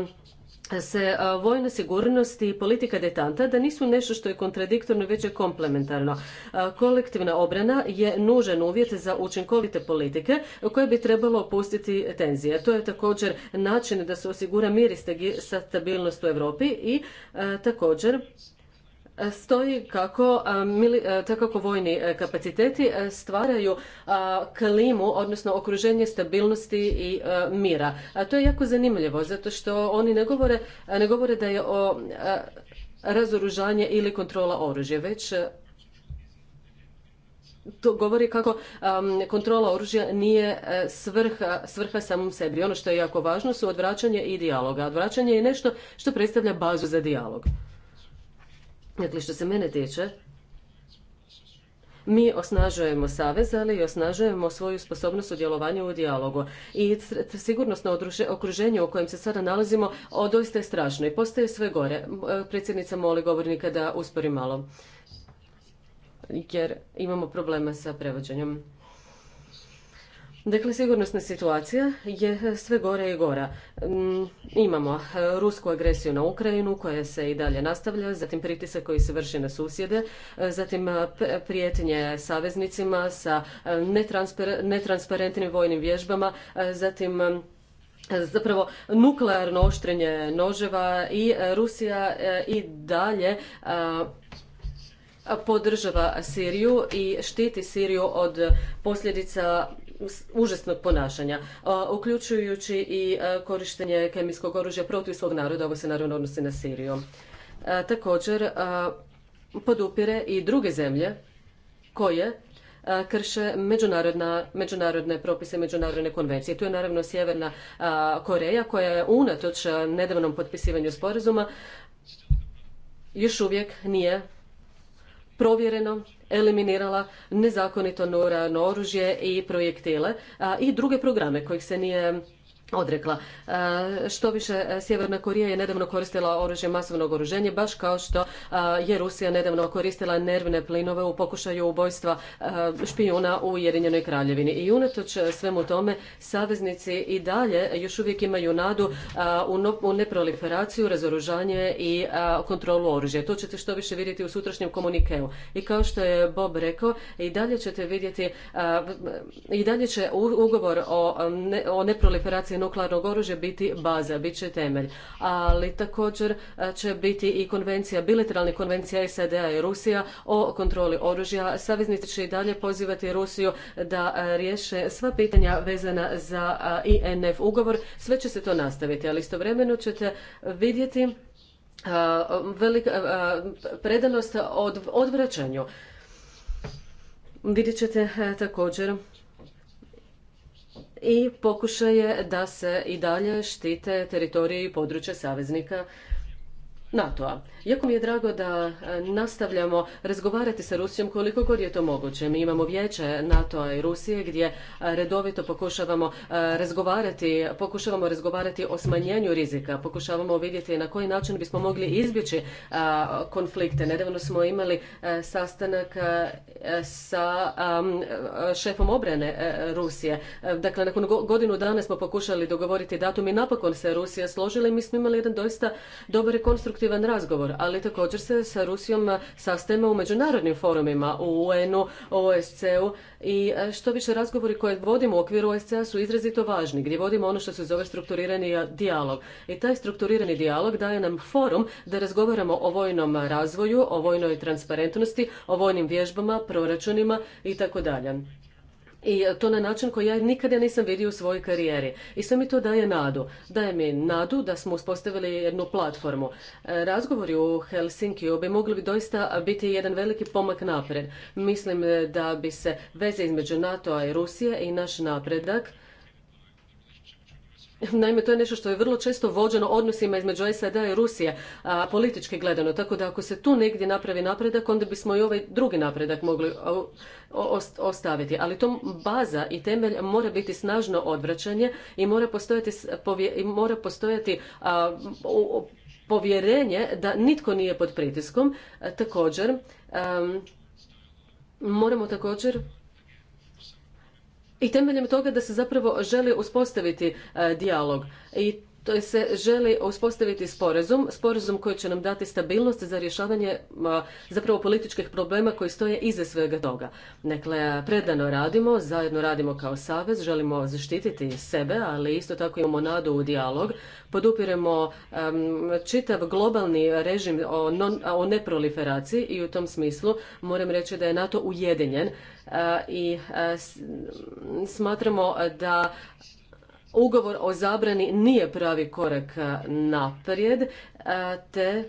se e, vojna sigurnost i politika detanta da nisu nešto što je kontradiktorno već je komplementarno. E, kolektivna obrana je nužan uvjet za učinkovite politike koje bi trebalo opustiti tenzije. To je također način da se osigura mir i stabilnost u Europi i e, također E, stoji kako, e, e, te kako vojni kapaciteti stvaraju klimu, odnosno okruženje stabilnosti i mira. A to je jako zanimljivo, zato što oni ne govore, ne govore da je o razoružanje ili kontrola oružja, već to govori kako kontrola oružja nije svrha, svrha samom sebi. Ono što je jako važno su odvraćanje i dijaloga. Odvraćanje je nešto što predstavlja bazu za dijalog. Dakle, što se mene tiče, mi osnažujemo savez, ali i osnažujemo svoju sposobnost djelovanju u dijalogu. I sigurnosno okruženje u kojem se sada nalazimo doista je strašno i postaje sve gore. E, predsjednica moli govornika da uspori malo, jer imamo problema sa prevođenjem. Dakle, sigurnosna situacija je sve gore i gora. Mm, imamo eh, rusku agresiju na Ukrajinu koja se i dalje nastavlja, zatim pritisak koji se vrši na susjede, eh, zatim eh, prijetnje saveznicima sa netransparentnim vojnim vježbama, zatim zapravo nuklearno oštrenje noževa i Rusija i dalje podržava Siriju i štiti Siriju od posljedica užasnog ponašanja, uključujući i korištenje kemijskog oružja protiv svog naroda, ovo se naravno odnosi na Siriju. Također podupire i druge zemlje koje krše međunarodne propise, međunarodne konvencije. Tu je naravno Sjeverna Koreja koja je unatoč nedavnom potpisivanju sporazuma još uvijek nije provjereno eliminirala nezakonito norano oružje i projektile i druge programe kojih se nije odrekla. E, što više, e, Sjeverna Korija je nedavno koristila oružje masovnog oruženja, baš kao što e, je Rusija nedavno koristila nervne plinove u pokušaju ubojstva špijuna u Ujedinjenoj kraljevini. I unatoč svemu tome, saveznici i dalje još uvijek imaju nadu u neproliferaciju, razoružanje i kontrolu oružja. To ćete što više vidjeti u sutrašnjem komunikeu. I kao što je Bob rekao, i dalje ćete vidjeti, i dalje će ugovor o neproliferaciji nuklearnog oružja biti baza, bit će temelj. Ali također e, će biti i konvencija, bilateralna konvencija SAD-a i Rusija o kontroli oružja. Saveznici će i dalje pozivati Rusiju da e, riješe sva pitanja vezana za INF ugovor. Sve će se to nastaviti, ali istovremeno ćete vidjeti e, velika predanost od odvraćanju. Vidjet ćete također i pokušaje da se i dalje štite teritoriji i područja saveznika NATO-a. Jako mi je drago da e, nastavljamo razgovarati sa Rusijom koliko god je to moguće. Mi imamo vijeće NATO-a i Rusije gdje e, redovito pokušavamo e, razgovarati, pokušavamo razgovarati o smanjenju rizika, pokušavamo vidjeti na koji način bismo mogli izbjeći konflikte. Nedavno smo imali sastanak sa šefom obrane Rusije. Dakle, nakon godinu dana smo pokušali dogovoriti datum i napokon se Rusija složila i mi smo imali jedan doista dobar konstruktivni konstruktivan razgovor, ali također se sa Rusijom sastajemo u međunarodnim forumima, u UN-u, OSCE-u i e, što više razgovori koje vodimo u okviru OSCE-a su izrazito važni, gdje vodimo ono što se zove strukturirani dijalog. I taj strukturirani dijalog daje nam forum da razgovaramo o vojnom razvoju, o vojnoj transparentnosti, o vojnim vježbama, proračunima i tako dalje i to na način koji ja nikada nisam vidio u svojoj karijeri. I sve mi to daje nadu. Daje mi nadu da smo uspostavili jednu platformu. E, razgovori u Helsinki bi mogli doista biti jedan veliki pomak napred. Mislim e, da bi se veze između NATO-a i Rusije i naš napredak Naime, to je nešto što je vrlo često vođeno odnosima između SAD-a i Rusije, a, politički gledano. Tako da ako se tu negdje napravi napredak, onda bismo i ovaj drugi napredak mogli ostaviti. Ali to baza i temelj mora biti snažno odvraćanje i mora postojati, i postojati povjerenje da nitko nije pod pritiskom. također, moramo također i temeljem toga da se zapravo želi uspostaviti e, dijalog i to se želi uspostaviti sporazum, sporazum koji će nam dati stabilnost za rješavanje zapravo političkih problema koji stoje iza svega toga. Dakle, predano radimo, zajedno radimo kao savez, želimo zaštititi sebe, ali isto tako imamo nadu u dijalog, podupiremo čitav globalni režim o, o neproliferaciji i u tom smislu moram reći da je NATO ujedinjen i smatramo da ugovor o zabrani nije pravi korak e, naprijed, e, te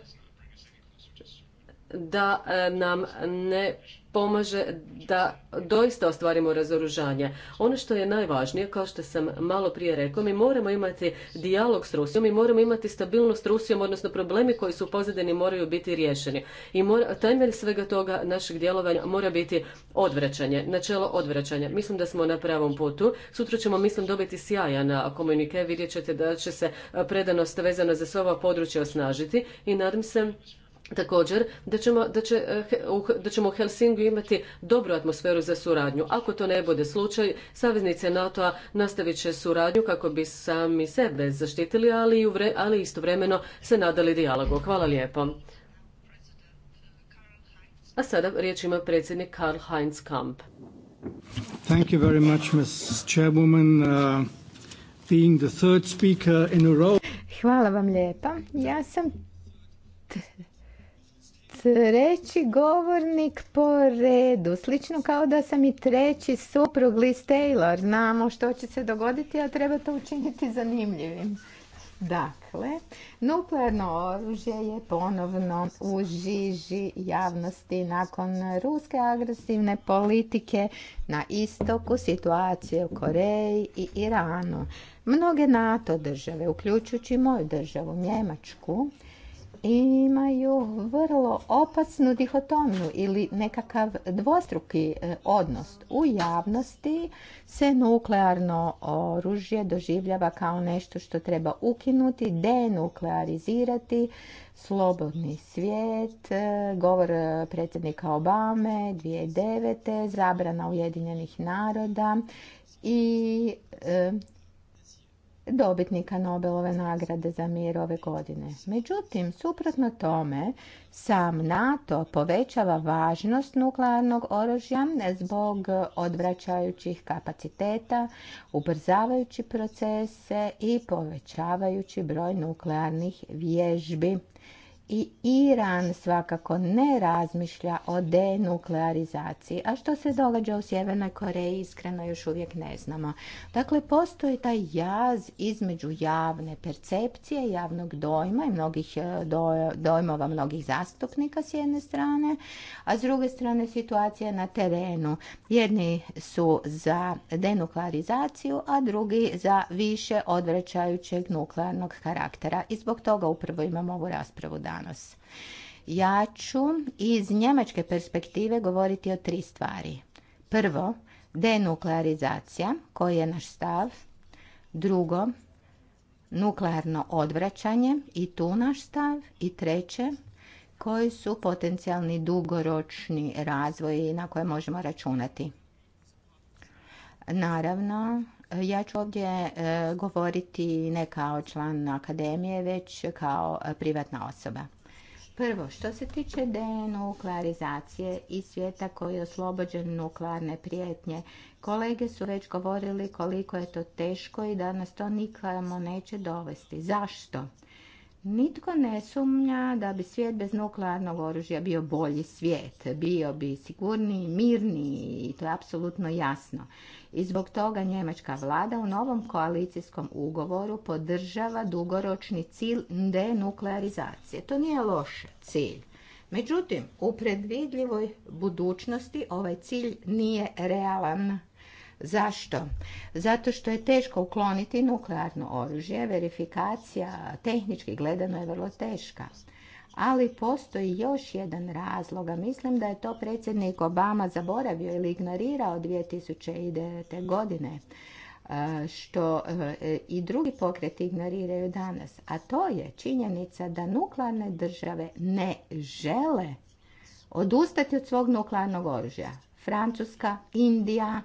da e, nam ne pomaže da doista ostvarimo razoružanje. Ono što je najvažnije, kao što sam malo prije rekao, mi moramo imati dijalog s Rusijom, i moramo imati stabilnost s Rusijom, odnosno problemi koji su pozadini moraju biti riješeni. I temelj svega toga našeg djelovanja mora biti odvraćanje, načelo odvraćanja. Mislim da smo na pravom putu. Sutra ćemo, mislim, dobiti na komunike. Vidjet ćete da će se predanost vezana za sva ova područja osnažiti i nadam se također da ćemo, da, će, eh, da ćemo u Helsingu imati dobru atmosferu za suradnju. Ako to ne bude slučaj, saveznice NATO-a nastavit će suradnju kako bi sami sebe zaštitili, ali, i ali istovremeno se nadali dijalogu. Hvala lijepo. A sada riječ ima predsjednik Karl Heinz Kamp. Thank you very much, uh, being the third speaker in a row. Hvala vam lijepa. Ja sam treći govornik po redu. Slično kao da sam i treći suprug Liz Taylor. Znamo što će se dogoditi, a treba to učiniti zanimljivim. Dakle, nuklearno oružje je ponovno u žiži javnosti nakon ruske agresivne politike na istoku situacije u Koreji i Iranu. Mnoge NATO države, uključujući moju državu Njemačku, imaju vrlo opasnu dihotomiju ili nekakav dvostruki e, odnos. U javnosti se nuklearno oružje doživljava kao nešto što treba ukinuti, denuklearizirati, slobodni svijet, e, govor predsjednika Obame 2009. zabrana Ujedinjenih naroda i e, dobitnika Nobelove nagrade za mir ove godine. Međutim, suprotno tome, sam NATO povećava važnost nuklearnog oružja zbog odvraćajućih kapaciteta, ubrzavajući procese i povećavajući broj nuklearnih vježbi i Iran svakako ne razmišlja o denuklearizaciji. A što se događa u Sjevernoj Koreji iskreno još uvijek ne znamo. Dakle, postoji taj jaz između javne percepcije, javnog dojma i mnogih e, dojmova mnogih zastupnika s jedne strane, a s druge strane situacija na terenu. Jedni su za denuklearizaciju, a drugi za više odvraćajućeg nuklearnog karaktera. I zbog toga upravo imamo ovu raspravu danas danas. Ja ću iz njemačke perspektive govoriti o tri stvari. Prvo, denuklearizacija, koji je naš stav. Drugo, nuklearno odvraćanje i tu naš stav. I treće, koji su potencijalni dugoročni razvoji na koje možemo računati. Naravno, ja ću ovdje e, govoriti ne kao član akademije, već kao e, privatna osoba. Prvo, što se tiče denuklearizacije i svijeta koji je oslobođen nuklearne prijetnje, kolege su već govorili koliko je to teško i da nas to nikamo neće dovesti. Zašto? Nitko ne sumnja da bi svijet bez nuklearnog oružja bio bolji svijet, bio bi sigurniji, mirniji i to je apsolutno jasno. I zbog toga njemačka vlada u novom koalicijskom ugovoru podržava dugoročni cilj denuklearizacije. To nije loš cilj. Međutim, u predvidljivoj budućnosti ovaj cilj nije realan Zašto? Zato što je teško ukloniti nuklearno oružje, verifikacija tehnički gledano je vrlo teška. Ali postoji još jedan razlog, a mislim da je to predsjednik Obama zaboravio ili ignorirao 2009. godine e, što e, i drugi pokret ignoriraju danas, a to je činjenica da nuklearne države ne žele odustati od svog nuklearnog oružja. Francuska, Indija,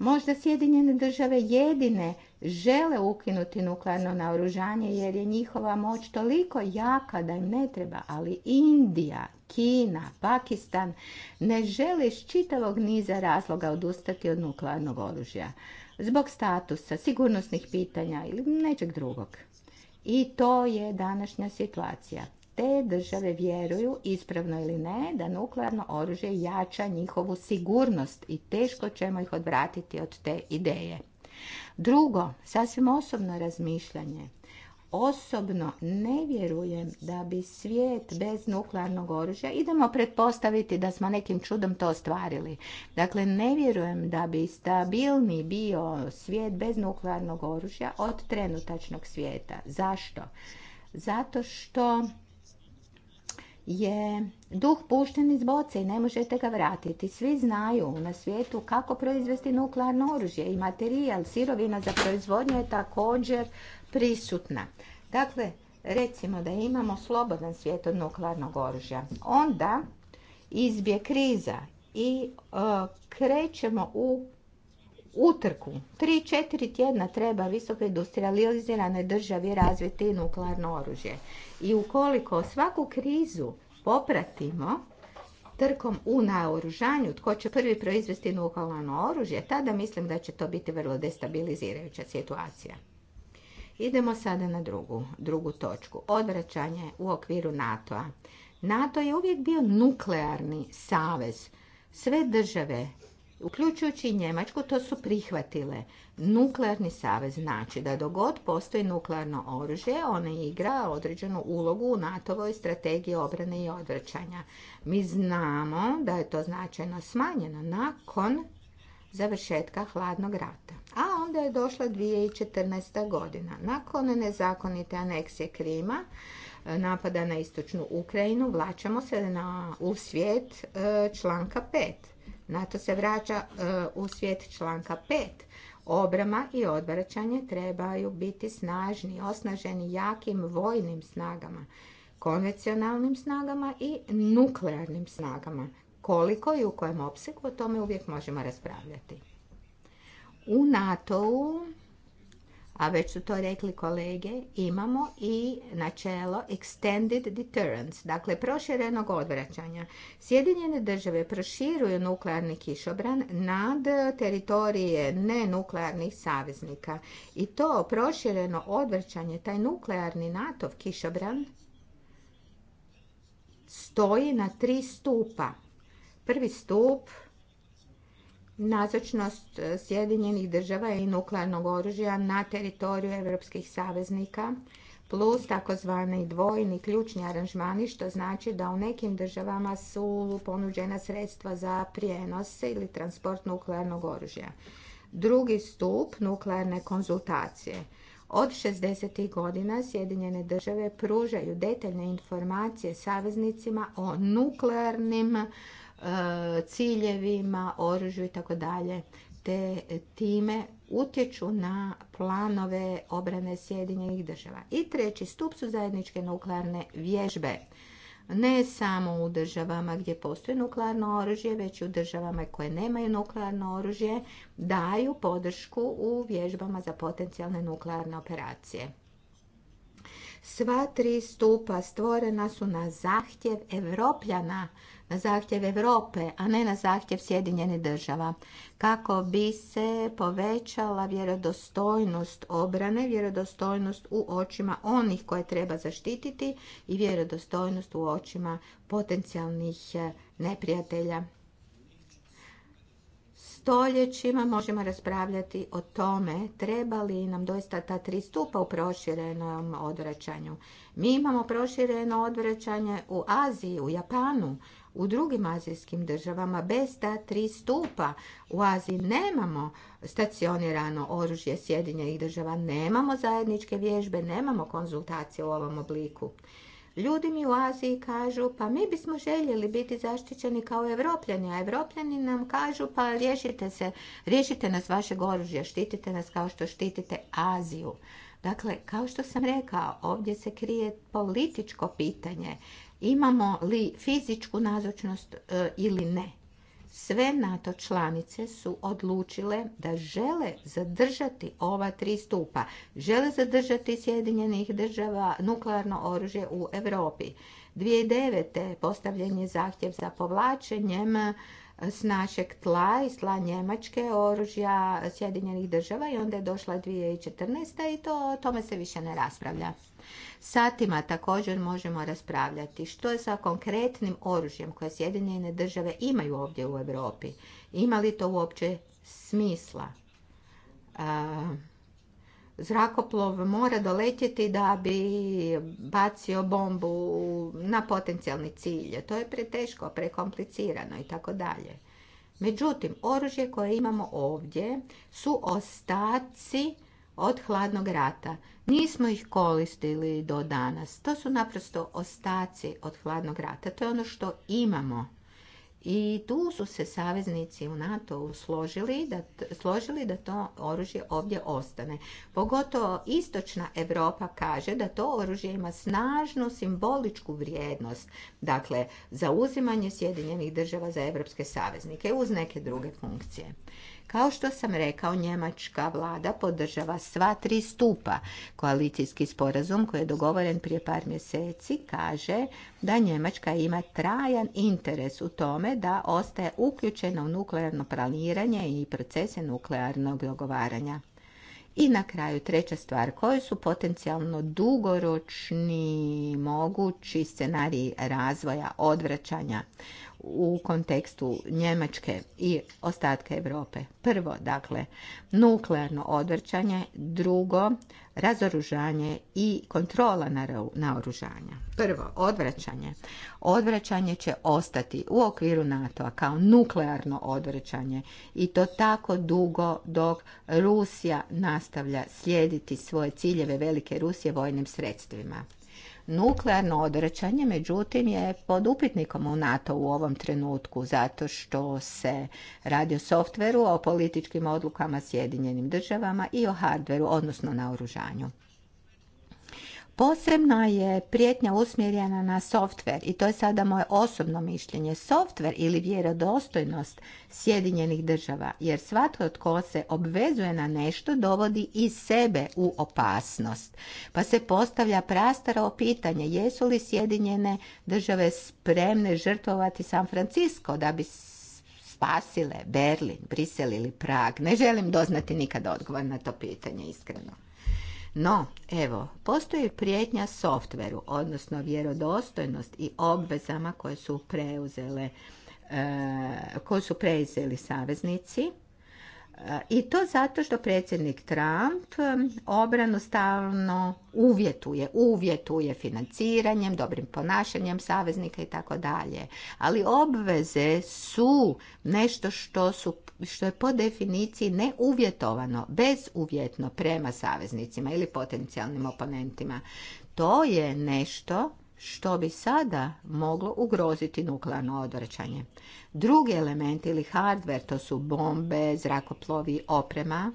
Možda Sjedinjene države jedine žele ukinuti nuklearno naoružanje jer je njihova moć toliko jaka da im ne treba, ali Indija, Kina, Pakistan ne žele iz čitavog niza razloga odustati od nuklearnog oružja. Zbog statusa, sigurnosnih pitanja ili nečeg drugog. I to je današnja situacija te države vjeruju, ispravno ili ne, da nuklearno oružje jača njihovu sigurnost i teško ćemo ih odvratiti od te ideje. Drugo, sasvim osobno razmišljanje. Osobno ne vjerujem da bi svijet bez nuklearnog oružja, idemo pretpostaviti da smo nekim čudom to ostvarili. Dakle, ne vjerujem da bi stabilni bio svijet bez nuklearnog oružja od trenutačnog svijeta. Zašto? Zato što je duh pušten iz boce i ne možete ga vratiti. Svi znaju na svijetu kako proizvesti nuklearno oružje i materijal, sirovina za proizvodnju je također prisutna. Dakle, recimo da imamo slobodan svijet od nuklearnog oružja. Onda izbje kriza i e, krećemo u utrku. tri, četiri tjedna treba visoko industrializirane državi razviti nuklearno oružje. I ukoliko svaku krizu popratimo trkom u naoružanju, tko će prvi proizvesti nuklearno oružje, tada mislim da će to biti vrlo destabilizirajuća situacija. Idemo sada na drugu, drugu točku. Odvraćanje u okviru NATO-a. NATO je uvijek bio nuklearni savez. Sve države uključujući i Njemačku, to su prihvatile. Nuklearni savez znači da dogod postoji nuklearno oružje, ona igra određenu ulogu u NATO-voj strategiji obrane i odvraćanja. Mi znamo da je to značajno smanjeno nakon završetka hladnog rata. A onda je došla 2014. godina. Nakon nezakonite aneksije Krima, e, napada na istočnu Ukrajinu, vlačamo se na, u svijet e, članka 5. NATO se vraća e, u svijet članka 5. Obrama i odvraćanje trebaju biti snažni, osnaženi jakim vojnim snagama, konvencionalnim snagama i nuklearnim snagama. Koliko i u kojem opsegu o tome uvijek možemo raspravljati. U NATO-u a već su to rekli kolege, imamo i načelo extended deterrence, dakle proširenog odvraćanja. Sjedinjene države proširuju nuklearni kišobran nad teritorije nenuklearnih saveznika i to prošireno odvraćanje, taj nuklearni NATO kišobran stoji na tri stupa. Prvi stup nazočnost e, Sjedinjenih država i nuklearnog oružja na teritoriju europskih saveznika plus takozvani dvojni ključni aranžmani, što znači da u nekim državama su ponuđena sredstva za prijenos ili transport nuklearnog oružja. Drugi stup nuklearne konzultacije. Od 60. godina Sjedinjene države pružaju detaljne informacije saveznicima o nuklearnim E, ciljevima, oružju i tako dalje. Te time utječu na planove obrane Sjedinjenih država. I treći stup su zajedničke nuklearne vježbe. Ne samo u državama gdje postoji nuklearno oružje, već i u državama koje nemaju nuklearno oružje, daju podršku u vježbama za potencijalne nuklearne operacije. Sva tri stupa stvorena su na zahtjev Evropljana na zahtjev Europe, a ne na zahtjev Sjedinjenih država, kako bi se povećala vjerodostojnost obrane, vjerodostojnost u očima onih koje treba zaštititi i vjerodostojnost u očima potencijalnih eh, neprijatelja stoljećima možemo raspravljati o tome treba li nam doista ta tri stupa u proširenom odvraćanju. Mi imamo prošireno odvraćanje u Aziji, u Japanu, u drugim azijskim državama bez ta tri stupa. U Aziji nemamo stacionirano oružje Sjedinjenih država, nemamo zajedničke vježbe, nemamo konzultacije u ovom obliku. Ljudi mi u Aziji kažu pa mi bismo željeli biti zaštićeni kao evropljani, a evropljani nam kažu pa riješite se, riješite nas vašeg oružja, štitite nas kao što štitite Aziju. Dakle, kao što sam rekao, ovdje se krije političko pitanje imamo li fizičku nazočnost e, ili ne. Sve NATO članice su odlučile da žele zadržati ova tri stupa. Žele zadržati Sjedinjenih država nuklearno oružje u Europi. 2009. postavljen je zahtjev za povlačenjem s našeg tla, i tla Njemačke, oružja Sjedinjenih država i onda je došla 2014. i to, o tome se više ne raspravlja. Satima također možemo raspravljati što je sa konkretnim oružjem koje Sjedinjene države imaju ovdje u Europi. Ima li to uopće smisla? zrakoplov mora doletjeti da bi bacio bombu na potencijalni cilj. To je preteško, prekomplicirano i tako dalje. Međutim, oružje koje imamo ovdje su ostaci od hladnog rata. Nismo ih koristili do danas. To su naprosto ostaci od hladnog rata. To je ono što imamo i tu su se saveznici u NATO složili da, složili da to oružje ovdje ostane. Pogotovo istočna Europa kaže da to oružje ima snažnu simboličku vrijednost, dakle zauzimanje Sjedinjenih država za evropske saveznike uz neke druge funkcije. Kao što sam rekao, njemačka vlada podržava sva tri stupa. Koalicijski sporazum koji je dogovoren prije par mjeseci kaže da Njemačka ima trajan interes u tome da ostaje uključena u nuklearno planiranje i procese nuklearnog dogovaranja. I na kraju treća stvar, koji su potencijalno dugoročni mogući scenariji razvoja odvraćanja? u kontekstu Njemačke i ostatka Europe. Prvo, dakle, nuklearno odvrćanje, drugo, razoružanje i kontrola naoružanja. Prvo, odvraćanje. Odvraćanje će ostati u okviru NATO-a kao nuklearno odvraćanje i to tako dugo dok Rusija nastavlja slijediti svoje ciljeve Velike Rusije vojnim sredstvima nuklearno odrećanje, međutim je pod upitnikom u NATO u ovom trenutku zato što se radi o softveru, o političkim odlukama Sjedinjenim državama i o hardveru, odnosno na oružanju. Posebna je prijetnja usmjerena na softver i to je sada moje osobno mišljenje. Softver ili vjerodostojnost Sjedinjenih država, jer svatko tko se obvezuje na nešto dovodi i sebe u opasnost. Pa se postavlja prastaro pitanje jesu li Sjedinjene države spremne žrtvovati San Francisco da bi spasile Berlin, Brisel ili Prag. Ne želim doznati nikad odgovor na to pitanje, iskreno. No, evo, postoji prijetnja softveru, odnosno vjerodostojnost i obvezama koje su preuzele, e, koje su preuzeli saveznici i to zato što predsjednik Trump um, obranu stalno uvjetuje, uvjetuje financiranjem, dobrim ponašanjem saveznika i tako dalje. Ali obveze su nešto što, su, što je po definiciji neuvjetovano, bezuvjetno prema saveznicima ili potencijalnim oponentima. To je nešto što bi sada moglo ugroziti nuklearno odvraćanje. Drugi elementi ili hardware to su bombe, zrakoplovi, oprema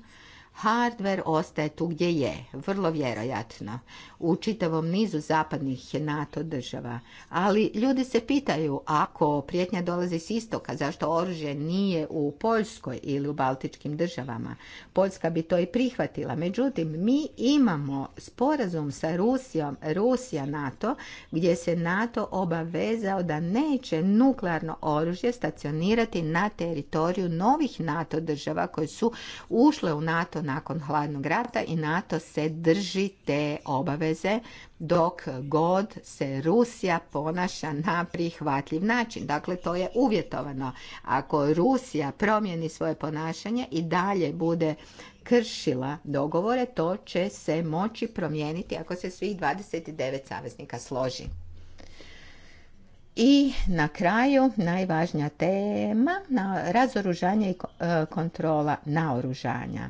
Hardware ostaje tu gdje je, vrlo vjerojatno, u čitavom nizu zapadnih NATO država. Ali ljudi se pitaju, ako prijetnja dolazi s istoka, zašto oružje nije u Poljskoj ili u Baltičkim državama? Poljska bi to i prihvatila. Međutim, mi imamo sporazum sa Rusijom, Rusija NATO, gdje se NATO obavezao da neće nuklearno oružje stacionirati na teritoriju novih NATO država koje su ušle u NATO nakon hladnog rata i NATO se drži te obaveze dok god se Rusija ponaša na prihvatljiv način. Dakle, to je uvjetovano. Ako Rusija promijeni svoje ponašanje i dalje bude kršila dogovore, to će se moći promijeniti ako se svih 29 saveznika složi. I na kraju najvažnija tema na razoružanje i e, kontrola naoružanja.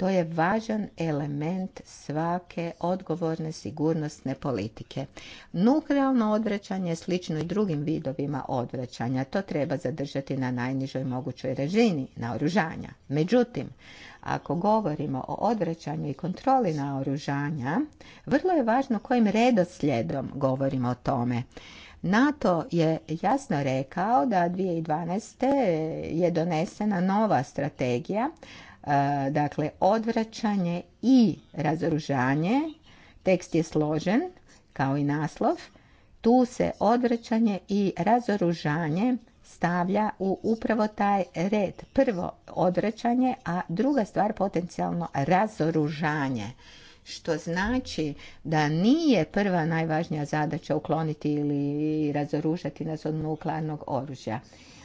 To je važan element svake odgovorne sigurnosne politike. Nuklearno odvraćanje je slično i drugim vidovima odvraćanja. To treba zadržati na najnižoj mogućoj razini naoružanja. Međutim, ako govorimo o odvraćanju i kontroli naoružanja, vrlo je važno kojim redoslijedom govorimo o tome. NATO je jasno rekao da 2012. je donesena nova strategija E, dakle, odvraćanje i razoružanje. Tekst je složen, kao i naslov. Tu se odvraćanje i razoružanje stavlja u upravo taj red. Prvo odvraćanje, a druga stvar potencijalno razoružanje. Što znači da nije prva najvažnija zadaća ukloniti ili razoružati nas od nuklearnog oružja.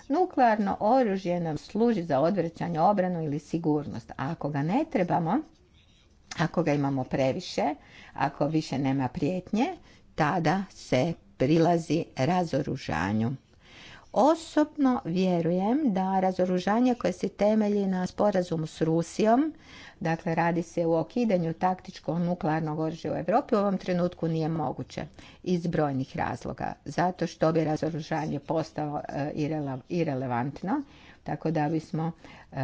Nuklearno oružje nam služi za odvrćanje, obranu ili sigurnost. A ako ga ne trebamo, ako ga imamo previše, ako više nema prijetnje, tada se prilazi razoružanju. Osobno vjerujem da razoružanje koje se temelji na sporazumu s Rusijom Dakle, radi se o okidanju taktičkog nuklearnog oružja u Europi u ovom trenutku nije moguće iz brojnih razloga. Zato što bi razoružanje postalo e, irelevantno, tako da bismo e,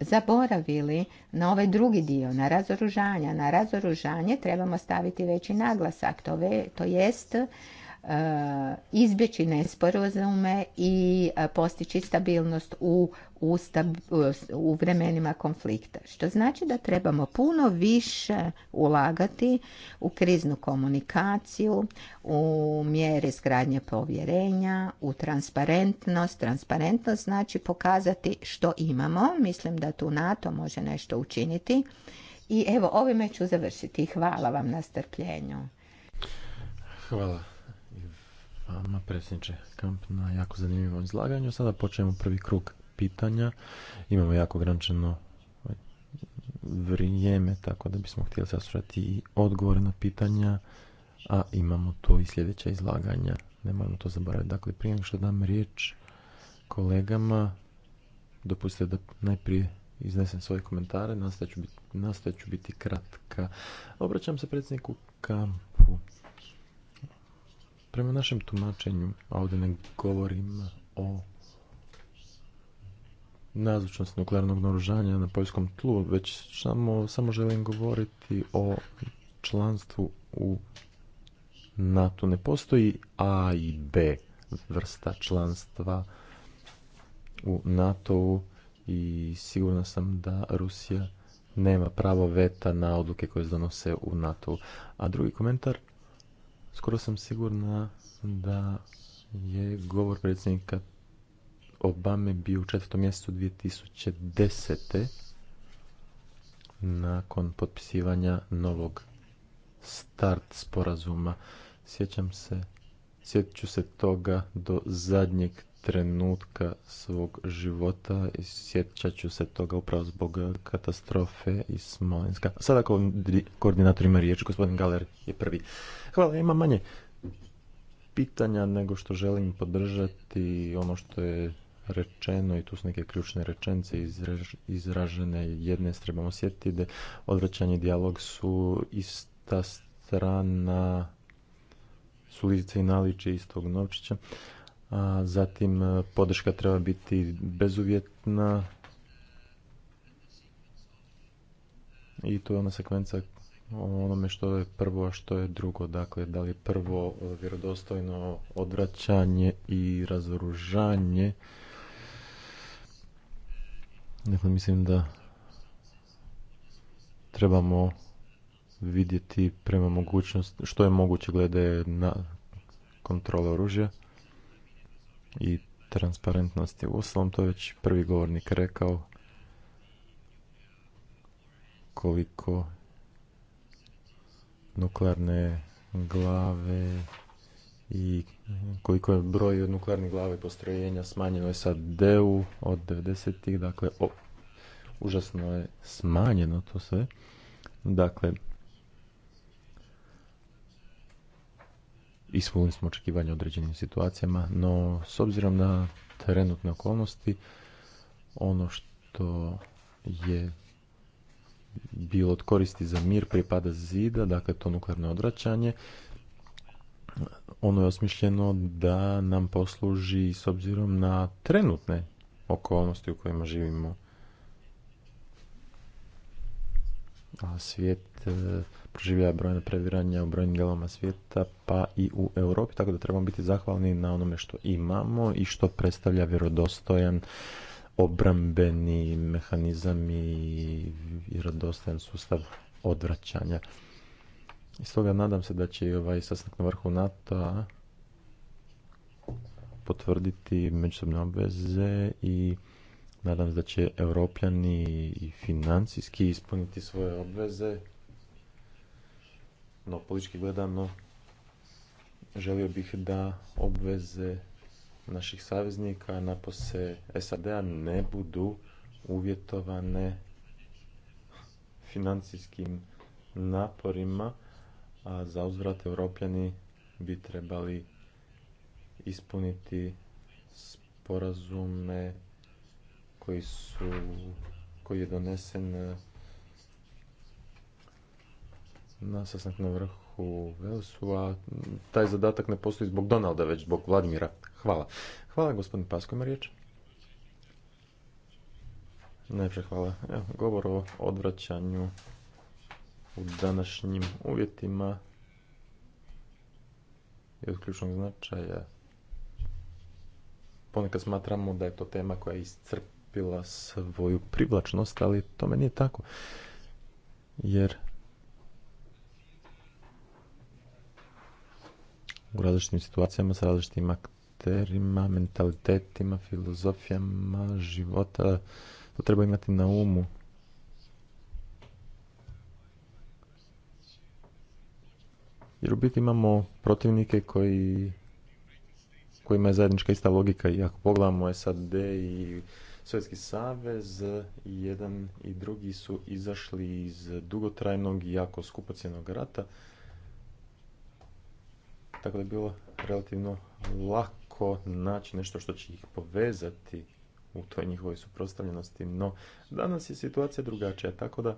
zaboravili na ovaj drugi dio, na razoružanje. Na razoružanje trebamo staviti veći naglasak, to, to jest Eh, izbjeći nesporazume i eh, postići stabilnost u, eh, u vremenima konflikta. Što znači da trebamo puno više ulagati u kriznu komunikaciju, u mjere izgradnje povjerenja, u transparentnost. Transparentnost znači pokazati što imamo. Mislim da tu NATO može nešto učiniti. I evo, ovime ću završiti. Hvala vam na strpljenju. Hvala vama, predsjedniče Kamp, na jako zanimljivom izlaganju. Sada počnemo prvi krug pitanja. Imamo jako ograničeno ovaj, vrijeme, tako da bismo htjeli saslušati i odgovore na pitanja, a imamo tu i sljedeća izlaganja. Nemojmo to zaboraviti. Dakle, prije nego što dam riječ kolegama, dopustite da najprije iznesem svoje komentare, nastavit biti, biti kratka. Obraćam se predsjedniku Kampu. Prema našem tumačenju, a ovdje ne govorim o nazvučnosti nuklearnog naružanja na poljskom tlu, već samo, samo želim govoriti o članstvu u NATO. Ne postoji A i B vrsta članstva u NATO-u i sigurno sam da Rusija nema pravo veta na odluke koje se donose u NATO-u. A drugi komentar Skoro sam sigurna da je govor predsjednika Obame bio u četvrtom mjesecu 2010. nakon potpisivanja novog start sporazuma. Sjećam se, sjetit ću se toga do zadnjeg trenutka svog života i sjećat ću se toga upravo zbog eh, katastrofe iz Smolenska. Sada ko koordinator ima riječ, gospodin Galer je prvi. Hvala, ima manje pitanja nego što želim podržati ono što je rečeno i tu su neke ključne rečenice izražene jedne trebamo sjetiti da odvraćanje i dijalog su ista strana su lice i naliče istog novčića a zatim e, podrška treba biti bezuvjetna i tu je ona sekvenca o onome što je prvo, a što je drugo. Dakle, da li je prvo e, vjerodostojno odvraćanje i razoružanje. Dakle, mislim da trebamo vidjeti prema mogućnosti, što je moguće glede na kontrole oružja, i transparentnosti. Uslom to je već prvi govornik rekao koliko nuklearne glave i koliko je broj nuklearnih glave postrojenja smanjeno je sa DEU od 90-ih, dakle o, užasno je smanjeno to sve. Dakle, ispunili smo očekivanje u određenim situacijama, no s obzirom na trenutne okolnosti, ono što je bilo od koristi za mir pripada zida, dakle to nuklearno odvraćanje, ono je osmišljeno da nam posluži s obzirom na trenutne okolnosti u kojima živimo. a svijet e, proživljava brojna previranja u brojnim dijelama svijeta, pa i u Europi, tako da trebamo biti zahvalni na onome što imamo i što predstavlja vjerodostojan obrambeni mehanizam i vjerodostojan sustav odvraćanja. I stoga nadam se da će i ovaj sastanak na vrhu NATO potvrditi međusobne obveze i Nadam se da će europljani i financijski ispuniti svoje obveze, no politički gledano želio bih da obveze naših saveznika napose SAD-a ne budu uvjetovane financijskim naporima, a za uzvrat europljani bi trebali ispuniti sporazume koji su koji je donesen eh, na sasnak na vrhu Velsu, a taj zadatak ne postoji zbog Donalda, već zbog Vladimira. Hvala. Hvala, gospodin Pasko ima riječ. hvala. Evo, govor o odvraćanju u današnjim uvjetima je od ključnog značaja. Ponekad smatramo da je to tema koja iscrp izgubila svoju privlačnost, ali tome nije tako. Jer u različitim situacijama s različitim akterima, mentalitetima, filozofijama života, to treba imati na umu. Jer u biti imamo protivnike koji, kojima je zajednička ista logika i ako pogledamo SAD i Sovjetski savez, jedan i drugi su izašli iz dugotrajnog i jako skupocjenog rata. Tako da je bilo relativno lako naći nešto što će ih povezati u toj njihovoj suprotstavljenosti, no danas je situacija drugačija, tako da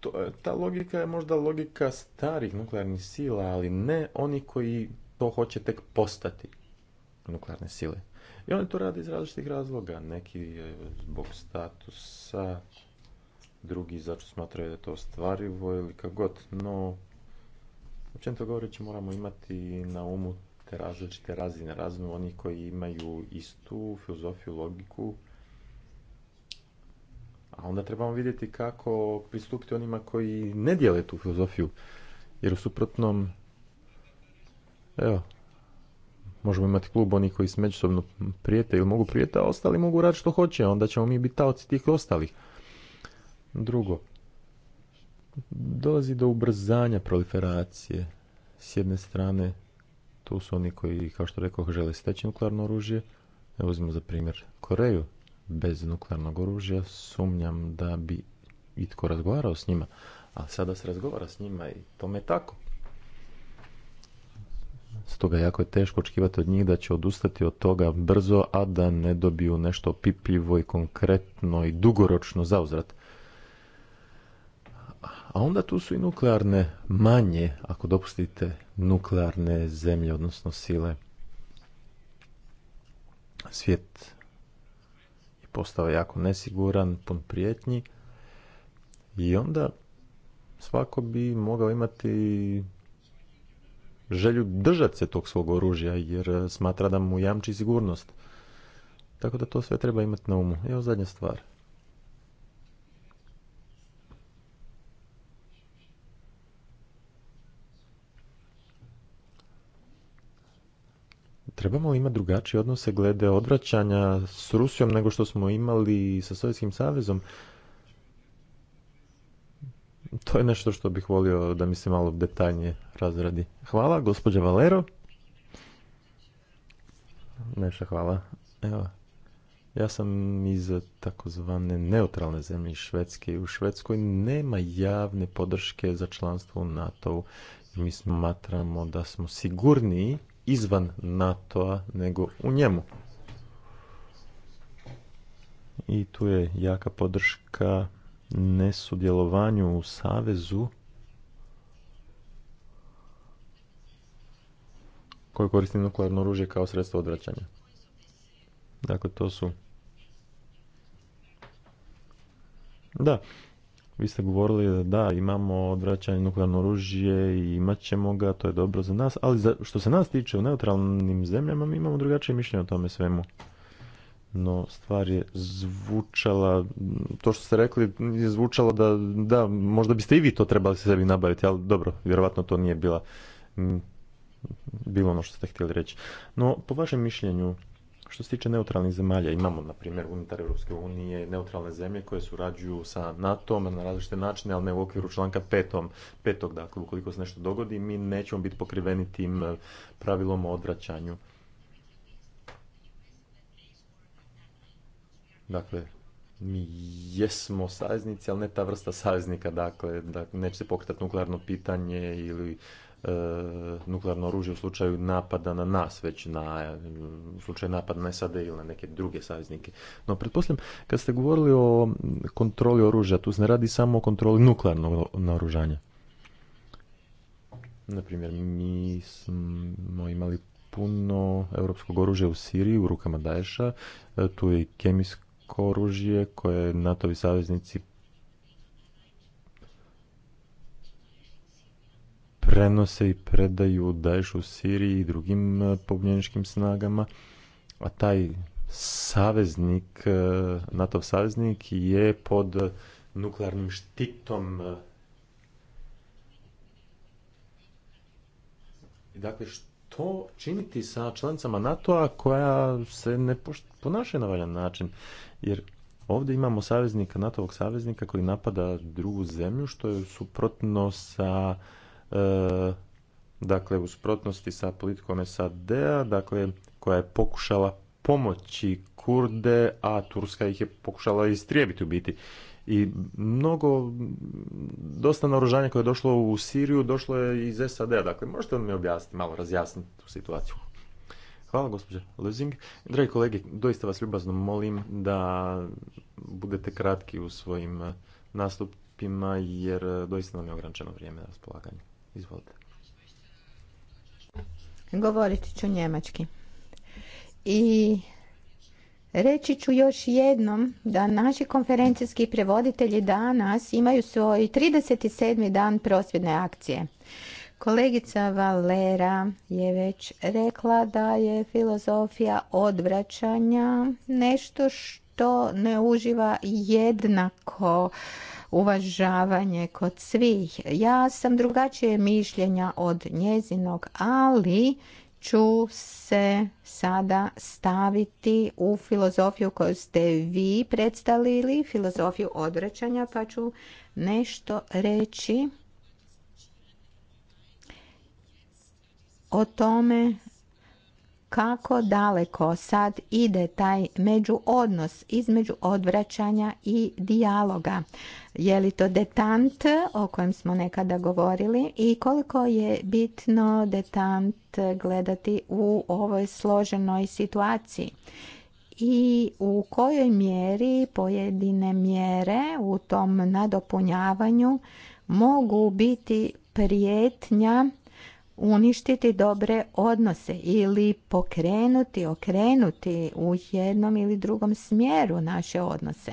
to, ta logika je možda logika starih nuklearnih sila, ali ne oni koji to hoće tek postati nuklearne sile. I oni to rade iz različitih razloga. Neki zbog statusa, drugi zato smatraju da je to ostvarivo ili kako god. No, općenito govoreći moramo imati na umu te različite razine, razinu onih koji imaju istu filozofiju, logiku, a onda trebamo vidjeti kako pristupiti onima koji ne dijele tu filozofiju, jer u suprotnom, evo, možemo imati klub oni koji se međusobno prijete ili mogu prijeti, a ostali mogu raditi što hoće, onda ćemo mi biti taoci tih ostalih. Drugo, dolazi do ubrzanja proliferacije. S jedne strane, tu su oni koji, kao što rekao, žele steći nuklearno oružje. Evo uzmimo za primjer Koreju. Bez nuklearnog oružja sumnjam da bi itko razgovarao s njima. A sada se razgovara s njima i tome je tako. Stoga jako je teško očekivati od njih da će odustati od toga brzo, a da ne dobiju nešto pipljivo i konkretno i dugoročno zauzrat. A onda tu su i nuklearne manje, ako dopustite, nuklearne zemlje, odnosno sile. Svijet je postao jako nesiguran, pun prijetnji. I onda svako bi mogao imati želju držati se tog svog oružja jer e, smatra da mu jamči sigurnost. Tako da to sve treba imati na umu. Evo zadnja stvar. Trebamo li imati drugačije odnose glede odvraćanja s Rusijom nego što smo imali sa Sovjetskim savezom? To je nešto što bih volio da mi se malo detaljnije razradi. Hvala, gospođa Valero. Neša, hvala. Evo, ja sam iz takozvane neutralne zemlje Švedske i u Švedskoj nema javne podrške za članstvo u NATO-u. Mi smatramo da smo sigurniji izvan NATO-a nego u njemu. I tu je jaka podrška nesudjelovanju u savezu koji koristi nuklearno oružje kao sredstvo odvraćanja. Dakle, to su... Da, vi ste govorili da da, imamo odvraćanje nuklearno oružje i imat ćemo ga, to je dobro za nas, ali za, što se nas tiče u neutralnim zemljama mi imamo drugačije mišljenje o tome svemu no stvar je zvučala, to što ste rekli je zvučalo da, da, možda biste i vi to trebali sebi nabaviti, ali dobro, vjerovatno to nije bila bilo ono što ste htjeli reći. No, po vašem mišljenju, što se tiče neutralnih zemalja, imamo, na primjer, unutar Europske unije neutralne zemlje koje surađuju sa NATO-om na različite načine, ali ne u okviru članka petom, petog, dakle, ukoliko se nešto dogodi, mi nećemo biti pokriveni tim eh, pravilom o odvraćanju. Dakle, mi jesmo saveznici, ali ne ta vrsta saveznika, dakle, da neće se pokretati nuklearno pitanje ili e, nuklearno oružje u slučaju napada na nas, već na, u slučaju napada na SAD ili na neke druge saveznike. No, pretpostavljam, kad ste govorili o kontroli oružja, tu se ne radi samo o kontroli nuklearnog naoružanja. Naprimjer, mi smo imali puno europskog oružja u Siriji, u rukama Daesha, e, tu je i kemijsko oružje koje NATO-vi saveznici prenose i predaju Daješu u Siriji i drugim e, pobunjeničkim snagama, a taj saveznik, e, NATO saveznik je pod nuklearnim štitom e, Dakle, što činiti sa članicama NATO-a koja se ne ponaša na valjan način? jer ovdje imamo saveznika, nato saveznika koji napada drugu zemlju što je suprotno sa e, dakle u suprotnosti sa politikom SAD-a, dakle koja je pokušala pomoći Kurde, a Turska ih je pokušala istrijebiti u biti. I mnogo, dosta naoružanja koje je došlo u Siriju, došlo je iz SAD-a. Dakle, možete li mi objasniti, malo razjasniti tu situaciju? Hvala gospođa Lezing. Dragi kolege, doista vas ljubazno molim da budete kratki u svojim eh, nastupima jer eh, doista nam je ograničeno vrijeme na raspolaganje. Izvolite. Govoriti ću njemački. I Reći ću još jednom da naši konferencijski prevoditelji danas imaju svoj 37. dan prosvjedne akcije. Kolegica Valera je već rekla da je filozofija odvraćanja nešto što ne uživa jednako uvažavanje kod svih. Ja sam drugačije mišljenja od njezinog, ali ću se sada staviti u filozofiju koju ste vi predstavili, filozofiju odvraćanja, pa ću nešto reći o tome kako daleko sad ide taj međuodnos između odvraćanja i dijaloga. Je li to detant o kojem smo nekada govorili i koliko je bitno detant gledati u ovoj složenoj situaciji? i u kojoj mjeri pojedine mjere u tom nadopunjavanju mogu biti prijetnja uništiti dobre odnose ili pokrenuti, okrenuti u jednom ili drugom smjeru naše odnose.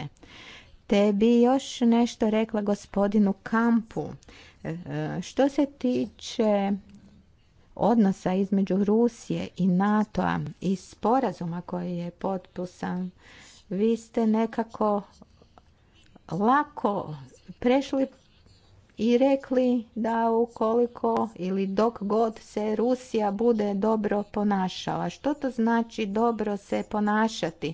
Te bi još nešto rekla gospodinu Kampu. E, što se tiče odnosa između Rusije i NATO-a i sporazuma koji je potpisan, vi ste nekako lako prešli i rekli da ukoliko ili dok god se Rusija bude dobro ponašala. Što to znači dobro se ponašati?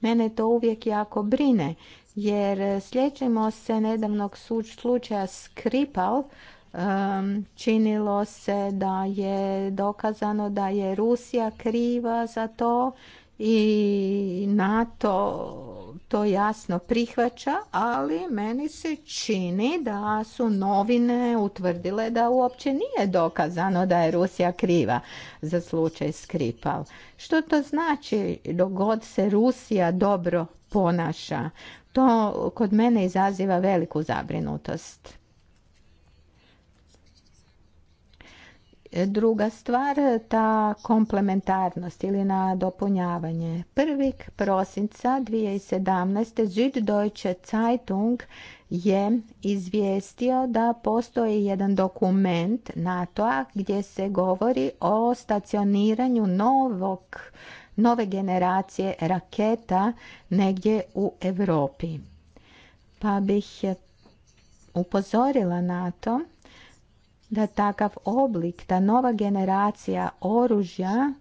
Mene to uvijek jako brine jer sjećamo se nedavnog slučaja Skripal činilo se da je dokazano da je Rusija kriva za to i NATO to jasno prihvaća, ali meni se čini da su novine utvrdile da uopće nije dokazano da je Rusija kriva za slučaj Skripal. Što to znači dogod god se Rusija dobro ponaša? To kod mene izaziva veliku zabrinutost. Druga stvar, ta komplementarnost ili nadopunjavanje. 1. prosinca 2017. Deutsche Zeitung je izvijestio da postoji jedan dokument NATO-a gdje se govori o stacioniranju novog, nove generacije raketa negdje u Europi. Pa bih upozorila na to da takav oblik, ta nova generacija oružja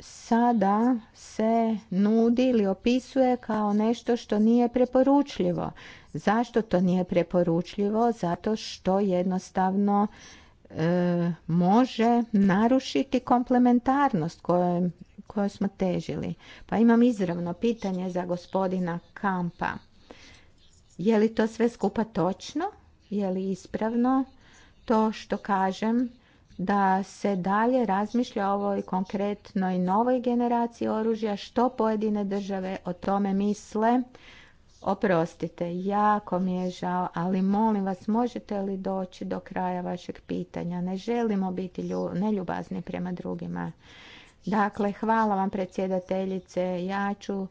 sada se nudi ili opisuje kao nešto što nije preporučljivo. Zašto to nije preporučljivo? Zato što jednostavno e, može narušiti komplementarnost koju smo težili. Pa imam izravno pitanje za gospodina Kampa. Je li to sve skupa točno? je li ispravno to što kažem da se dalje razmišlja o ovoj konkretnoj novoj generaciji oružja, što pojedine države o tome misle. Oprostite, jako mi je žao, ali molim vas, možete li doći do kraja vašeg pitanja? Ne želimo biti neljubazni prema drugima. Dakle, hvala vam predsjedateljice, ja ću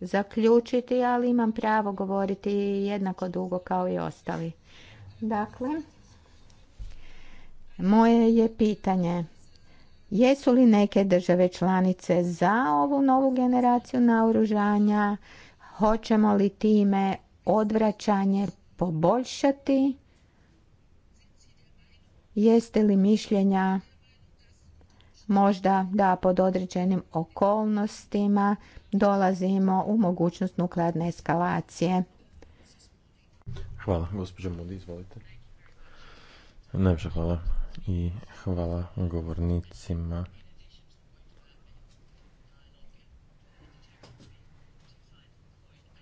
zaključiti, ali imam pravo govoriti jednako dugo kao i ostali. Dakle, moje je pitanje. Jesu li neke države članice za ovu novu generaciju naoružanja? Hoćemo li time odvraćanje poboljšati? Jeste li mišljenja možda da pod određenim okolnostima dolazimo u mogućnost nuklearne eskalacije? Hvala, gospođo Mudi, izvolite. Najpša hvala i hvala govornicima.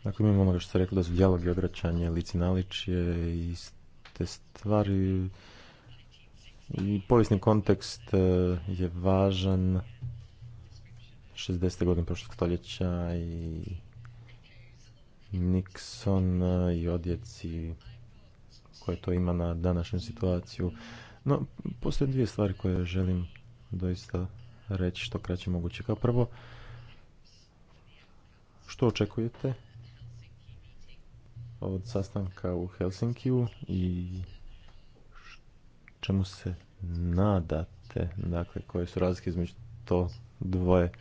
Dakle, mi onoga što ste rekli da su dijalog i obraćanje lici naličje i te stvari i povijesni kontekst e, je važan 60. godin prošlog stoljeća i Nixon e, i odjeci koje to ima na današnju situaciju. No, postoje dvije stvari koje želim doista reći što kraće moguće. Kao prvo, što očekujete od sastanka u Helsinkiju i čemu se nadate, dakle, koje su razlike između to dvoje,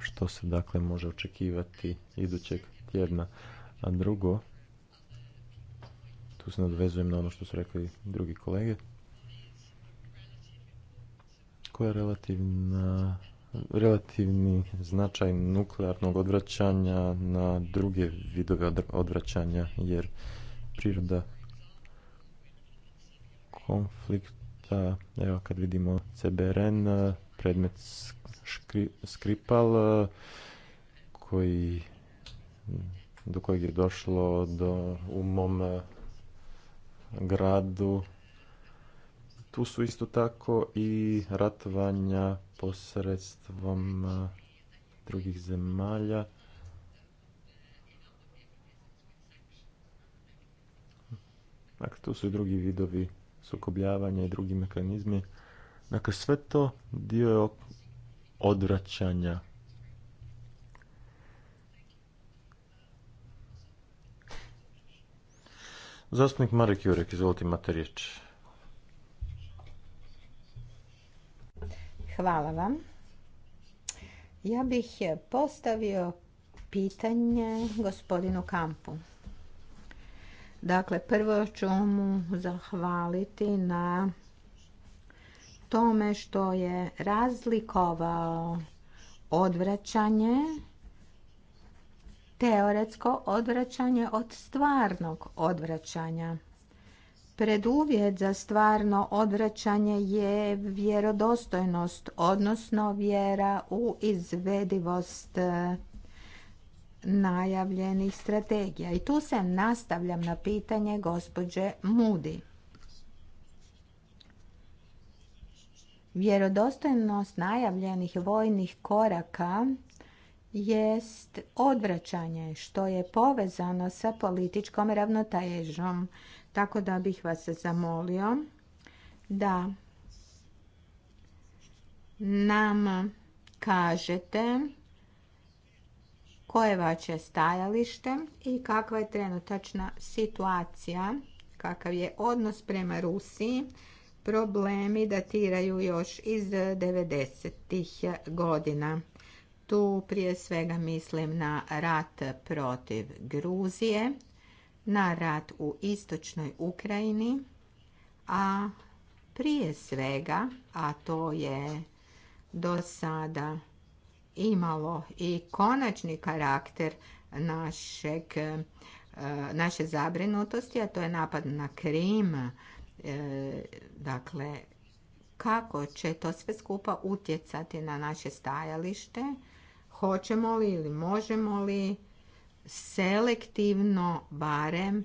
što se dakle može očekivati idućeg jedna, A drugo, tu se nadvezujem na ono što su rekli drugi kolege, koja je relativna relativni značaj nuklearnog odvraćanja na druge vidove odvraćanja jer priroda konflikta evo kad vidimo CBRN predmet Skripal koji do kojeg je došlo do, u mom e, gradu. Tu su isto tako i ratovanja posredstvom e, drugih zemalja. Dakle, tu su i drugi vidovi sukobljavanja i drugi mehanizmi. Dakle, sve to dio je odvraćanja Zastupnik Marek Jurek, izvolite, imate riječ. Hvala vam. Ja bih postavio pitanje gospodinu Kampu. Dakle, prvo ću mu zahvaliti na tome što je razlikovao odvraćanje teoretsko odvraćanje od stvarnog odvraćanja. Preduvjet za stvarno odvraćanje je vjerodostojnost, odnosno vjera u izvedivost najavljenih strategija. I tu se nastavljam na pitanje gospođe Mudi. Vjerodostojnost najavljenih vojnih koraka jest odvraćanje što je povezano sa političkom ravnotežom. Tako da bih vas zamolio da nam kažete koje vaše stajalište i kakva je trenutačna situacija, kakav je odnos prema Rusiji. Problemi datiraju još iz 90. godina. Tu prije svega mislim na rat protiv Gruzije, na rat u istočnoj Ukrajini, a prije svega, a to je do sada imalo i konačni karakter našeg, e, naše zabrinutosti, a to je napad na Krim. E, dakle, kako će to sve skupa utjecati na naše stajalište hoćemo li ili možemo li selektivno barem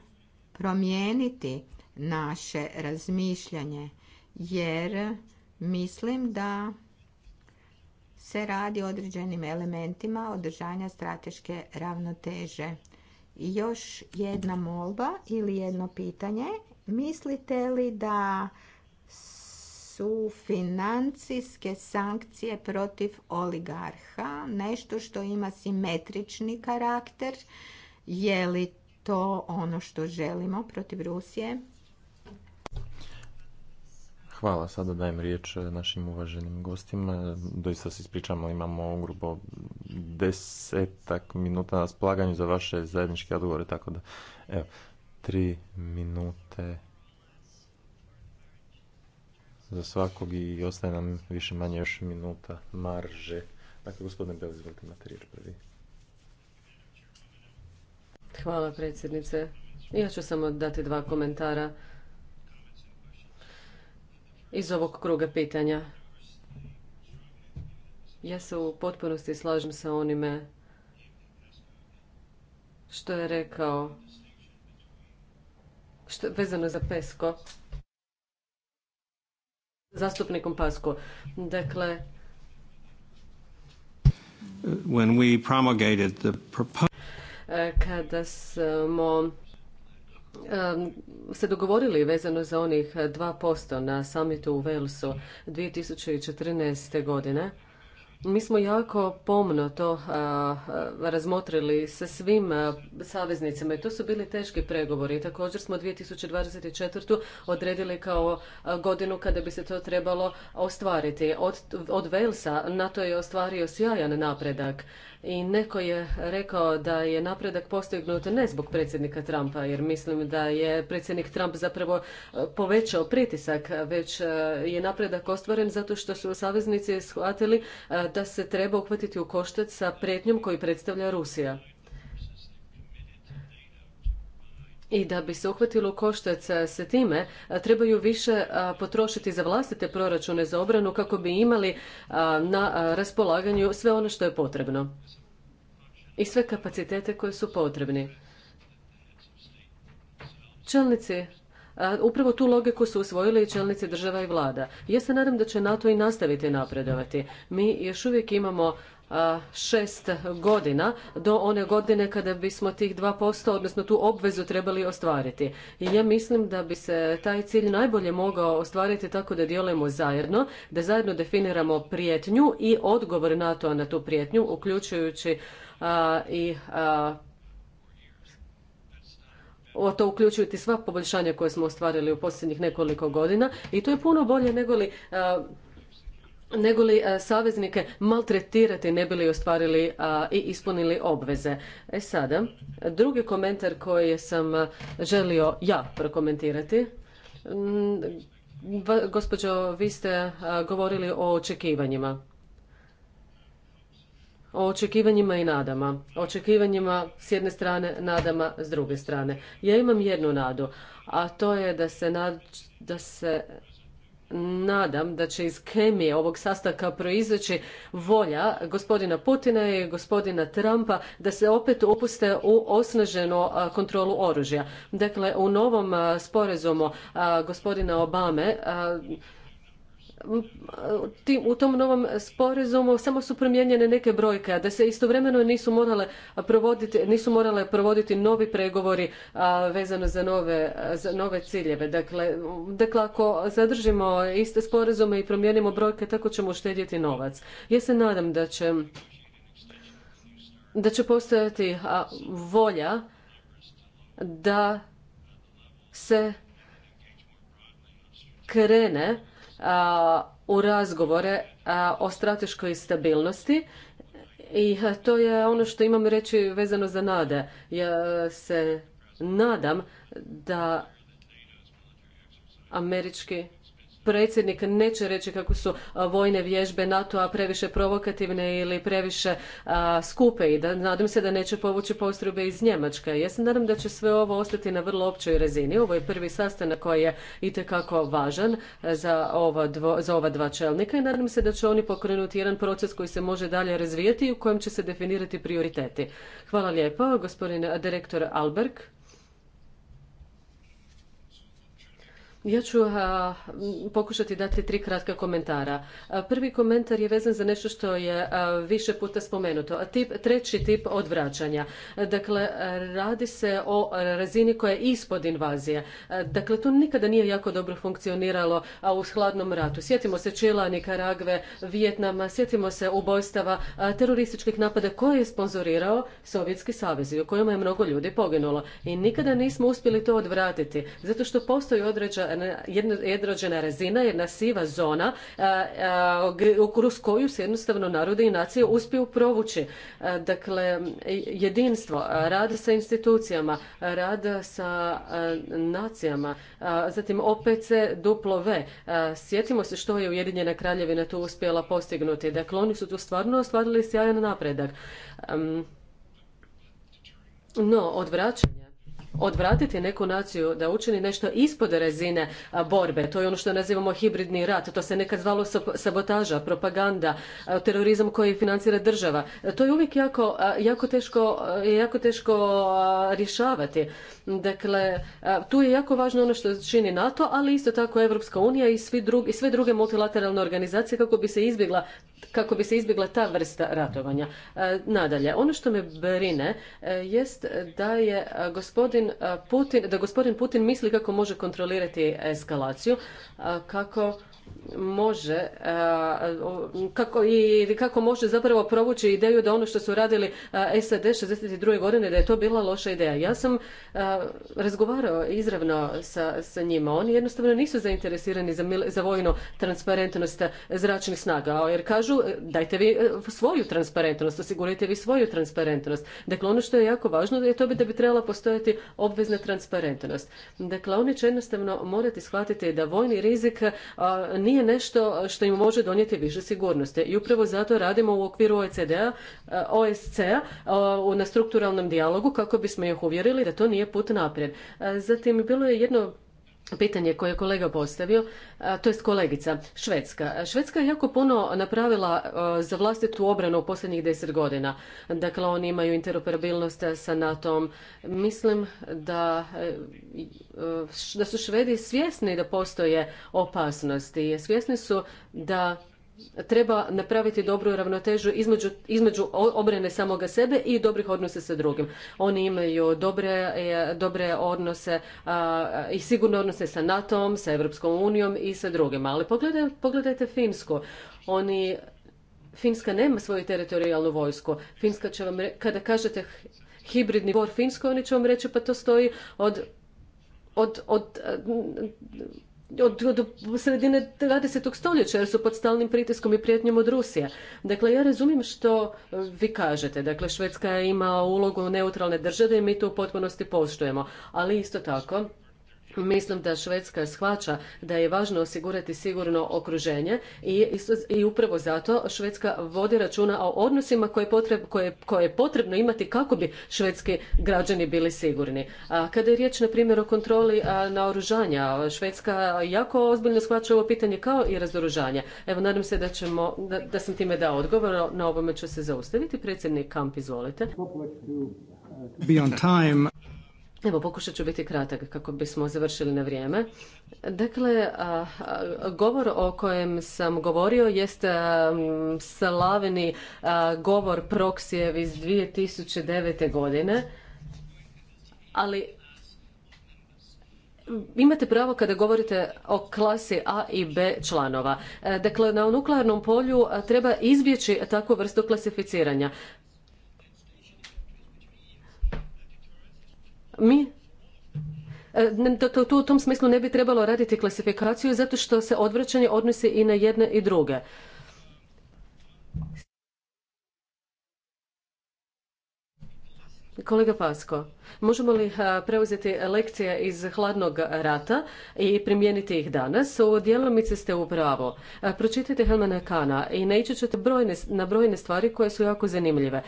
promijeniti naše razmišljanje jer mislim da se radi o određenim elementima održanja strateške ravnoteže. I još jedna molba ili jedno pitanje. Mislite li da su financijske sankcije protiv oligarha, nešto što ima simetrični karakter. Je li to ono što želimo protiv Rusije? Hvala, sada dajem riječ e, našim uvaženim gostima. E, doista se ispričamo, imamo ugrubo desetak minuta na splaganju za vaše zajedničke odgovore, tako da, evo, tri minute za svakog i ostaje nam više manje još minuta marže. Dakle, gospodine Bel, izvolite imate riječ prvi. Hvala predsjednice. Ja ću samo dati dva komentara iz ovog kruga pitanja. Ja se u potpunosti slažem sa onime što je rekao što, vezano za pesko zastupnikom Pasko, Dakle, When we promulgated the proposal... E, kada smo e, se dogovorili vezano za onih 2% na samitu u Walesu 2014. godine, mi smo jako pomno to razmotrili sa svim saveznicima i to su bili teški pregovori. Također smo 2024. odredili kao godinu kada bi se to trebalo ostvariti. Od, od Velsa NATO je ostvario sjajan napredak i neko je rekao da je napredak postignut ne zbog predsjednika Trumpa, jer mislim da je predsjednik Trump zapravo e, povećao pritisak, već e, je napredak ostvaren zato što su saveznici shvatili e, da se treba uhvatiti u koštac sa prijetnjom koju predstavlja Rusija. i da bi se uhvatilo koštac e, sa time, e, trebaju više e, potrošiti za vlastite proračune za obranu kako bi imali na raspolaganju sve ono što je potrebno i sve kapacitete koji su potrebni. Čelnici Upravo tu logiku su usvojili i čelnici država i vlada. Ja se nadam da će NATO i nastaviti napredovati. Mi još uvijek imamo šest godina do one godine kada bismo tih 2%, odnosno tu obvezu trebali ostvariti. I ja mislim da bi se taj cilj najbolje mogao ostvariti tako da djelujemo zajedno, da zajedno definiramo prijetnju i odgovor NATO-a na tu prijetnju, uključujući i to uključujući sva poboljšanja koje smo ostvarili u posljednjih nekoliko godina i to je puno bolje nego li nego li e, saveznike maltretirati ne bi li ostvarili e, i ispunili obveze. E sada, drugi komentar koji sam e, želio ja prokomentirati. Mm, gospođo, vi ste govorili o očekivanjima. O očekivanjima i nadama. O očekivanjima s jedne strane, nadama s druge strane. Ja imam jednu nadu, a to je da se, nad, da se nadam da će iz kemije ovog sastanka proizaći volja gospodina Putina i gospodina Trumpa da se opet upuste u osnaženu kontrolu oružja. Dakle, u novom sporazumu gospodina Obame u tom novom sporazumu samo su promijenjene neke brojke, a da se istovremeno nisu morale provoditi, nisu morale provoditi novi pregovori vezano za nove, ciljeve. Dakle, dakle, ako zadržimo iste sporazume i promijenimo brojke, tako ćemo uštedjeti novac. Ja se nadam da će da će postojati volja da se krene u razgovore o strateškoj stabilnosti i to je ono što imam reći vezano za nade. Ja se nadam da američki predsjednik neće reći kako su vojne vježbe NATO-a previše provokativne ili previše skupe i da nadam se da neće povući postrojbe iz Njemačke. Ja se nadam da će sve ovo ostati na vrlo općoj razini. Ovo je prvi sastanak koji je itekako važan za ova, za ova dva čelnika i nadam se da će oni pokrenuti jedan proces koji se može dalje razvijati i u kojem će se definirati prioriteti. Hvala lijepo, gospodin direktor Alberg. Ja ću pokušati dati tri kratka komentara. prvi komentar je vezan za nešto što je više puta spomenuto, a tip, treći tip odvraćanja. Dakle, radi se o razini koja je ispod invazije. Dakle, to nikada nije jako dobro funkcioniralo u hladnom ratu. Sjetimo se Čila, Nikaragve, Vijetnama, sjetimo se ubojstava, terorističkih napada koje je sponzorirao Sovjetski savez i u kojima je mnogo ljudi poginulo. I nikada nismo uspjeli to odvratiti, zato što postoji određa Jedrođena razina, jedna siva zona kroz koju se jednostavno narodi i nacije uspiju provući. Dakle, jedinstvo, rad sa institucijama, rad sa nacijama, zatim OPC duplo V. Sjetimo se što je Ujedinjena kraljevina tu uspjela postignuti. Dakle, oni su tu stvarno ostvarili sjajan napredak. No, odvraćanje odvratiti neku naciju da učini nešto ispod razine borbe. To je ono što nazivamo hibridni rat. To se nekad zvalo sabotaža, propaganda, terorizam koji financira država. To je uvijek jako, jako, teško, jako teško rješavati. Dakle, tu je jako važno ono što čini NATO, ali isto tako Europska unija i sve druge multilateralne organizacije kako bi se izbjegla kako bi se izbjegla ta vrsta ratovanja. E, nadalje, ono što me brine e, jest da je e, gospodin Putin, da gospodin Putin misli kako može kontrolirati eskalaciju, kako može e, kako, i kako može zapravo provući ideju da ono što su radili e, SAD 62. godine da je to bila loša ideja. Ja sam e, razgovarao izravno sa, sa njima. Oni jednostavno nisu zainteresirani za, za vojnu transparentnost zračnih snaga. Jer kažu dajte vi svoju transparentnost, osigurajte vi svoju transparentnost. Dakle ono što je jako važno je to bi da bi trebala postojati obvezna transparentnost. Dakle oni će jednostavno morati shvatiti da vojni rizik nije nešto što im može donijeti više sigurnosti. I upravo zato radimo u okviru OECD-a, eh, OSC-a eh, na strukturalnom dijalogu kako bismo ih uvjerili da to nije put naprijed. Eh, zatim bilo je jedno pitanje koje je kolega postavio, to jest kolegica, Švedska. Švedska je jako puno napravila e, za vlastitu obranu u posljednjih deset godina. Dakle, oni imaju interoperabilnost sa NATO-om. Mislim da, e, e, da su Švedi svjesni da postoje opasnosti. Svjesni su da treba napraviti dobru ravnotežu između, između obrane samoga sebe i dobrih odnosa sa drugim. Oni imaju dobre, e, dobre odnose i sigurne odnose sa NATO-om, sa Europskom unijom i sa drugima. Ali pogledajte Finsku. Oni, Finska nema svoju teritorijalnu vojsku. Finska će vam, kada kažete hibridni bor Finskoj, oni će vam reći pa to stoji od od, od od, sredine 20. stoljeća jer su pod stalnim pritiskom i prijetnjom od Rusije. Dakle, ja razumijem što e, vi kažete. Dakle, Švedska ima ulogu neutralne države i mi to u potpunosti poštujemo. Ali isto tako, Mislim da Švedska shvaća da je važno osigurati sigurno okruženje i, i upravo zato Švedska vodi računa o odnosima koje, je potrebno imati kako bi švedski građani bili sigurni. A kada je riječ na primjer o kontroli na naoružanja, Švedska jako ozbiljno shvaća ovo pitanje kao i razoružanje. Evo nadam se da ćemo, da, sam time dao odgovor, na ovome ću se zaustaviti. Predsjednik Kamp, izvolite. time. Evo, pokušat ću biti kratak kako bismo završili na vrijeme. Dakle, govor o kojem sam govorio jest slaveni govor Proksijev iz 2009. godine, ali imate pravo kada govorite o klasi A i B članova. E, dakle, na nuklearnom polju treba izbjeći takvu vrstu klasificiranja. mi e, u tom smislu ne bi trebalo raditi klasifikaciju zato što se odvraćanje odnosi i na jedne i druge. Kolega Pasko, Možemo li preuzeti lekcije iz hladnog rata i primijeniti ih danas? U djelomice ste u pravu. Pročitajte Helmana Kana i naići ćete na brojne stvari koje su jako zanimljive.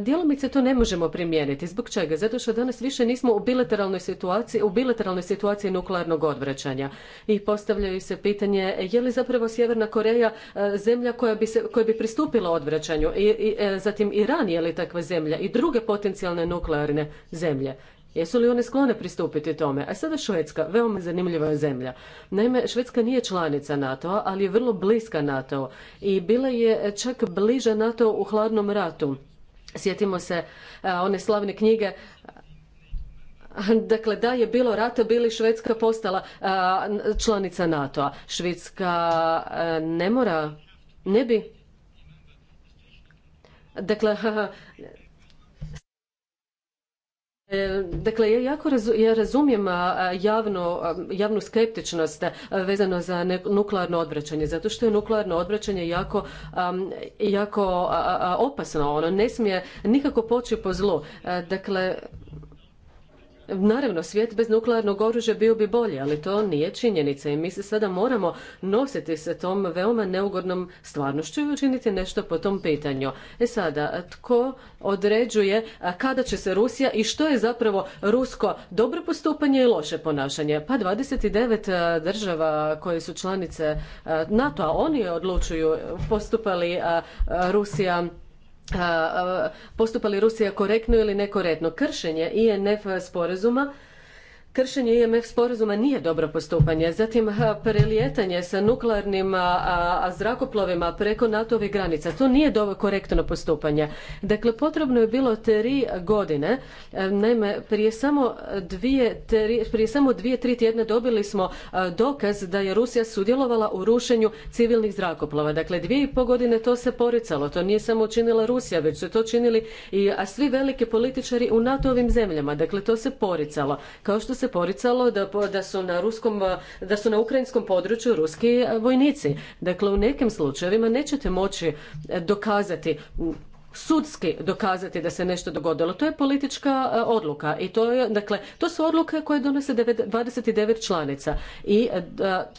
Djelomice to ne možemo primijeniti. Zbog čega? Zato što danas više nismo u bilateralnoj situaciji, u bilateralnoj situaciji nuklearnog odvraćanja. I postavljaju se pitanje je li zapravo Sjeverna Koreja zemlja koja bi, se, koja bi pristupila odvraćanju? I, i e, zatim Iran je li takva zemlja i druge potencijalne nuklearne zemlje? Jesu li one sklone pristupiti tome? A sada Švedska, veoma zanimljiva je zemlja. Naime, Švedska nije članica NATO-a, ali je vrlo bliska NATO i bila je čak bliža NATO u hladnom ratu. Sjetimo se e, one slavne knjige Dakle, da je bilo rata, bili Švedska postala e, članica NATO-a. Švedska e, ne mora, ne bi. Dakle, E, dakle, ja, razumijem javnu, skeptičnost vezano za nuklearno odvraćanje, zato što je nuklearno odvraćanje jako, jako opasno. Ono ne smije nikako poći po zlu. E, dakle, Naravno, svijet bez nuklearnog oružja bio bi bolji, ali to nije činjenica i mi se sada moramo nositi se tom veoma neugodnom stvarnošću i učiniti nešto po tom pitanju. E sada, tko određuje kada će se Rusija i što je zapravo rusko dobro postupanje i loše ponašanje? Pa 29 država koje su članice NATO-a, oni odlučuju postupali Rusija postupa li Rusija korektno ili nekorektno. Kršenje INF sporazuma Kršenje IMF sporazuma nije dobro postupanje. Zatim prelijetanje sa nuklearnim a, zrakoplovima preko nato granica. To nije dobro korektno postupanje. Dakle, potrebno je bilo tri godine. E, naime, prije samo dvije, tri, prije samo dvije, tri tjedna dobili smo dokaz da je Rusija sudjelovala u rušenju civilnih zrakoplova. Dakle, dvije i po godine to se poricalo. To nije samo činila Rusija, već su to činili i a svi veliki političari u NATO-ovim zemljama. Dakle, to se poricalo. Kao što se se poricalo da, da, su na ruskom, da su na ukrajinskom području ruski vojnici. Dakle, u nekim slučajevima nećete moći e, dokazati sudski dokazati da se nešto dogodilo. To je politička odluka i to je, dakle, to su odluke koje donose 29 članica i e,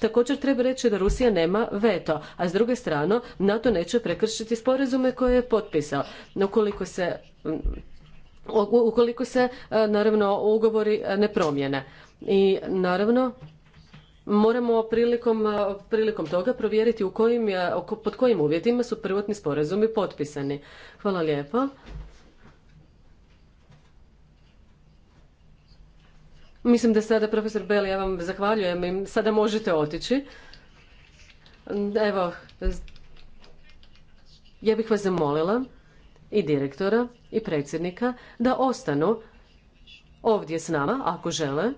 također treba reći da Rusija nema veto, a s druge strane NATO neće prekršiti sporazume koje je potpisao. Ukoliko se ukoliko se e, naravno ugovori e, ne promijene. I naravno moramo prilikom, e, prilikom toga provjeriti u kojim, pod kojim uvjetima su prvotni sporazumi potpisani. Hvala lijepo. Mislim da sada, profesor Beli, ja vam zahvaljujem i sada možete otići. Evo, ja bih vas zamolila i direktora i predsjednika da ostanu ovdje s nama ako žele,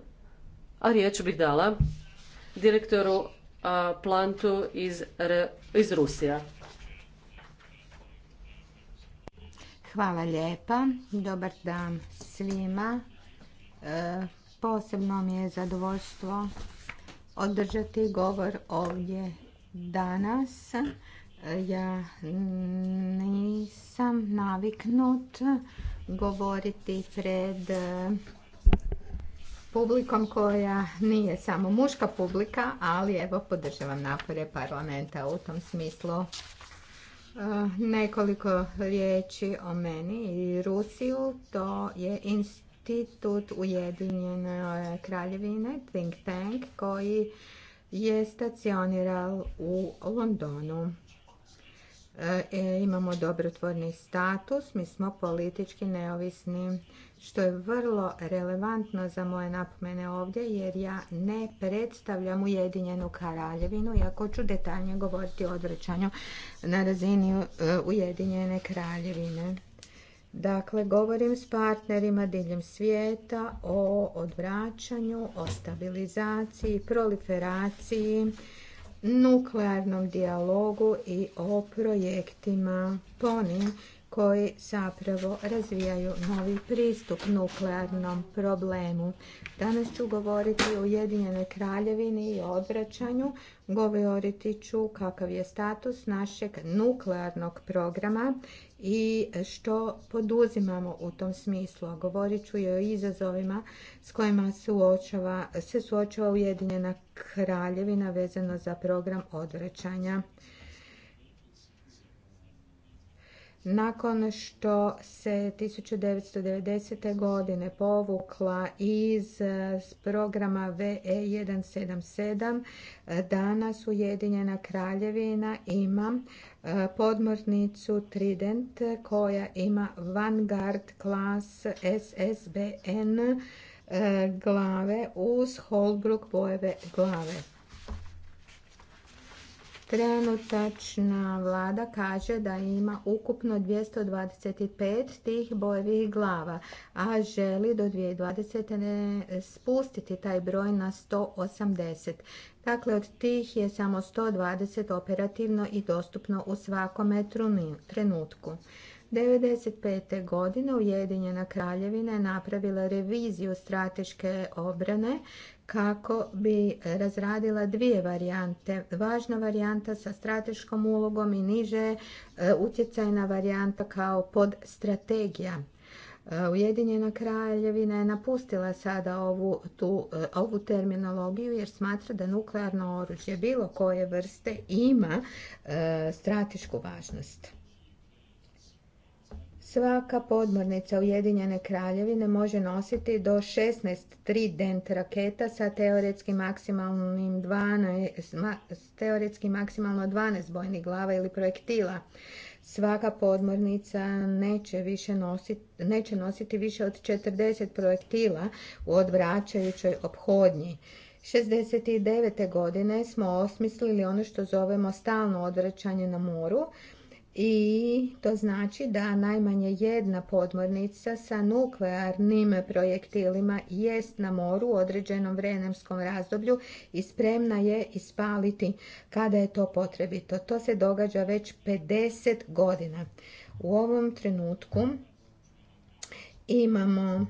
a riječ bih dala direktoru Plantu iz, Rusija. Hvala lijepa. Dobar dan svima. E, posebno mi je zadovoljstvo održati govor ovdje danas ja nisam naviknut govoriti pred e, publikom koja nije samo muška publika, ali evo podržavam napore parlamenta u tom smislu. E, nekoliko riječi o meni i Rusiju, to je institut Ujedinjene e, kraljevine, think tank, koji je stacioniral u Londonu. E, imamo dobrotvorni status, mi smo politički neovisni, što je vrlo relevantno za moje napomene ovdje jer ja ne predstavljam Ujedinjenu kraljevinu, iako ću detaljnije govoriti o odvraćanju na razini e, Ujedinjene kraljevine. Dakle, govorim s partnerima diljem svijeta o odvraćanju, o stabilizaciji, proliferaciji nuklearnom dijalogu i o projektima PONI koji zapravo razvijaju novi pristup nuklearnom problemu. Danas ću govoriti o Ujedinjenoj kraljevini i odvraćanju, Govoriti ću kakav je status našeg nuklearnog programa i što poduzimamo u tom smislu. A govorit ću i o izazovima s kojima se suočava Ujedinjena kraljevina vezano za program odvraćanja. Nakon što se 1990. godine povukla iz e, programa VE177, danas Ujedinjena kraljevina ima podmornicu Trident koja ima Vanguard klas SSBN eh, glave uz Holbrook bojeve glave. Trenutačna vlada kaže da ima ukupno 225 tih bojevih glava, a želi do 2020. spustiti taj broj na 180. Dakle, od tih je samo 120 operativno i dostupno u svakome trenutku. 1995. godine Ujedinjena kraljevina je napravila reviziju strateške obrane kako bi razradila dvije varijante. Važna varijanta sa strateškom ulogom i niže e, utjecajna varijanta kao podstrategija. E, Ujedinjena kraljevina je napustila sada ovu, tu, e, terminologiju jer smatra da nuklearno oružje bilo koje vrste ima stratešku važnost. Svaka podmornica Ujedinjene kraljevine može nositi do 16 Trident raketa sa teoretski, 12, teoretski maksimalno 12 bojnih glava ili projektila. Svaka podmornica neće, više nositi, neće nositi više od 40 projektila u odvraćajućoj ophodnji. 69. godine smo osmislili ono što zovemo stalno odvraćanje na moru, i to znači da najmanje jedna podmornica sa nuklearnim projektilima jest na moru u određenom vremenskom razdoblju i spremna je ispaliti kada je to potrebito. To se događa već 50 godina. U ovom trenutku imamo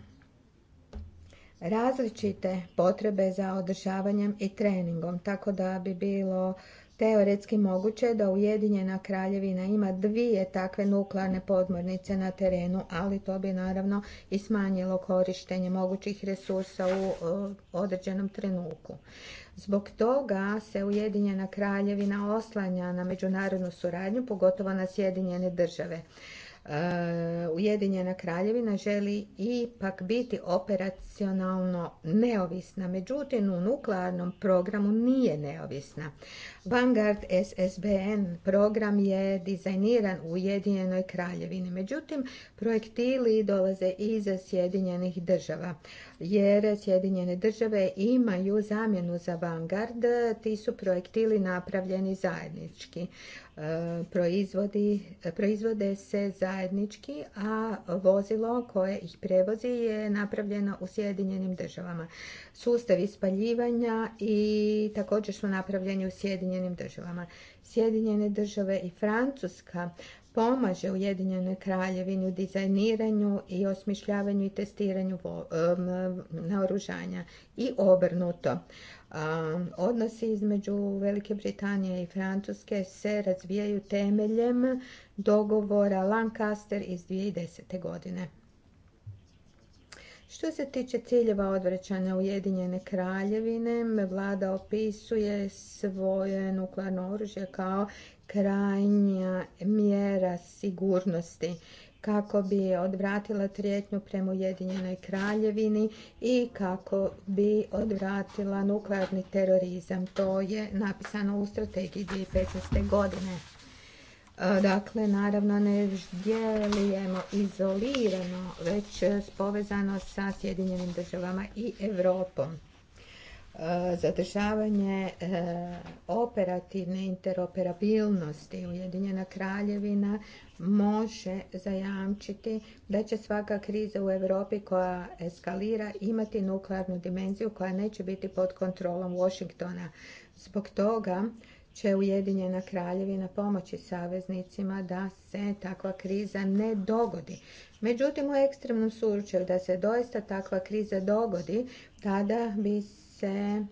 različite potrebe za održavanjem i treningom, tako da bi bilo teoretski moguće da Ujedinjena kraljevina ima dvije takve nuklearne podmornice na terenu, ali to bi naravno i smanjilo korištenje mogućih resursa u e, određenom trenutku. Zbog toga se Ujedinjena kraljevina oslanja na međunarodnu suradnju, pogotovo na Sjedinjene države. E, Ujedinjena kraljevina želi ipak biti operacionalno neovisna, međutim u nuklearnom programu nije neovisna. Vanguard SSBN program je dizajniran u Ujedinjenoj kraljevini. Međutim, projektili dolaze iz Sjedinjenih država, jer Sjedinjene države imaju zamjenu za Vanguard, ti su projektili napravljeni zajednički. E, proizvode se zajednički, a vozilo koje ih prevozi je napravljeno u Sjedinjenim državama sustav ispaljivanja i također su napravljeni u Sjedinjenim državama. Sjedinjene države i Francuska pomaže Ujedinjenoj kraljevini u dizajniranju i osmišljavanju i testiranju naoružanja i obrnuto. Odnosi između Velike Britanije i Francuske se razvijaju temeljem dogovora Lancaster iz 2010. godine. Što se tiče ciljeva odvraćanja Ujedinjene kraljevine, vlada opisuje svoje nuklearno oružje kao krajnja mjera sigurnosti kako bi odvratila trijetnju prema Ujedinjenoj kraljevini i kako bi odvratila nuklearni terorizam. To je napisano u strategiji 2015. godine. Dakle, naravno ne djelujemo izolirano, već e, povezano sa Sjedinjenim državama i Europom. E, zadržavanje e, operativne interoperabilnosti Ujedinjena kraljevina može zajamčiti da će svaka kriza u Europi koja eskalira imati nuklearnu dimenziju koja neće biti pod kontrolom Washingtona. Zbog toga će Ujedinjena kraljevina pomoći saveznicima da se takva kriza ne dogodi. Međutim, u ekstremnom slučaju da se doista takva kriza dogodi, tada bi se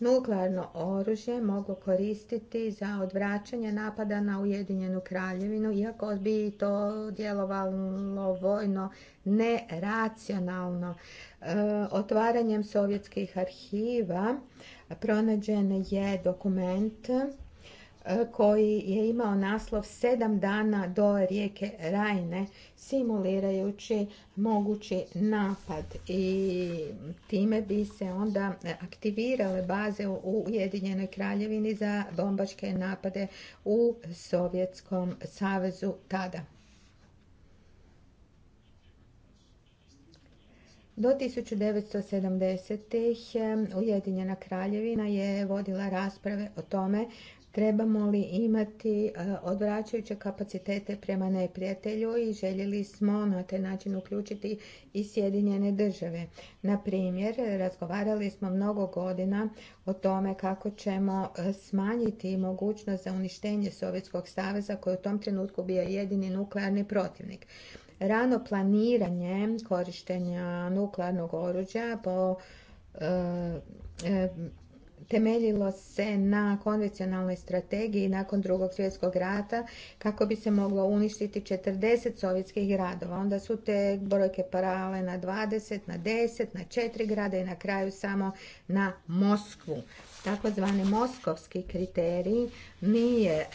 nuklearno oružje moglo koristiti za odvraćanje napada na Ujedinjenu kraljevinu, iako bi to djelovalo vojno neracionalno. E, otvaranjem sovjetskih arhiva pronađen je dokument E, koji je imao naslov sedam dana do rijeke Rajne simulirajući mogući napad i time bi se onda aktivirale baze u Ujedinjenoj kraljevini za bombačke napade u Sovjetskom savezu tada. Do 1970-ih e, Ujedinjena kraljevina je vodila rasprave o tome Trebamo li imati e, odvraćajuće kapacitete prema neprijatelju i željeli smo na taj način uključiti i Sjedinjene države. Na primjer, razgovarali smo mnogo godina o tome kako ćemo e, smanjiti mogućnost za uništenje Sovjetskog saveza koji u tom trenutku bio jedini nuklearni protivnik. Rano planiranje korištenja nuklearnog oruđa po e, temeljilo se na konvencionalnoj strategiji nakon drugog svjetskog rata kako bi se moglo uništiti 40 sovjetskih gradova. Onda su te brojke parale na 20, na 10, na 4 grada i na kraju samo na Moskvu takozvani moskovski kriterij nije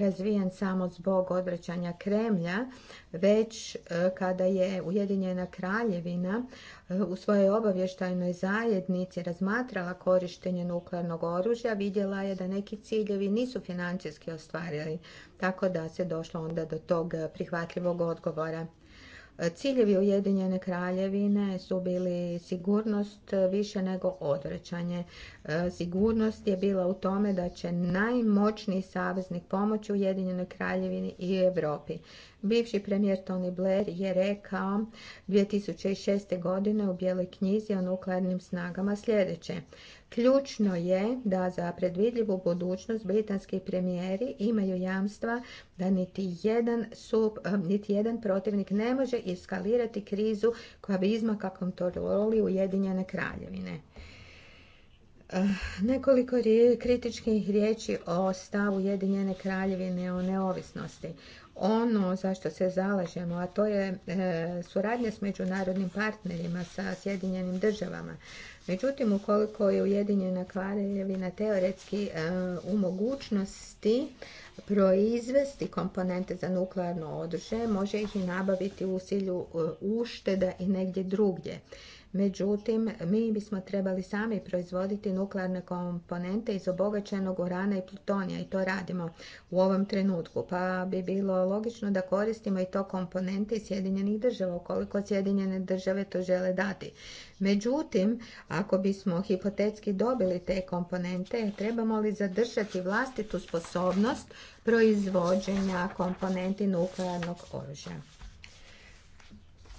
razvijen samo zbog odvraćanja Kremlja, već e, kada je Ujedinjena kraljevina e, u svojoj obavještajnoj zajednici razmatrala korištenje nuklearnog oružja, vidjela je da neki ciljevi nisu financijski ostvarili, tako da se došlo onda do tog e, prihvatljivog odgovora. E, ciljevi Ujedinjene kraljevine su bili sigurnost e, više nego odrećanje. E, sigurnost je bila u tome da će najmoćniji saveznik pomoći Ujedinjenoj kraljevini i Europi. Bivši premijer Tony Blair je rekao 2006. godine u Bijeloj knjizi o nuklearnim snagama sljedeće. Ključno je da za predvidljivu budućnost britanski premijeri imaju jamstva da niti jedan, eh, protivnik ne može eskalirati krizu koja bi izmaka kontroli Ujedinjene kraljevine. Eh, nekoliko kritičkih riječi o stavu Ujedinjene kraljevine o neovisnosti ono za što se zalažemo, a to je e, suradnja s međunarodnim partnerima sa Sjedinjenim državama. Međutim, ukoliko je Ujedinjena kraljevina teoretski e, u mogućnosti proizvesti komponente za nuklearno oružje, može ih i nabaviti u silju e, ušteda i negdje drugdje. Međutim, mi bismo trebali sami proizvoditi nuklearne komponente iz obogaćenog urana i plutonija i to radimo u ovom trenutku. Pa bi bilo logično da koristimo i to komponente iz Sjedinjenih država ukoliko Sjedinjene države to žele dati. Međutim, ako bismo hipotetski dobili te komponente, trebamo li zadržati vlastitu sposobnost proizvođenja komponenti nuklearnog oružja?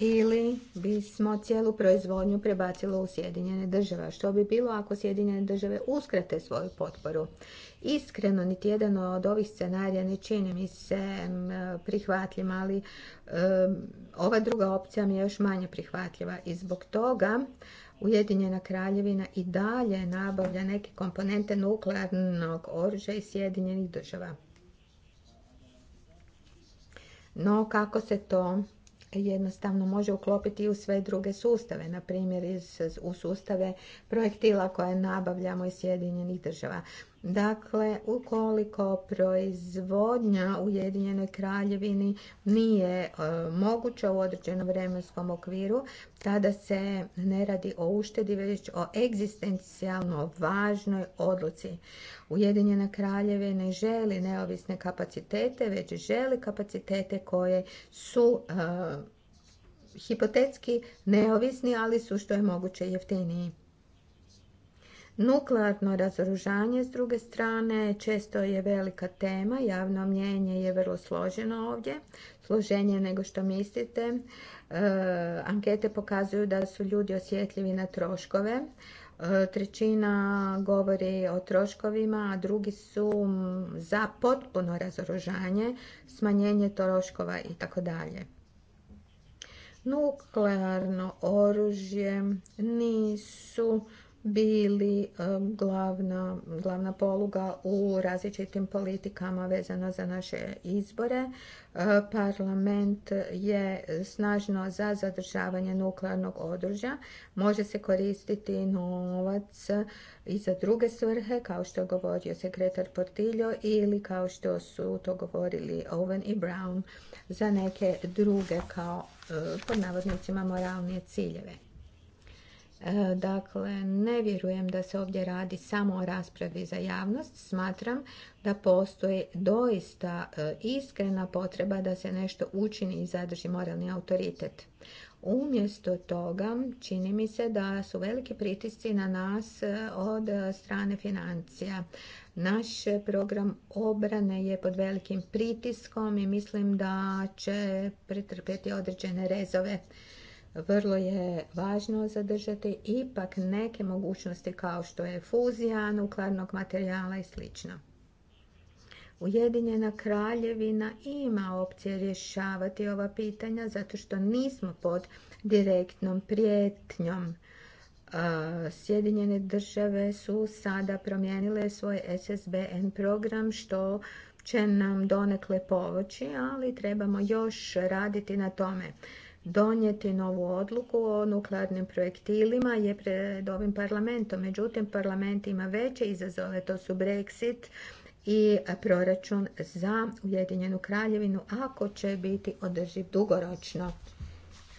ili bismo cijelu proizvodnju prebacilo u Sjedinjene države. Što bi bilo ako Sjedinjene države uskrate svoju potporu? Iskreno, niti jedan od ovih scenarija ne čini mi se prihvatljima, ali ova druga opcija mi je još manje prihvatljiva i zbog toga Ujedinjena kraljevina i dalje nabavlja neke komponente nuklearnog oružja iz Sjedinjenih država. No, kako se to jednostavno može uklopiti i u sve druge sustave, na primjer u sustave projektila koje nabavljamo iz Sjedinjenih država. Dakle, ukoliko proizvodnja u kraljevini nije e, moguća u određenom vremenskom okviru, tada se ne radi o uštedi, već o egzistencijalno važnoj odluci. Ujedinjena kraljeve ne želi neovisne kapacitete, već želi kapacitete koje su e, hipotetski neovisni, ali su što je moguće jeftiniji. Nuklearno razoružanje s druge strane često je velika tema, javno mnjenje je vrlo složeno ovdje, složenije nego što mislite. E, ankete pokazuju da su ljudi osjetljivi na troškove. E, trećina govori o troškovima, a drugi su za potpuno razoružanje, smanjenje troškova i tako dalje. Nuklearno oružje nisu bili glavna, glavna poluga u različitim politikama vezano za naše izbore. E, parlament je snažno za zadržavanje nuklearnog oružja. Može se koristiti novac i za druge svrhe, kao što je govorio sekretar Portillo ili kao što su to govorili Owen i Brown za neke druge kao e, pod navodnicima moralne ciljeve. E, dakle, ne vjerujem da se ovdje radi samo o raspravi za javnost. Smatram da postoji doista e, iskrena potreba da se nešto učini i zadrži moralni autoritet. Umjesto toga čini mi se da su veliki pritisci na nas e, od strane financija. Naš program obrane je pod velikim pritiskom i mislim da će pretrpjeti određene rezove vrlo je važno zadržati ipak neke mogućnosti kao što je fuzija nuklearnog materijala i slično. Ujedinjena kraljevina ima opcije rješavati ova pitanja zato što nismo pod direktnom prijetnjom. Sjedinjene države su sada promijenile svoj SSBN program što će nam donekle povoći, ali trebamo još raditi na tome donijeti novu odluku o nuklearnim projektilima je pred ovim parlamentom. Međutim, parlament ima veće izazove, to su Brexit i proračun za Ujedinjenu kraljevinu ako će biti održiv dugoročno.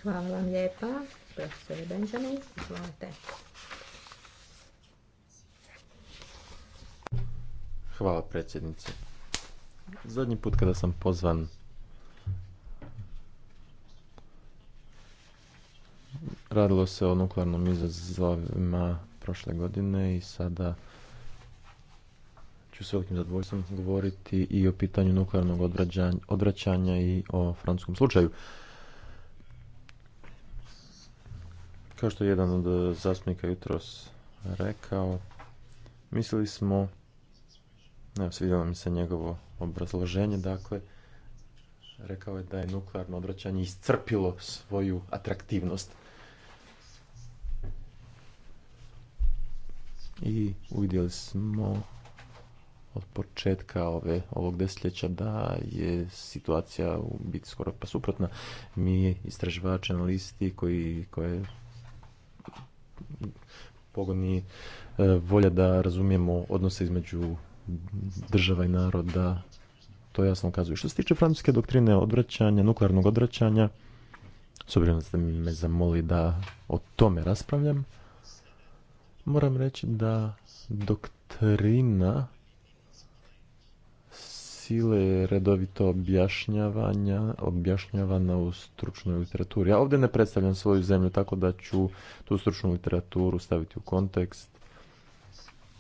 Hvala vam lijepa, profesor Benjamin. Hvala predsjednice. Zadnji put kada sam pozvan radilo se o nuklearnom izazovima prošle godine i sada ću s velikim zadovoljstvom govoriti i o pitanju nuklearnog odvraćanja i o francuskom slučaju. Kao što je jedan od zastupnika jutros rekao, mislili smo, ne svidjelo mi se njegovo obrazloženje, dakle, rekao je da je nuklearno odvraćanje iscrpilo svoju atraktivnost. i uvidjeli smo od početka ove, ovog desetljeća da je situacija u biti skoro pa suprotna. Mi istraživači, listi koji, koje pogoni e, volja da razumijemo odnose između država i naroda, to jasno ukazuje. Što se tiče francuske doktrine odvraćanja, nuklearnog odvraćanja, s obzirom da ste me zamolili da o tome raspravljam, Moram reći da doktrina sile redovito objašnjavanja, objašnjavana u stručnoj literaturi. Ja ovdje ne predstavljam svoju zemlju, tako da ću tu stručnu literaturu staviti u kontekst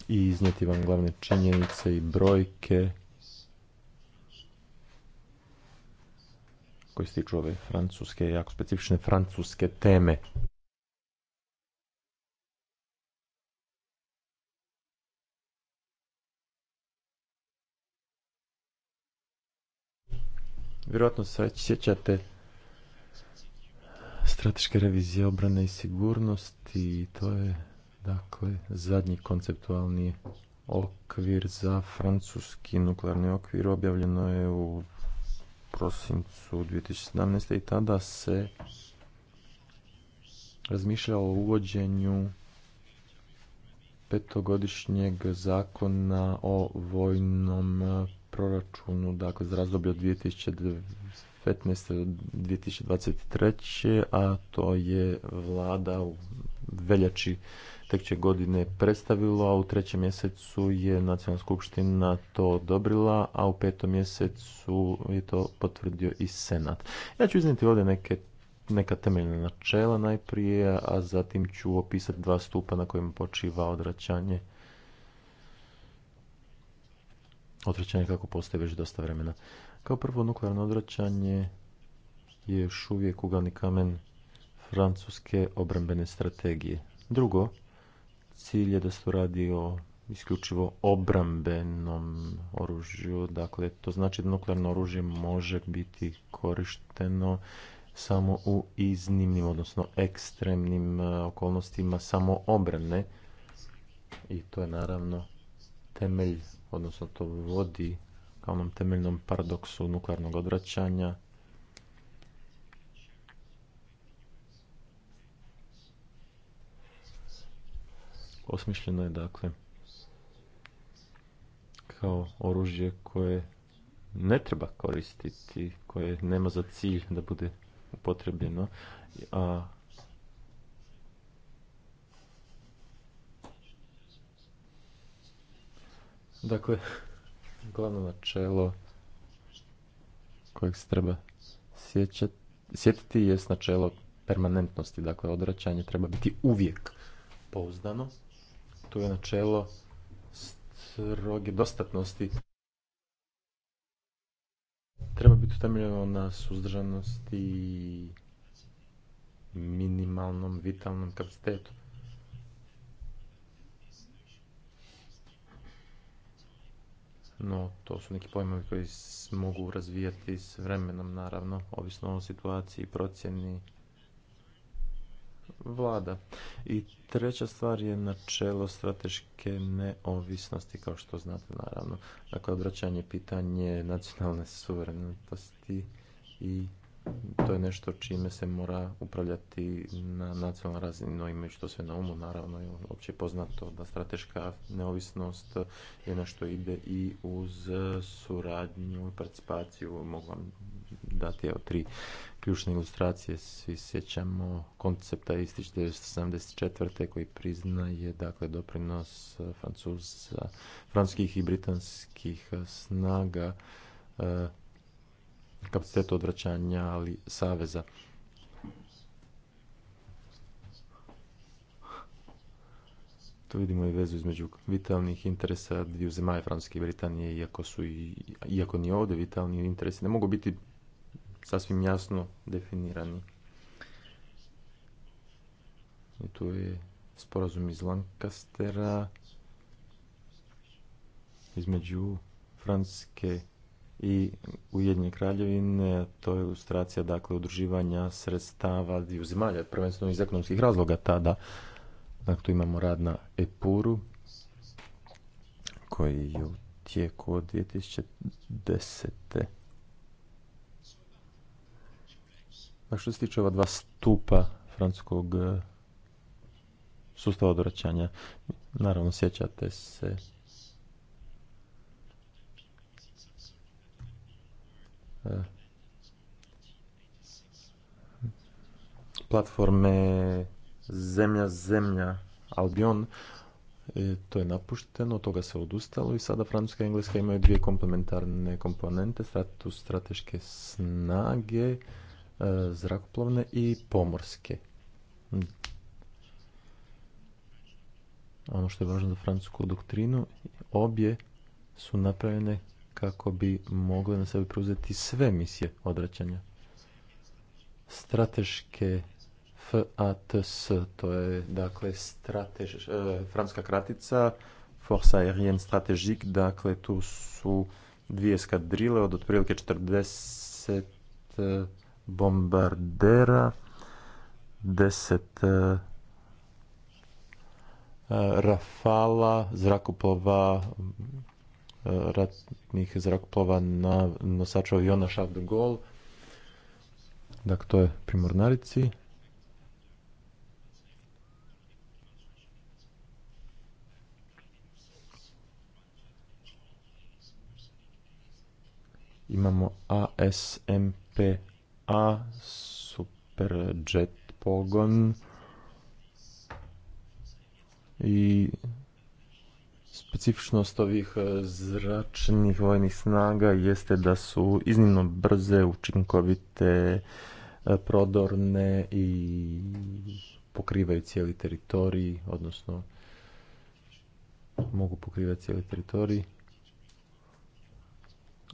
i iznijeti vam glavne činjenice i brojke koje se tiču ove francuske, jako specifične francuske teme. Vjerojatno se sjećate strateške revizije obrane i sigurnosti i to je dakle zadnji konceptualni okvir za francuski nuklearni okvir objavljeno je u prosincu 2017. i tada se razmišlja o uvođenju petogodišnjeg zakona o vojnom proračunu, dakle za razdoblje od 2015. do 2023. a to je vlada u veljači će godine predstavilo, a u trećem mjesecu je nacionalna skupština to odobrila, a u petom mjesecu je to potvrdio i senat. Ja ću iznijeti ovdje neke neka temeljna načela najprije, a zatim ću opisati dva stupa na kojima počiva odraćanje odvraćanje kako postoji već dosta vremena. Kao prvo, nuklearno odvraćanje je još uvijek ugalni kamen francuske obrambene strategije. Drugo, cilj je da se radi o isključivo obrambenom oružju, dakle to znači da nuklearno oružje može biti korišteno samo u iznimnim, odnosno ekstremnim e, okolnostima samo obrane i to je naravno temelj odnosno to vodi kao onom temeljnom paradoksu nuklearnog odvraćanja osmišljeno je dakle kao oružje koje ne treba koristiti, koje nema za cilj da bude upotrebljeno, a Dakle, glavno načelo kojeg se treba sjećati, sjetiti je načelo permanentnosti. Dakle, odraćanje treba biti uvijek pouzdano. to je načelo stroge dostatnosti. Treba biti utemeljeno na suzdržanosti i minimalnom vitalnom kapacitetu. no to su neki pojmovi koji mogu razvijati s vremenom, naravno, ovisno o situaciji, procjeni vlada. I treća stvar je načelo strateške neovisnosti, kao što znate, naravno. Dakle, obraćanje pitanje nacionalne suverenosti i to je nešto čime se mora upravljati na nacionalnoj razini, no imajući to sve na umu, naravno je ono opće poznato da strateška neovisnost je nešto ono ide i uz suradnju i participaciju. Mogu vam dati evo, tri ključne ilustracije. Svi sjećamo koncepta iz 1974. koji priznaje dakle, doprinos francuza, francuskih i britanskih snaga eh, kapacitetu odvraćanja ali saveza. Tu vidimo i vezu između vitalnih interesa dviju zemalja Francuske i Britanije, iako su i, iako ni ovdje vitalni interesi ne mogu biti sasvim jasno definirani. I tu je sporazum iz Lancastera između Francuske i Ujedinjene kraljevine, to je ilustracija dakle udruživanja sredstava dviju zemalja, prvenstveno iz ekonomskih razloga tada. Dakle, tu imamo rad na Epuru koji je u tijeku od 2010. A što se tiče ova dva stupa francuskog eh, sustava odvraćanja, naravno sjećate se platforme zemlja zemlja Albion e, to je napušteno, toga se odustalo i sada Francuska i Engleska imaju dvije komplementarne komponente, status strateške snage, e, zrakoplovne i pomorske. Ono što je važno za francusku doktrinu, obje su napravljene kako bi mogle na sebi preuzeti sve misije odraćanja. Strateške FATS, to je dakle stratež, eh, franska kratica, Force Aérienne Stratégique, dakle tu su dvije skadrile od otprilike 40 e, bombardera, 10 eh, e, Rafala, zrakoplova, Eh, ratnih zrakoplova na nosaču aviona Charles de Gaulle. Dakle, to je pri Mornarici. Imamo ASMPA, jet pogon i specifičnost ovih e, zračnih vojnih snaga jeste da su iznimno brze, učinkovite, e, prodorne i pokrivaju cijeli teritorij, odnosno mogu pokrivati cijeli teritorij.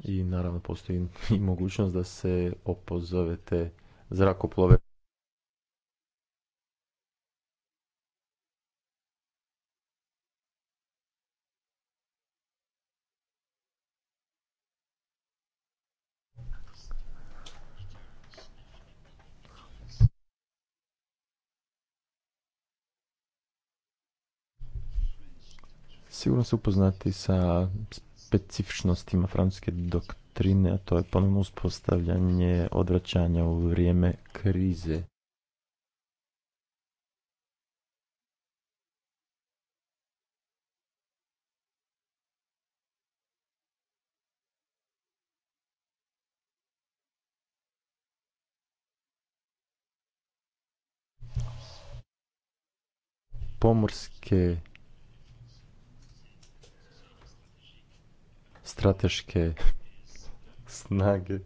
I naravno postoji i mogućnost da se opozovete zrakoplove. sigurno se upoznati sa specifičnostima francuske doktrine, a to je ponovno uspostavljanje odvraćanja u vrijeme krize. pomorske strateške snage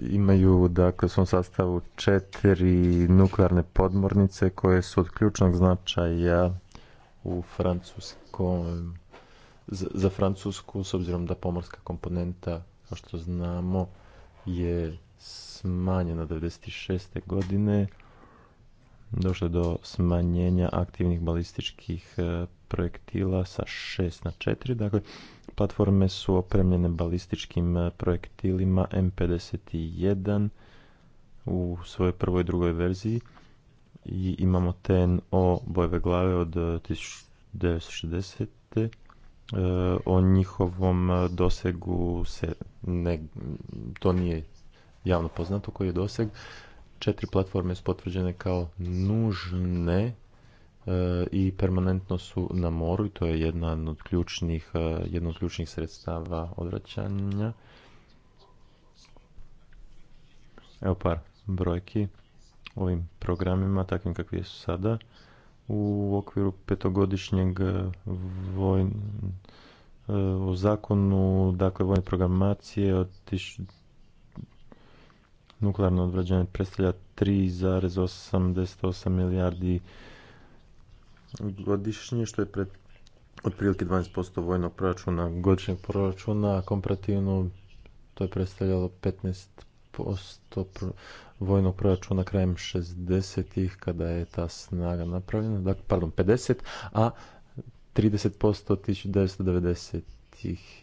imaju dakle, u svom sastavu četiri nuklearne podmornice koje su od ključnog značaja u francuskom za Francusku, s obzirom da pomorska komponenta, kao što znamo, je smanjena 96. godine došlo do smanjenja aktivnih balističkih e, projektila sa 6 na 4. Dakle, platforme su opremljene balističkim e, projektilima M51 u svojoj prvoj i drugoj verziji i imamo TNO bojeve glave od 1960. E, o njihovom dosegu se ne, to nije javno poznato koji je doseg Četiri platforme su potvrđene kao nužne e, i permanentno su na moru i to je jedna od ključnih, e, jedno od ključnih sredstava odvraćanja. Evo par brojki ovim programima, takvim kakvi su sada. U okviru petogodišnjeg vojn, U e, zakonu, dakle, vojne programacije od nuklearno odvrađanje predstavlja 3,88 milijardi godišnje, što je pred otprilike 12% vojnog proračuna, godišnjeg proračuna, komparativno to je predstavljalo 15% vojnog proračuna krajem 60-ih kada je ta snaga napravljena, dakle, pardon, 50, a 30% 1990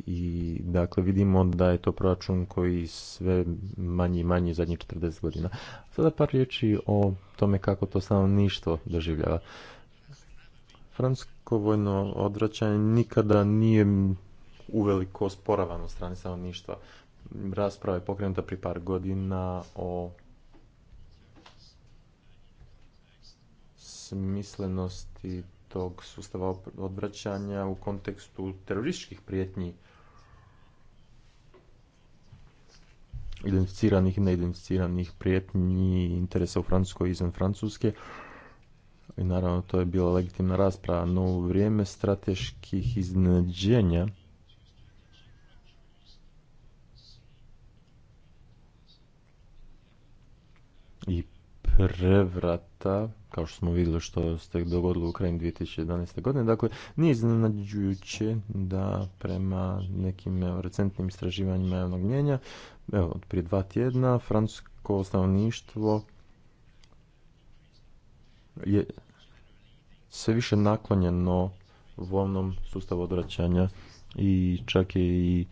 i dakle vidimo da je to proračun koji sve manji i manji zadnjih 40 godina. Sada par riječi o tome kako to stanovništvo doživljava. Francusko vojno odvraćanje nikada nije uveliko sporavano od strane stanovništva. Rasprava je pokrenuta pri par godina o smislenosti tog sustava odvraćanja u kontekstu terorističkih prijetnji identificiranih i neidentificiranih prijetnji interesa u Francuskoj i izvan Francuske. I naravno to je bila legitimna rasprava, no u vrijeme strateških iznenađenja i prevrata, kao što smo vidjeli što ste dogodilo u Ukrajini 2011. godine. Dakle, nije iznenađujuće da prema nekim recentnim istraživanjima javnog mnjenja, evo, od prije dva tjedna, francusko stanovništvo je sve više naklonjeno volnom sustavu odvraćanja i čak je i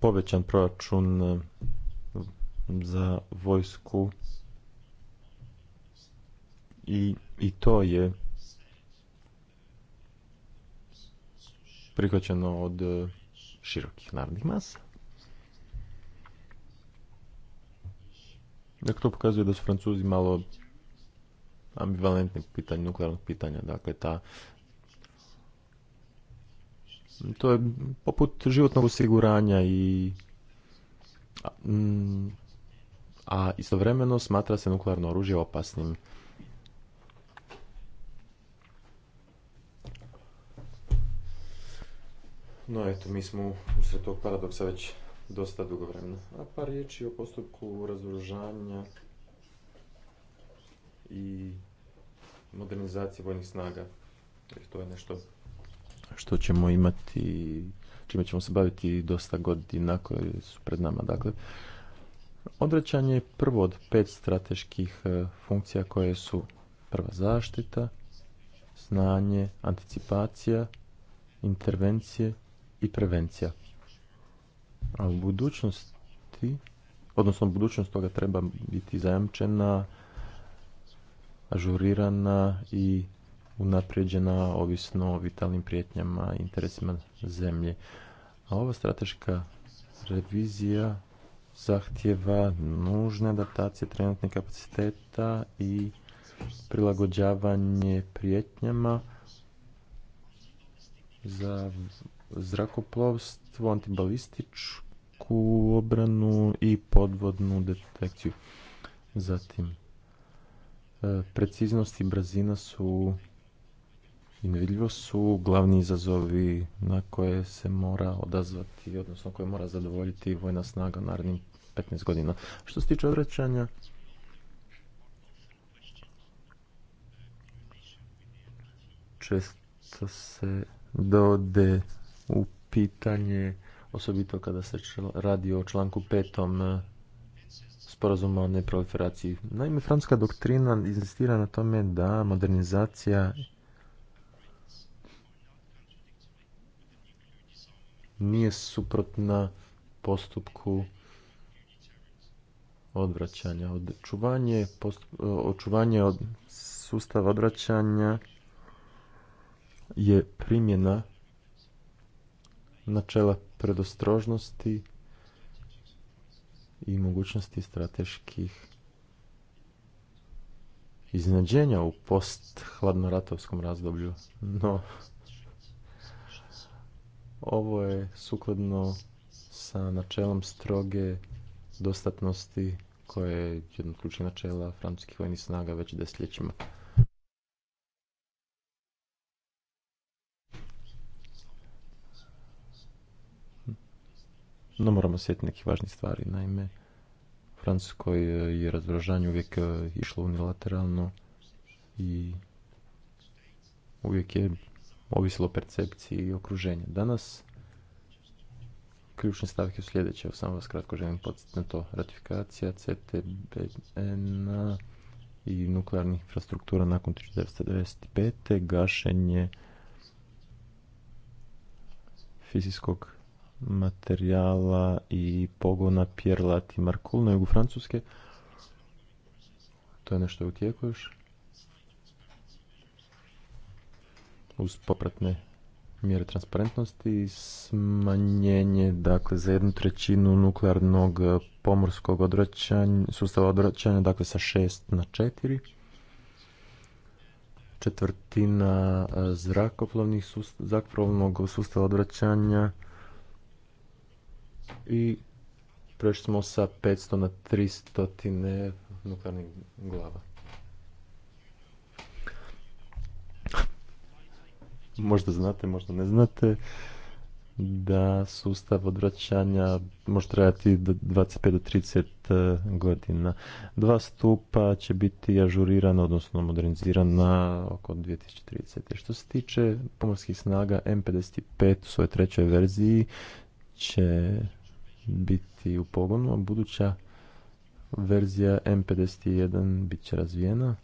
povećan proračun za vojsku i, i to je prihvaćeno od e, širokih narodnih masa. Dakle, to pokazuje da su Francuzi malo ambivalentni pitanje nuklearnog pitanja. Dakle, ta to je poput životnog osiguranja i a istovremeno smatra se nuklearno oružje opasnim. No eto, mi smo usred tog paradoksa već dosta dugo vremena. A par riječi o postupku razoružanja i modernizacije vojnih snaga. Jer to je nešto što ćemo imati, čime ćemo se baviti dosta godina koje su pred nama. Dakle, Odvraćanje je prvo od pet strateških e, funkcija koje su prva zaštita, znanje, anticipacija, intervencije i prevencija. A u budućnosti, odnosno budućnost toga treba biti zajamčena, ažurirana i unaprijeđena ovisno o vitalnim prijetnjama i interesima zemlje. A ova strateška revizija zahtjeva nužne adaptacije trenutnih kapaciteta i prilagođavanje prijetnjama za zrakoplovstvo, antibalističku obranu i podvodnu detekciju. Zatim, e, preciznost i brzina su i su glavni izazovi na koje se mora odazvati, odnosno koje mora zadovoljiti vojna snaga u narednim 15 godina. Što se tiče odrećanja, često se dode u pitanje, osobito kada se radi o članku petom eh, sporazuma o neproliferaciji. Naime, francuska doktrina insistira na tome da modernizacija nije suprotna postupku odvraćanja. Očuvanje, očuvanje od sustava odvraćanja je primjena načela predostrožnosti i mogućnosti strateških iznenađenja u post-hladnoratovskom razdoblju. No, ovo je sukladno sa načelom stroge dostatnosti koje je jedno od ključnih načela francuskih vojnih snaga već desetljećima. No moramo sjetiti nekih važnih stvari. Naime, u Francuskoj eh, je razvražanje uvijek eh, išlo unilateralno i uvijek je ovisilo o percepciji i okruženju. Danas ključne stavke su sljedeće. Samo vas kratko želim podsjetiti na to. Ratifikacija CTBN i nuklearnih infrastruktura nakon 1995. gašenje fizijskog materijala i pogona Pierlat i Markul na jugu Francuske. To je nešto u tijeku još. Uz popratne mjere transparentnosti i smanjenje dakle, za jednu trećinu nuklearnog e, pomorskog odvraćanja, sustava odvraćanja, dakle sa šest na četiri. Četvrtina e, zrakoplovnih sustav, zrakoplovnog sustava odvraćanja i prešli smo sa 500 na 300 nuklearnih glava. možda znate, možda ne znate, da sustav odvraćanja može trajati do 25 do 30 e, godina. Dva stupa će biti ažurirana, odnosno modernizirana oko 2030. Što se tiče pomorskih snaga, M55 u svojoj trećoj verziji će biti u pogonu, a buduća verzija M51 bit će razvijena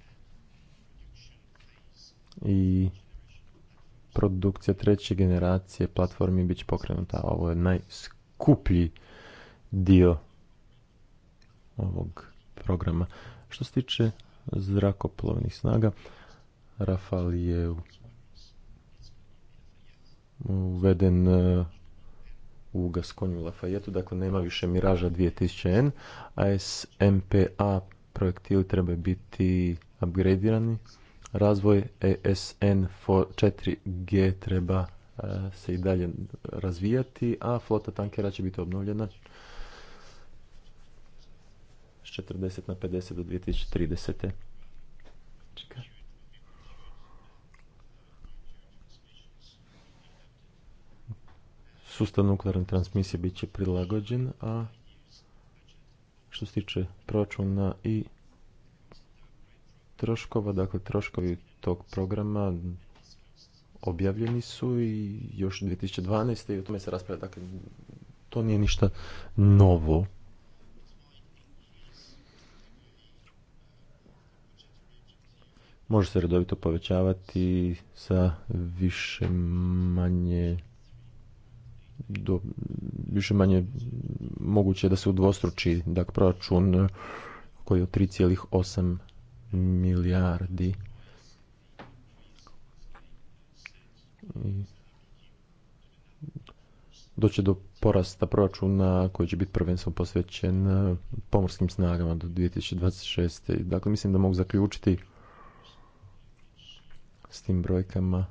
i produkcija treće generacije platformi bit će pokrenuta. Ovo je najskuplji dio ovog programa. Što se tiče zrakoplovnih snaga, Rafal je uveden e, u Gaskonju Lafajetu, dakle nema više Miraža 2000N, a SMPA projektili treba biti upgradirani razvoj ESN 4G treba e, se i dalje razvijati, a flota tankera će biti obnovljena s 40 na 50 do 2030. Čekaj. Sustav nuklearne transmisije bit će prilagođen, a što se tiče proračuna i troškova, dakle troškovi tog programa objavljeni su i još 2012. i o tome se raspravlja, dakle to nije ništa novo. Može se redovito povećavati sa više manje do, više manje moguće da se udvostruči dak proračun koji je od 3,8 milijardi. doće do porasta proračuna koji će biti prvenstveno posvećen e, pomorskim snagama do 2026. Dakle, mislim da mogu zaključiti s tim brojkama.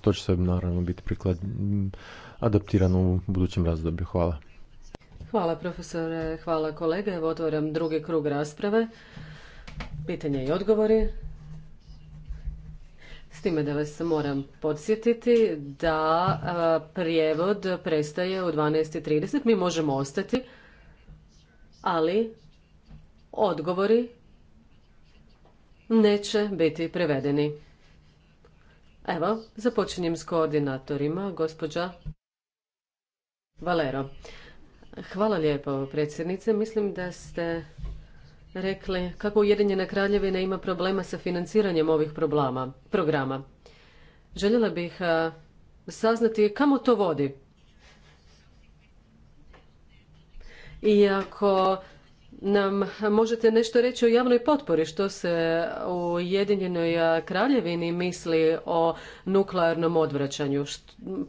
To će se, naravno biti prikladno adaptirano u budućem razdoblju. Hvala. Hvala profesore, hvala kolege. Evo otvaram drugi krug rasprave. Pitanje i odgovori. S time da vas moram podsjetiti da prijevod prestaje u 12.30. Mi možemo ostati, ali odgovori neće biti prevedeni. Evo, započinjem s koordinatorima, gospođa Valero. Hvala lijepo, predsjednice. Mislim da ste rekli kako Ujedinjena kraljevina ima problema sa financiranjem ovih problema, programa. Željela bih saznati kamo to vodi. Iako nam možete nešto reći o javnoj potpori što se u Ujedinjenoj Kraljevini misli o nuklearnom odvraćanju?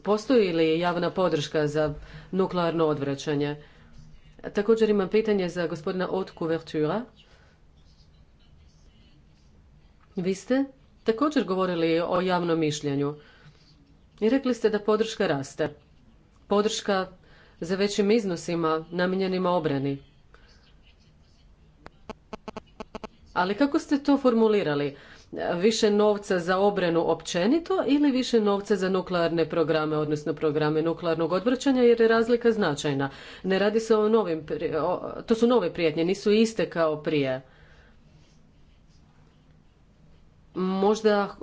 Postoji li javna podrška za nuklearno odvraćanje? Također imam pitanje za gospodina Otku Vi ste također govorili o javnom mišljenju i rekli ste da podrška raste. Podrška za većim iznosima namijenjenima obrani. Ali kako ste to formulirali? Više novca za obranu općenito ili više novca za nuklearne programe, odnosno programe nuklearnog odvraćanja jer je razlika značajna. Ne radi se o novim, to su nove prijetnje, nisu iste kao prije. Možda,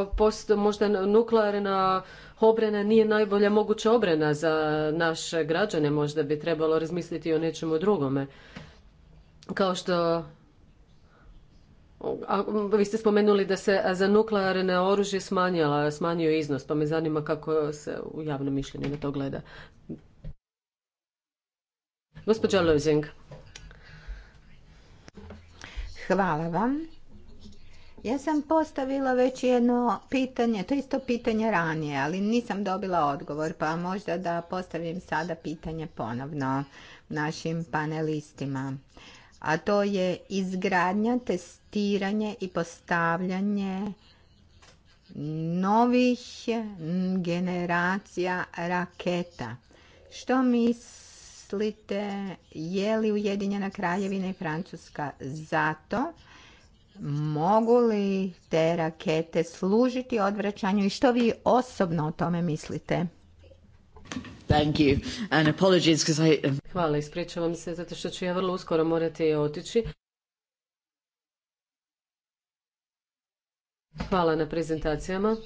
eh, post, možda nuklearna obrana nije najbolja moguća obrana za naše građane, možda bi trebalo razmisliti o nečemu drugome. Kao što Mm, vi ste spomenuli da se za nuklearne oružje smanjila, smanjio iznos, pa me zanima kako se u javnom mišljenju na to gleda. Gospođa Lozing. Hvala vam. Ja sam postavila već jedno pitanje, to isto pitanje ranije, ali nisam dobila odgovor, pa možda da postavim sada pitanje ponovno našim panelistima a to je izgradnja, testiranje i postavljanje novih generacija raketa. Što mislite, je li Ujedinjena kraljevina i Francuska zato? Mogu li te rakete služiti odvraćanju i što vi osobno o tome mislite? Thank you. And apologies because I... Um, Hvala, ispričavam se zato što ću ja vrlo uskoro morati otići. Hvala na prezentacijama.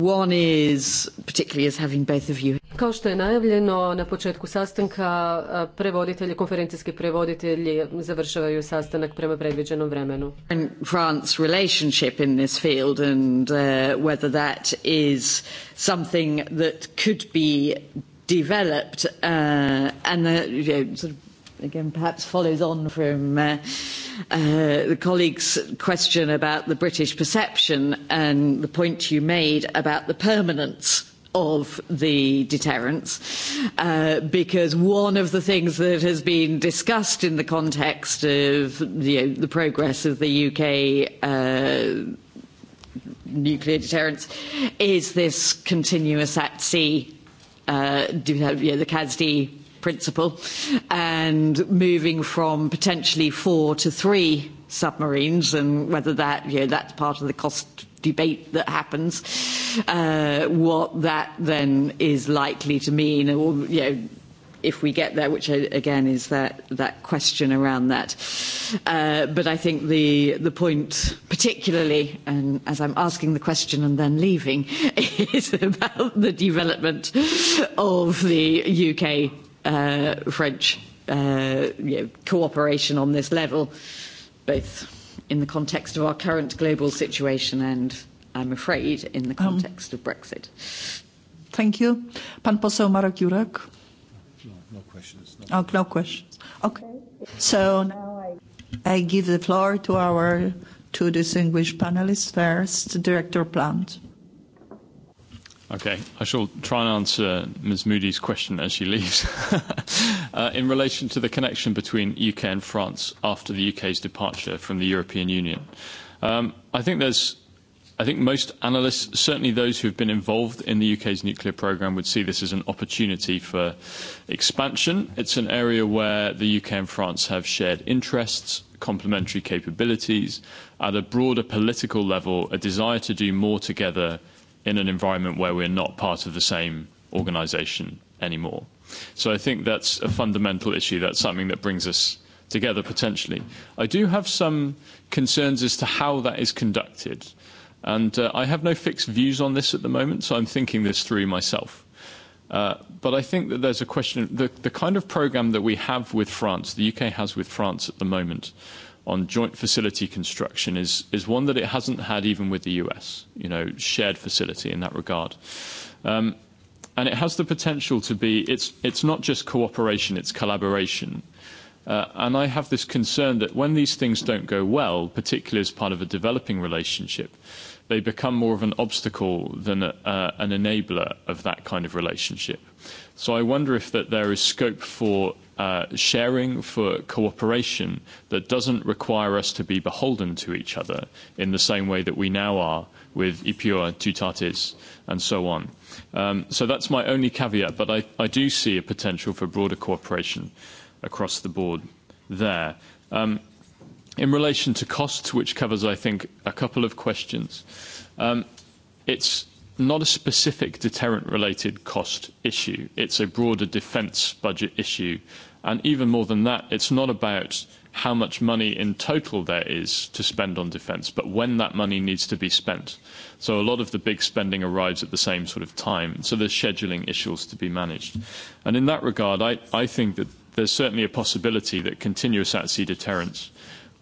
One is, particularly as having both of you. Kao što je najavljeno na početku sastanka, prevoditelji, konferencijski prevoditelji završavaju sastanak prema predviđenom vremenu. And France relationship in this field and uh, whether that is something that could be developed uh, and the, you know, sort of again perhaps follows on from uh, uh, the colleague's question about the British perception and the point you made about the permanence of the deterrence uh, because one of the things that has been discussed in the context of you know, the progress of the UK uh, nuclear deterrence is this continuous at sea uh, have the CASD principle, and moving from potentially four to three submarines, and whether that, you know, that's part of the cost debate that happens, uh, what that then is likely to mean, or, you know, if we get there, which uh, again is that, that question around that. Uh, but I think the, the point particularly, and as I'm asking the question and then leaving, is about the development of the UK uh, French uh, cooperation on this level, both in the context of our current global situation and, I'm afraid, in the um, context of Brexit. Thank you. Pan poseł Marek Oh, no questions. Okay. So now I give the floor to our two distinguished panelists. First, Director Plant. Okay, I shall try and answer Ms. Moody's question as she leaves. Uh, in relation to the connection between UK and France after the UK's departure from the European Union, um, I think there's i think most analysts, certainly those who have been involved in the UK's nuclear programme, would see this as an opportunity for expansion. It's an area where the UK and France have shared interests, complementary capabilities, at a broader political level, a desire to do more together in an environment where we're not part of the same organisation anymore. So I think that's a fundamental issue. That's something that brings us together potentially. I do have some concerns as to how that is conducted And uh, I have no fixed views on this at the moment, so I'm thinking this through myself. Uh, but I think that there's a question, the, the kind of program that we have with France, the UK has with France at the moment, on joint facility construction is, is one that it hasn't had even with the US, you know, shared facility in that regard. Um, and it has the potential to be, it's, it's not just cooperation, it's collaboration. Uh, and I have this concern that when these things don't go well, particularly as part of a developing relationship, they become more of an obstacle than a, uh, an enabler of that kind of relationship. So I wonder if that there is scope for uh, sharing, for cooperation that doesn't require us to be beholden to each other in the same way that we now are with Ipua, Tutatis, and so on. Um, so that's my only caveat, but I, I do see a potential for broader cooperation across the board there. Um, In relation to costs, which covers, I think, a couple of questions, um, it's not a specific deterrent-related cost issue. It's a broader defence budget issue. And even more than that, it's not about how much money in total there is to spend on defence, but when that money needs to be spent. So a lot of the big spending arrives at the same sort of time. So there's scheduling issues to be managed. And in that regard, I, I think that there's certainly a possibility that continuous at-sea deterrence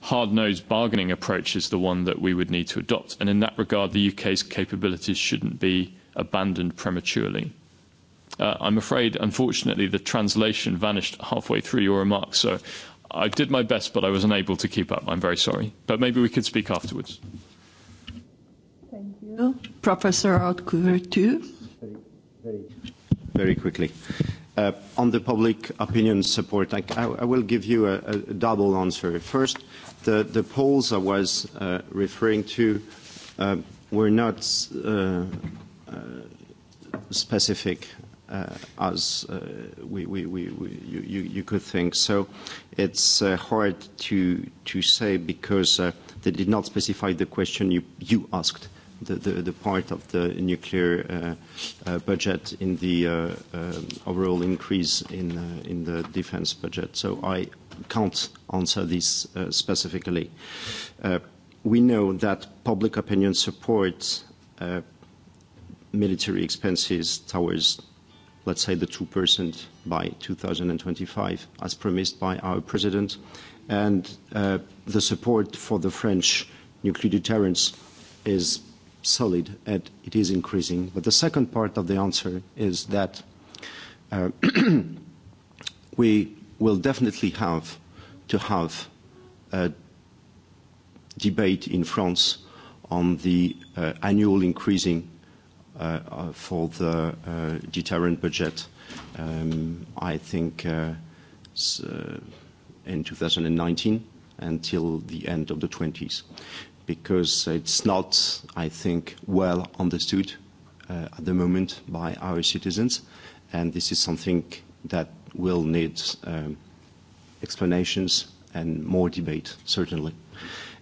hard nosed bargaining approach is the one that we would need to adopt. And in that regard, the UK's capabilities shouldn't be abandoned prematurely. Uh, I'm afraid, unfortunately, the translation vanished halfway through your remarks, so I did my best, but I was unable to keep up. I'm very sorry. But maybe we could speak afterwards. Thank you. Professor Outcoverture. Very, very, quickly. Uh, on the public opinion support, I, I will give you a double answer. First, the, the polls I was uh, referring to um, were not uh, uh specific uh, as we, we, we, you, you could think. So it's hard to, to say because they did not specify the question you, you asked. The, the, the part of the nuclear budget in the um, overall increase in, in the defense budget. So I, can't answer this uh, specifically. Uh, we know that public opinion supports uh, military expenses towards, let's say, the 2% by 2025, as promised by our president, and the support for the French nuclear deterrence is solid and it is increasing. But the second part of the answer is that we will definitely have to have a debate in France on the uh, annual increasing uh, uh for the uh, deterrent budget. Um, I think uh, uh in 2019 until the end of the 20s because it's not, I think, well understood uh, at the moment by our citizens and this is something that will need um, explanations and more debate, certainly.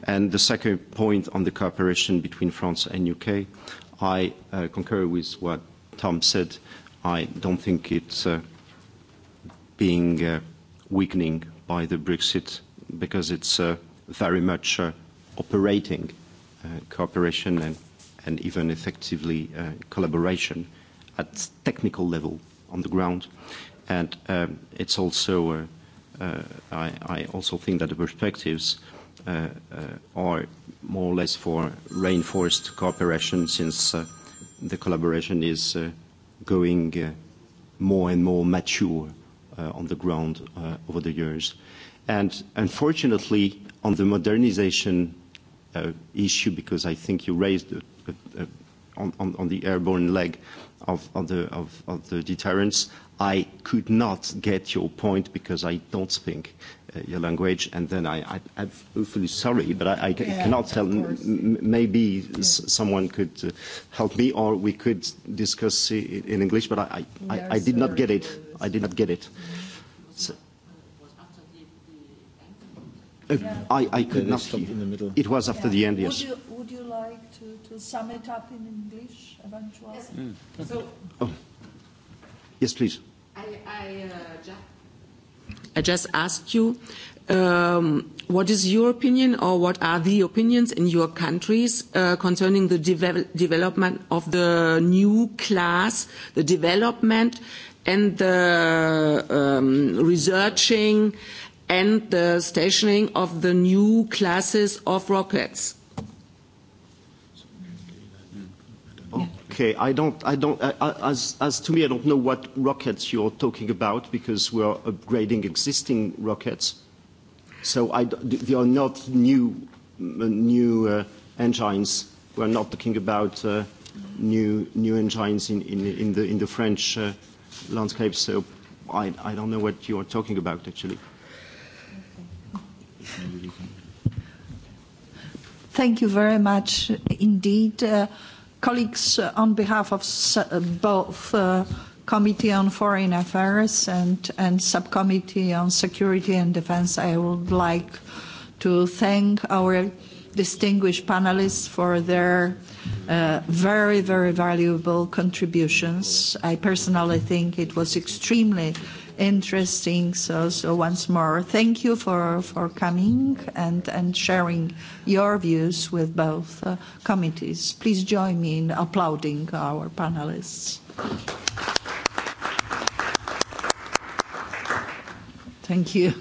And the second point on the cooperation between France and UK, I uh, concur with what Tom said. I don't think it's uh, being uh, weakening by the Brexit because it's uh, very much uh, operating uh, cooperation and, and even effectively uh, collaboration at technical level on the ground. And um, it's also, uh, uh, I, I also think that the perspectives uh, are more or less for reinforced cooperation since the collaboration is going more and more mature on the ground over the years. And unfortunately, on the modernization uh, issue, because I think you raised uh, uh, on, on the airborne leg of, of, the, of, of the deterrence, i could not get your point because I don't speak uh, your language, and then I, I, I'm awfully sorry, but I, I cannot tell. maybe someone could uh, help me, or we could discuss in English. But I, I, I, did not get it. I did not get it. Mm-hmm. Uh, I, I could not hear. It was after the end, yes. Would you, would you like to, to sum it up in English eventually? Mm. So, oh. yes, please. Uh, I, just... asked you um, what is your opinion or what are the opinions in your countries uh, concerning the development of the new class, the development and the um, researching and the stationing of the new classes of rockets? Okay, I don't, I don't, as, as to me, I don't know what rockets you're talking about because we are upgrading existing rockets. So I, they are not new, new uh, engines. We are not talking about uh, new, new engines in, in, in, the, in the French uh, landscape. So I, I don't know what you are talking about, actually. Thank you very much indeed. Uh, colleagues uh, on behalf of uh, both uh, committee on foreign affairs and and subcommittee on security and defense i would like to thank our distinguished panelists for their very very valuable contributions i personally think it was extremely interesting. So, once more, thank you for, for coming and, and sharing your views with both uh, committees. Please join me in applauding our panelists. Thank you.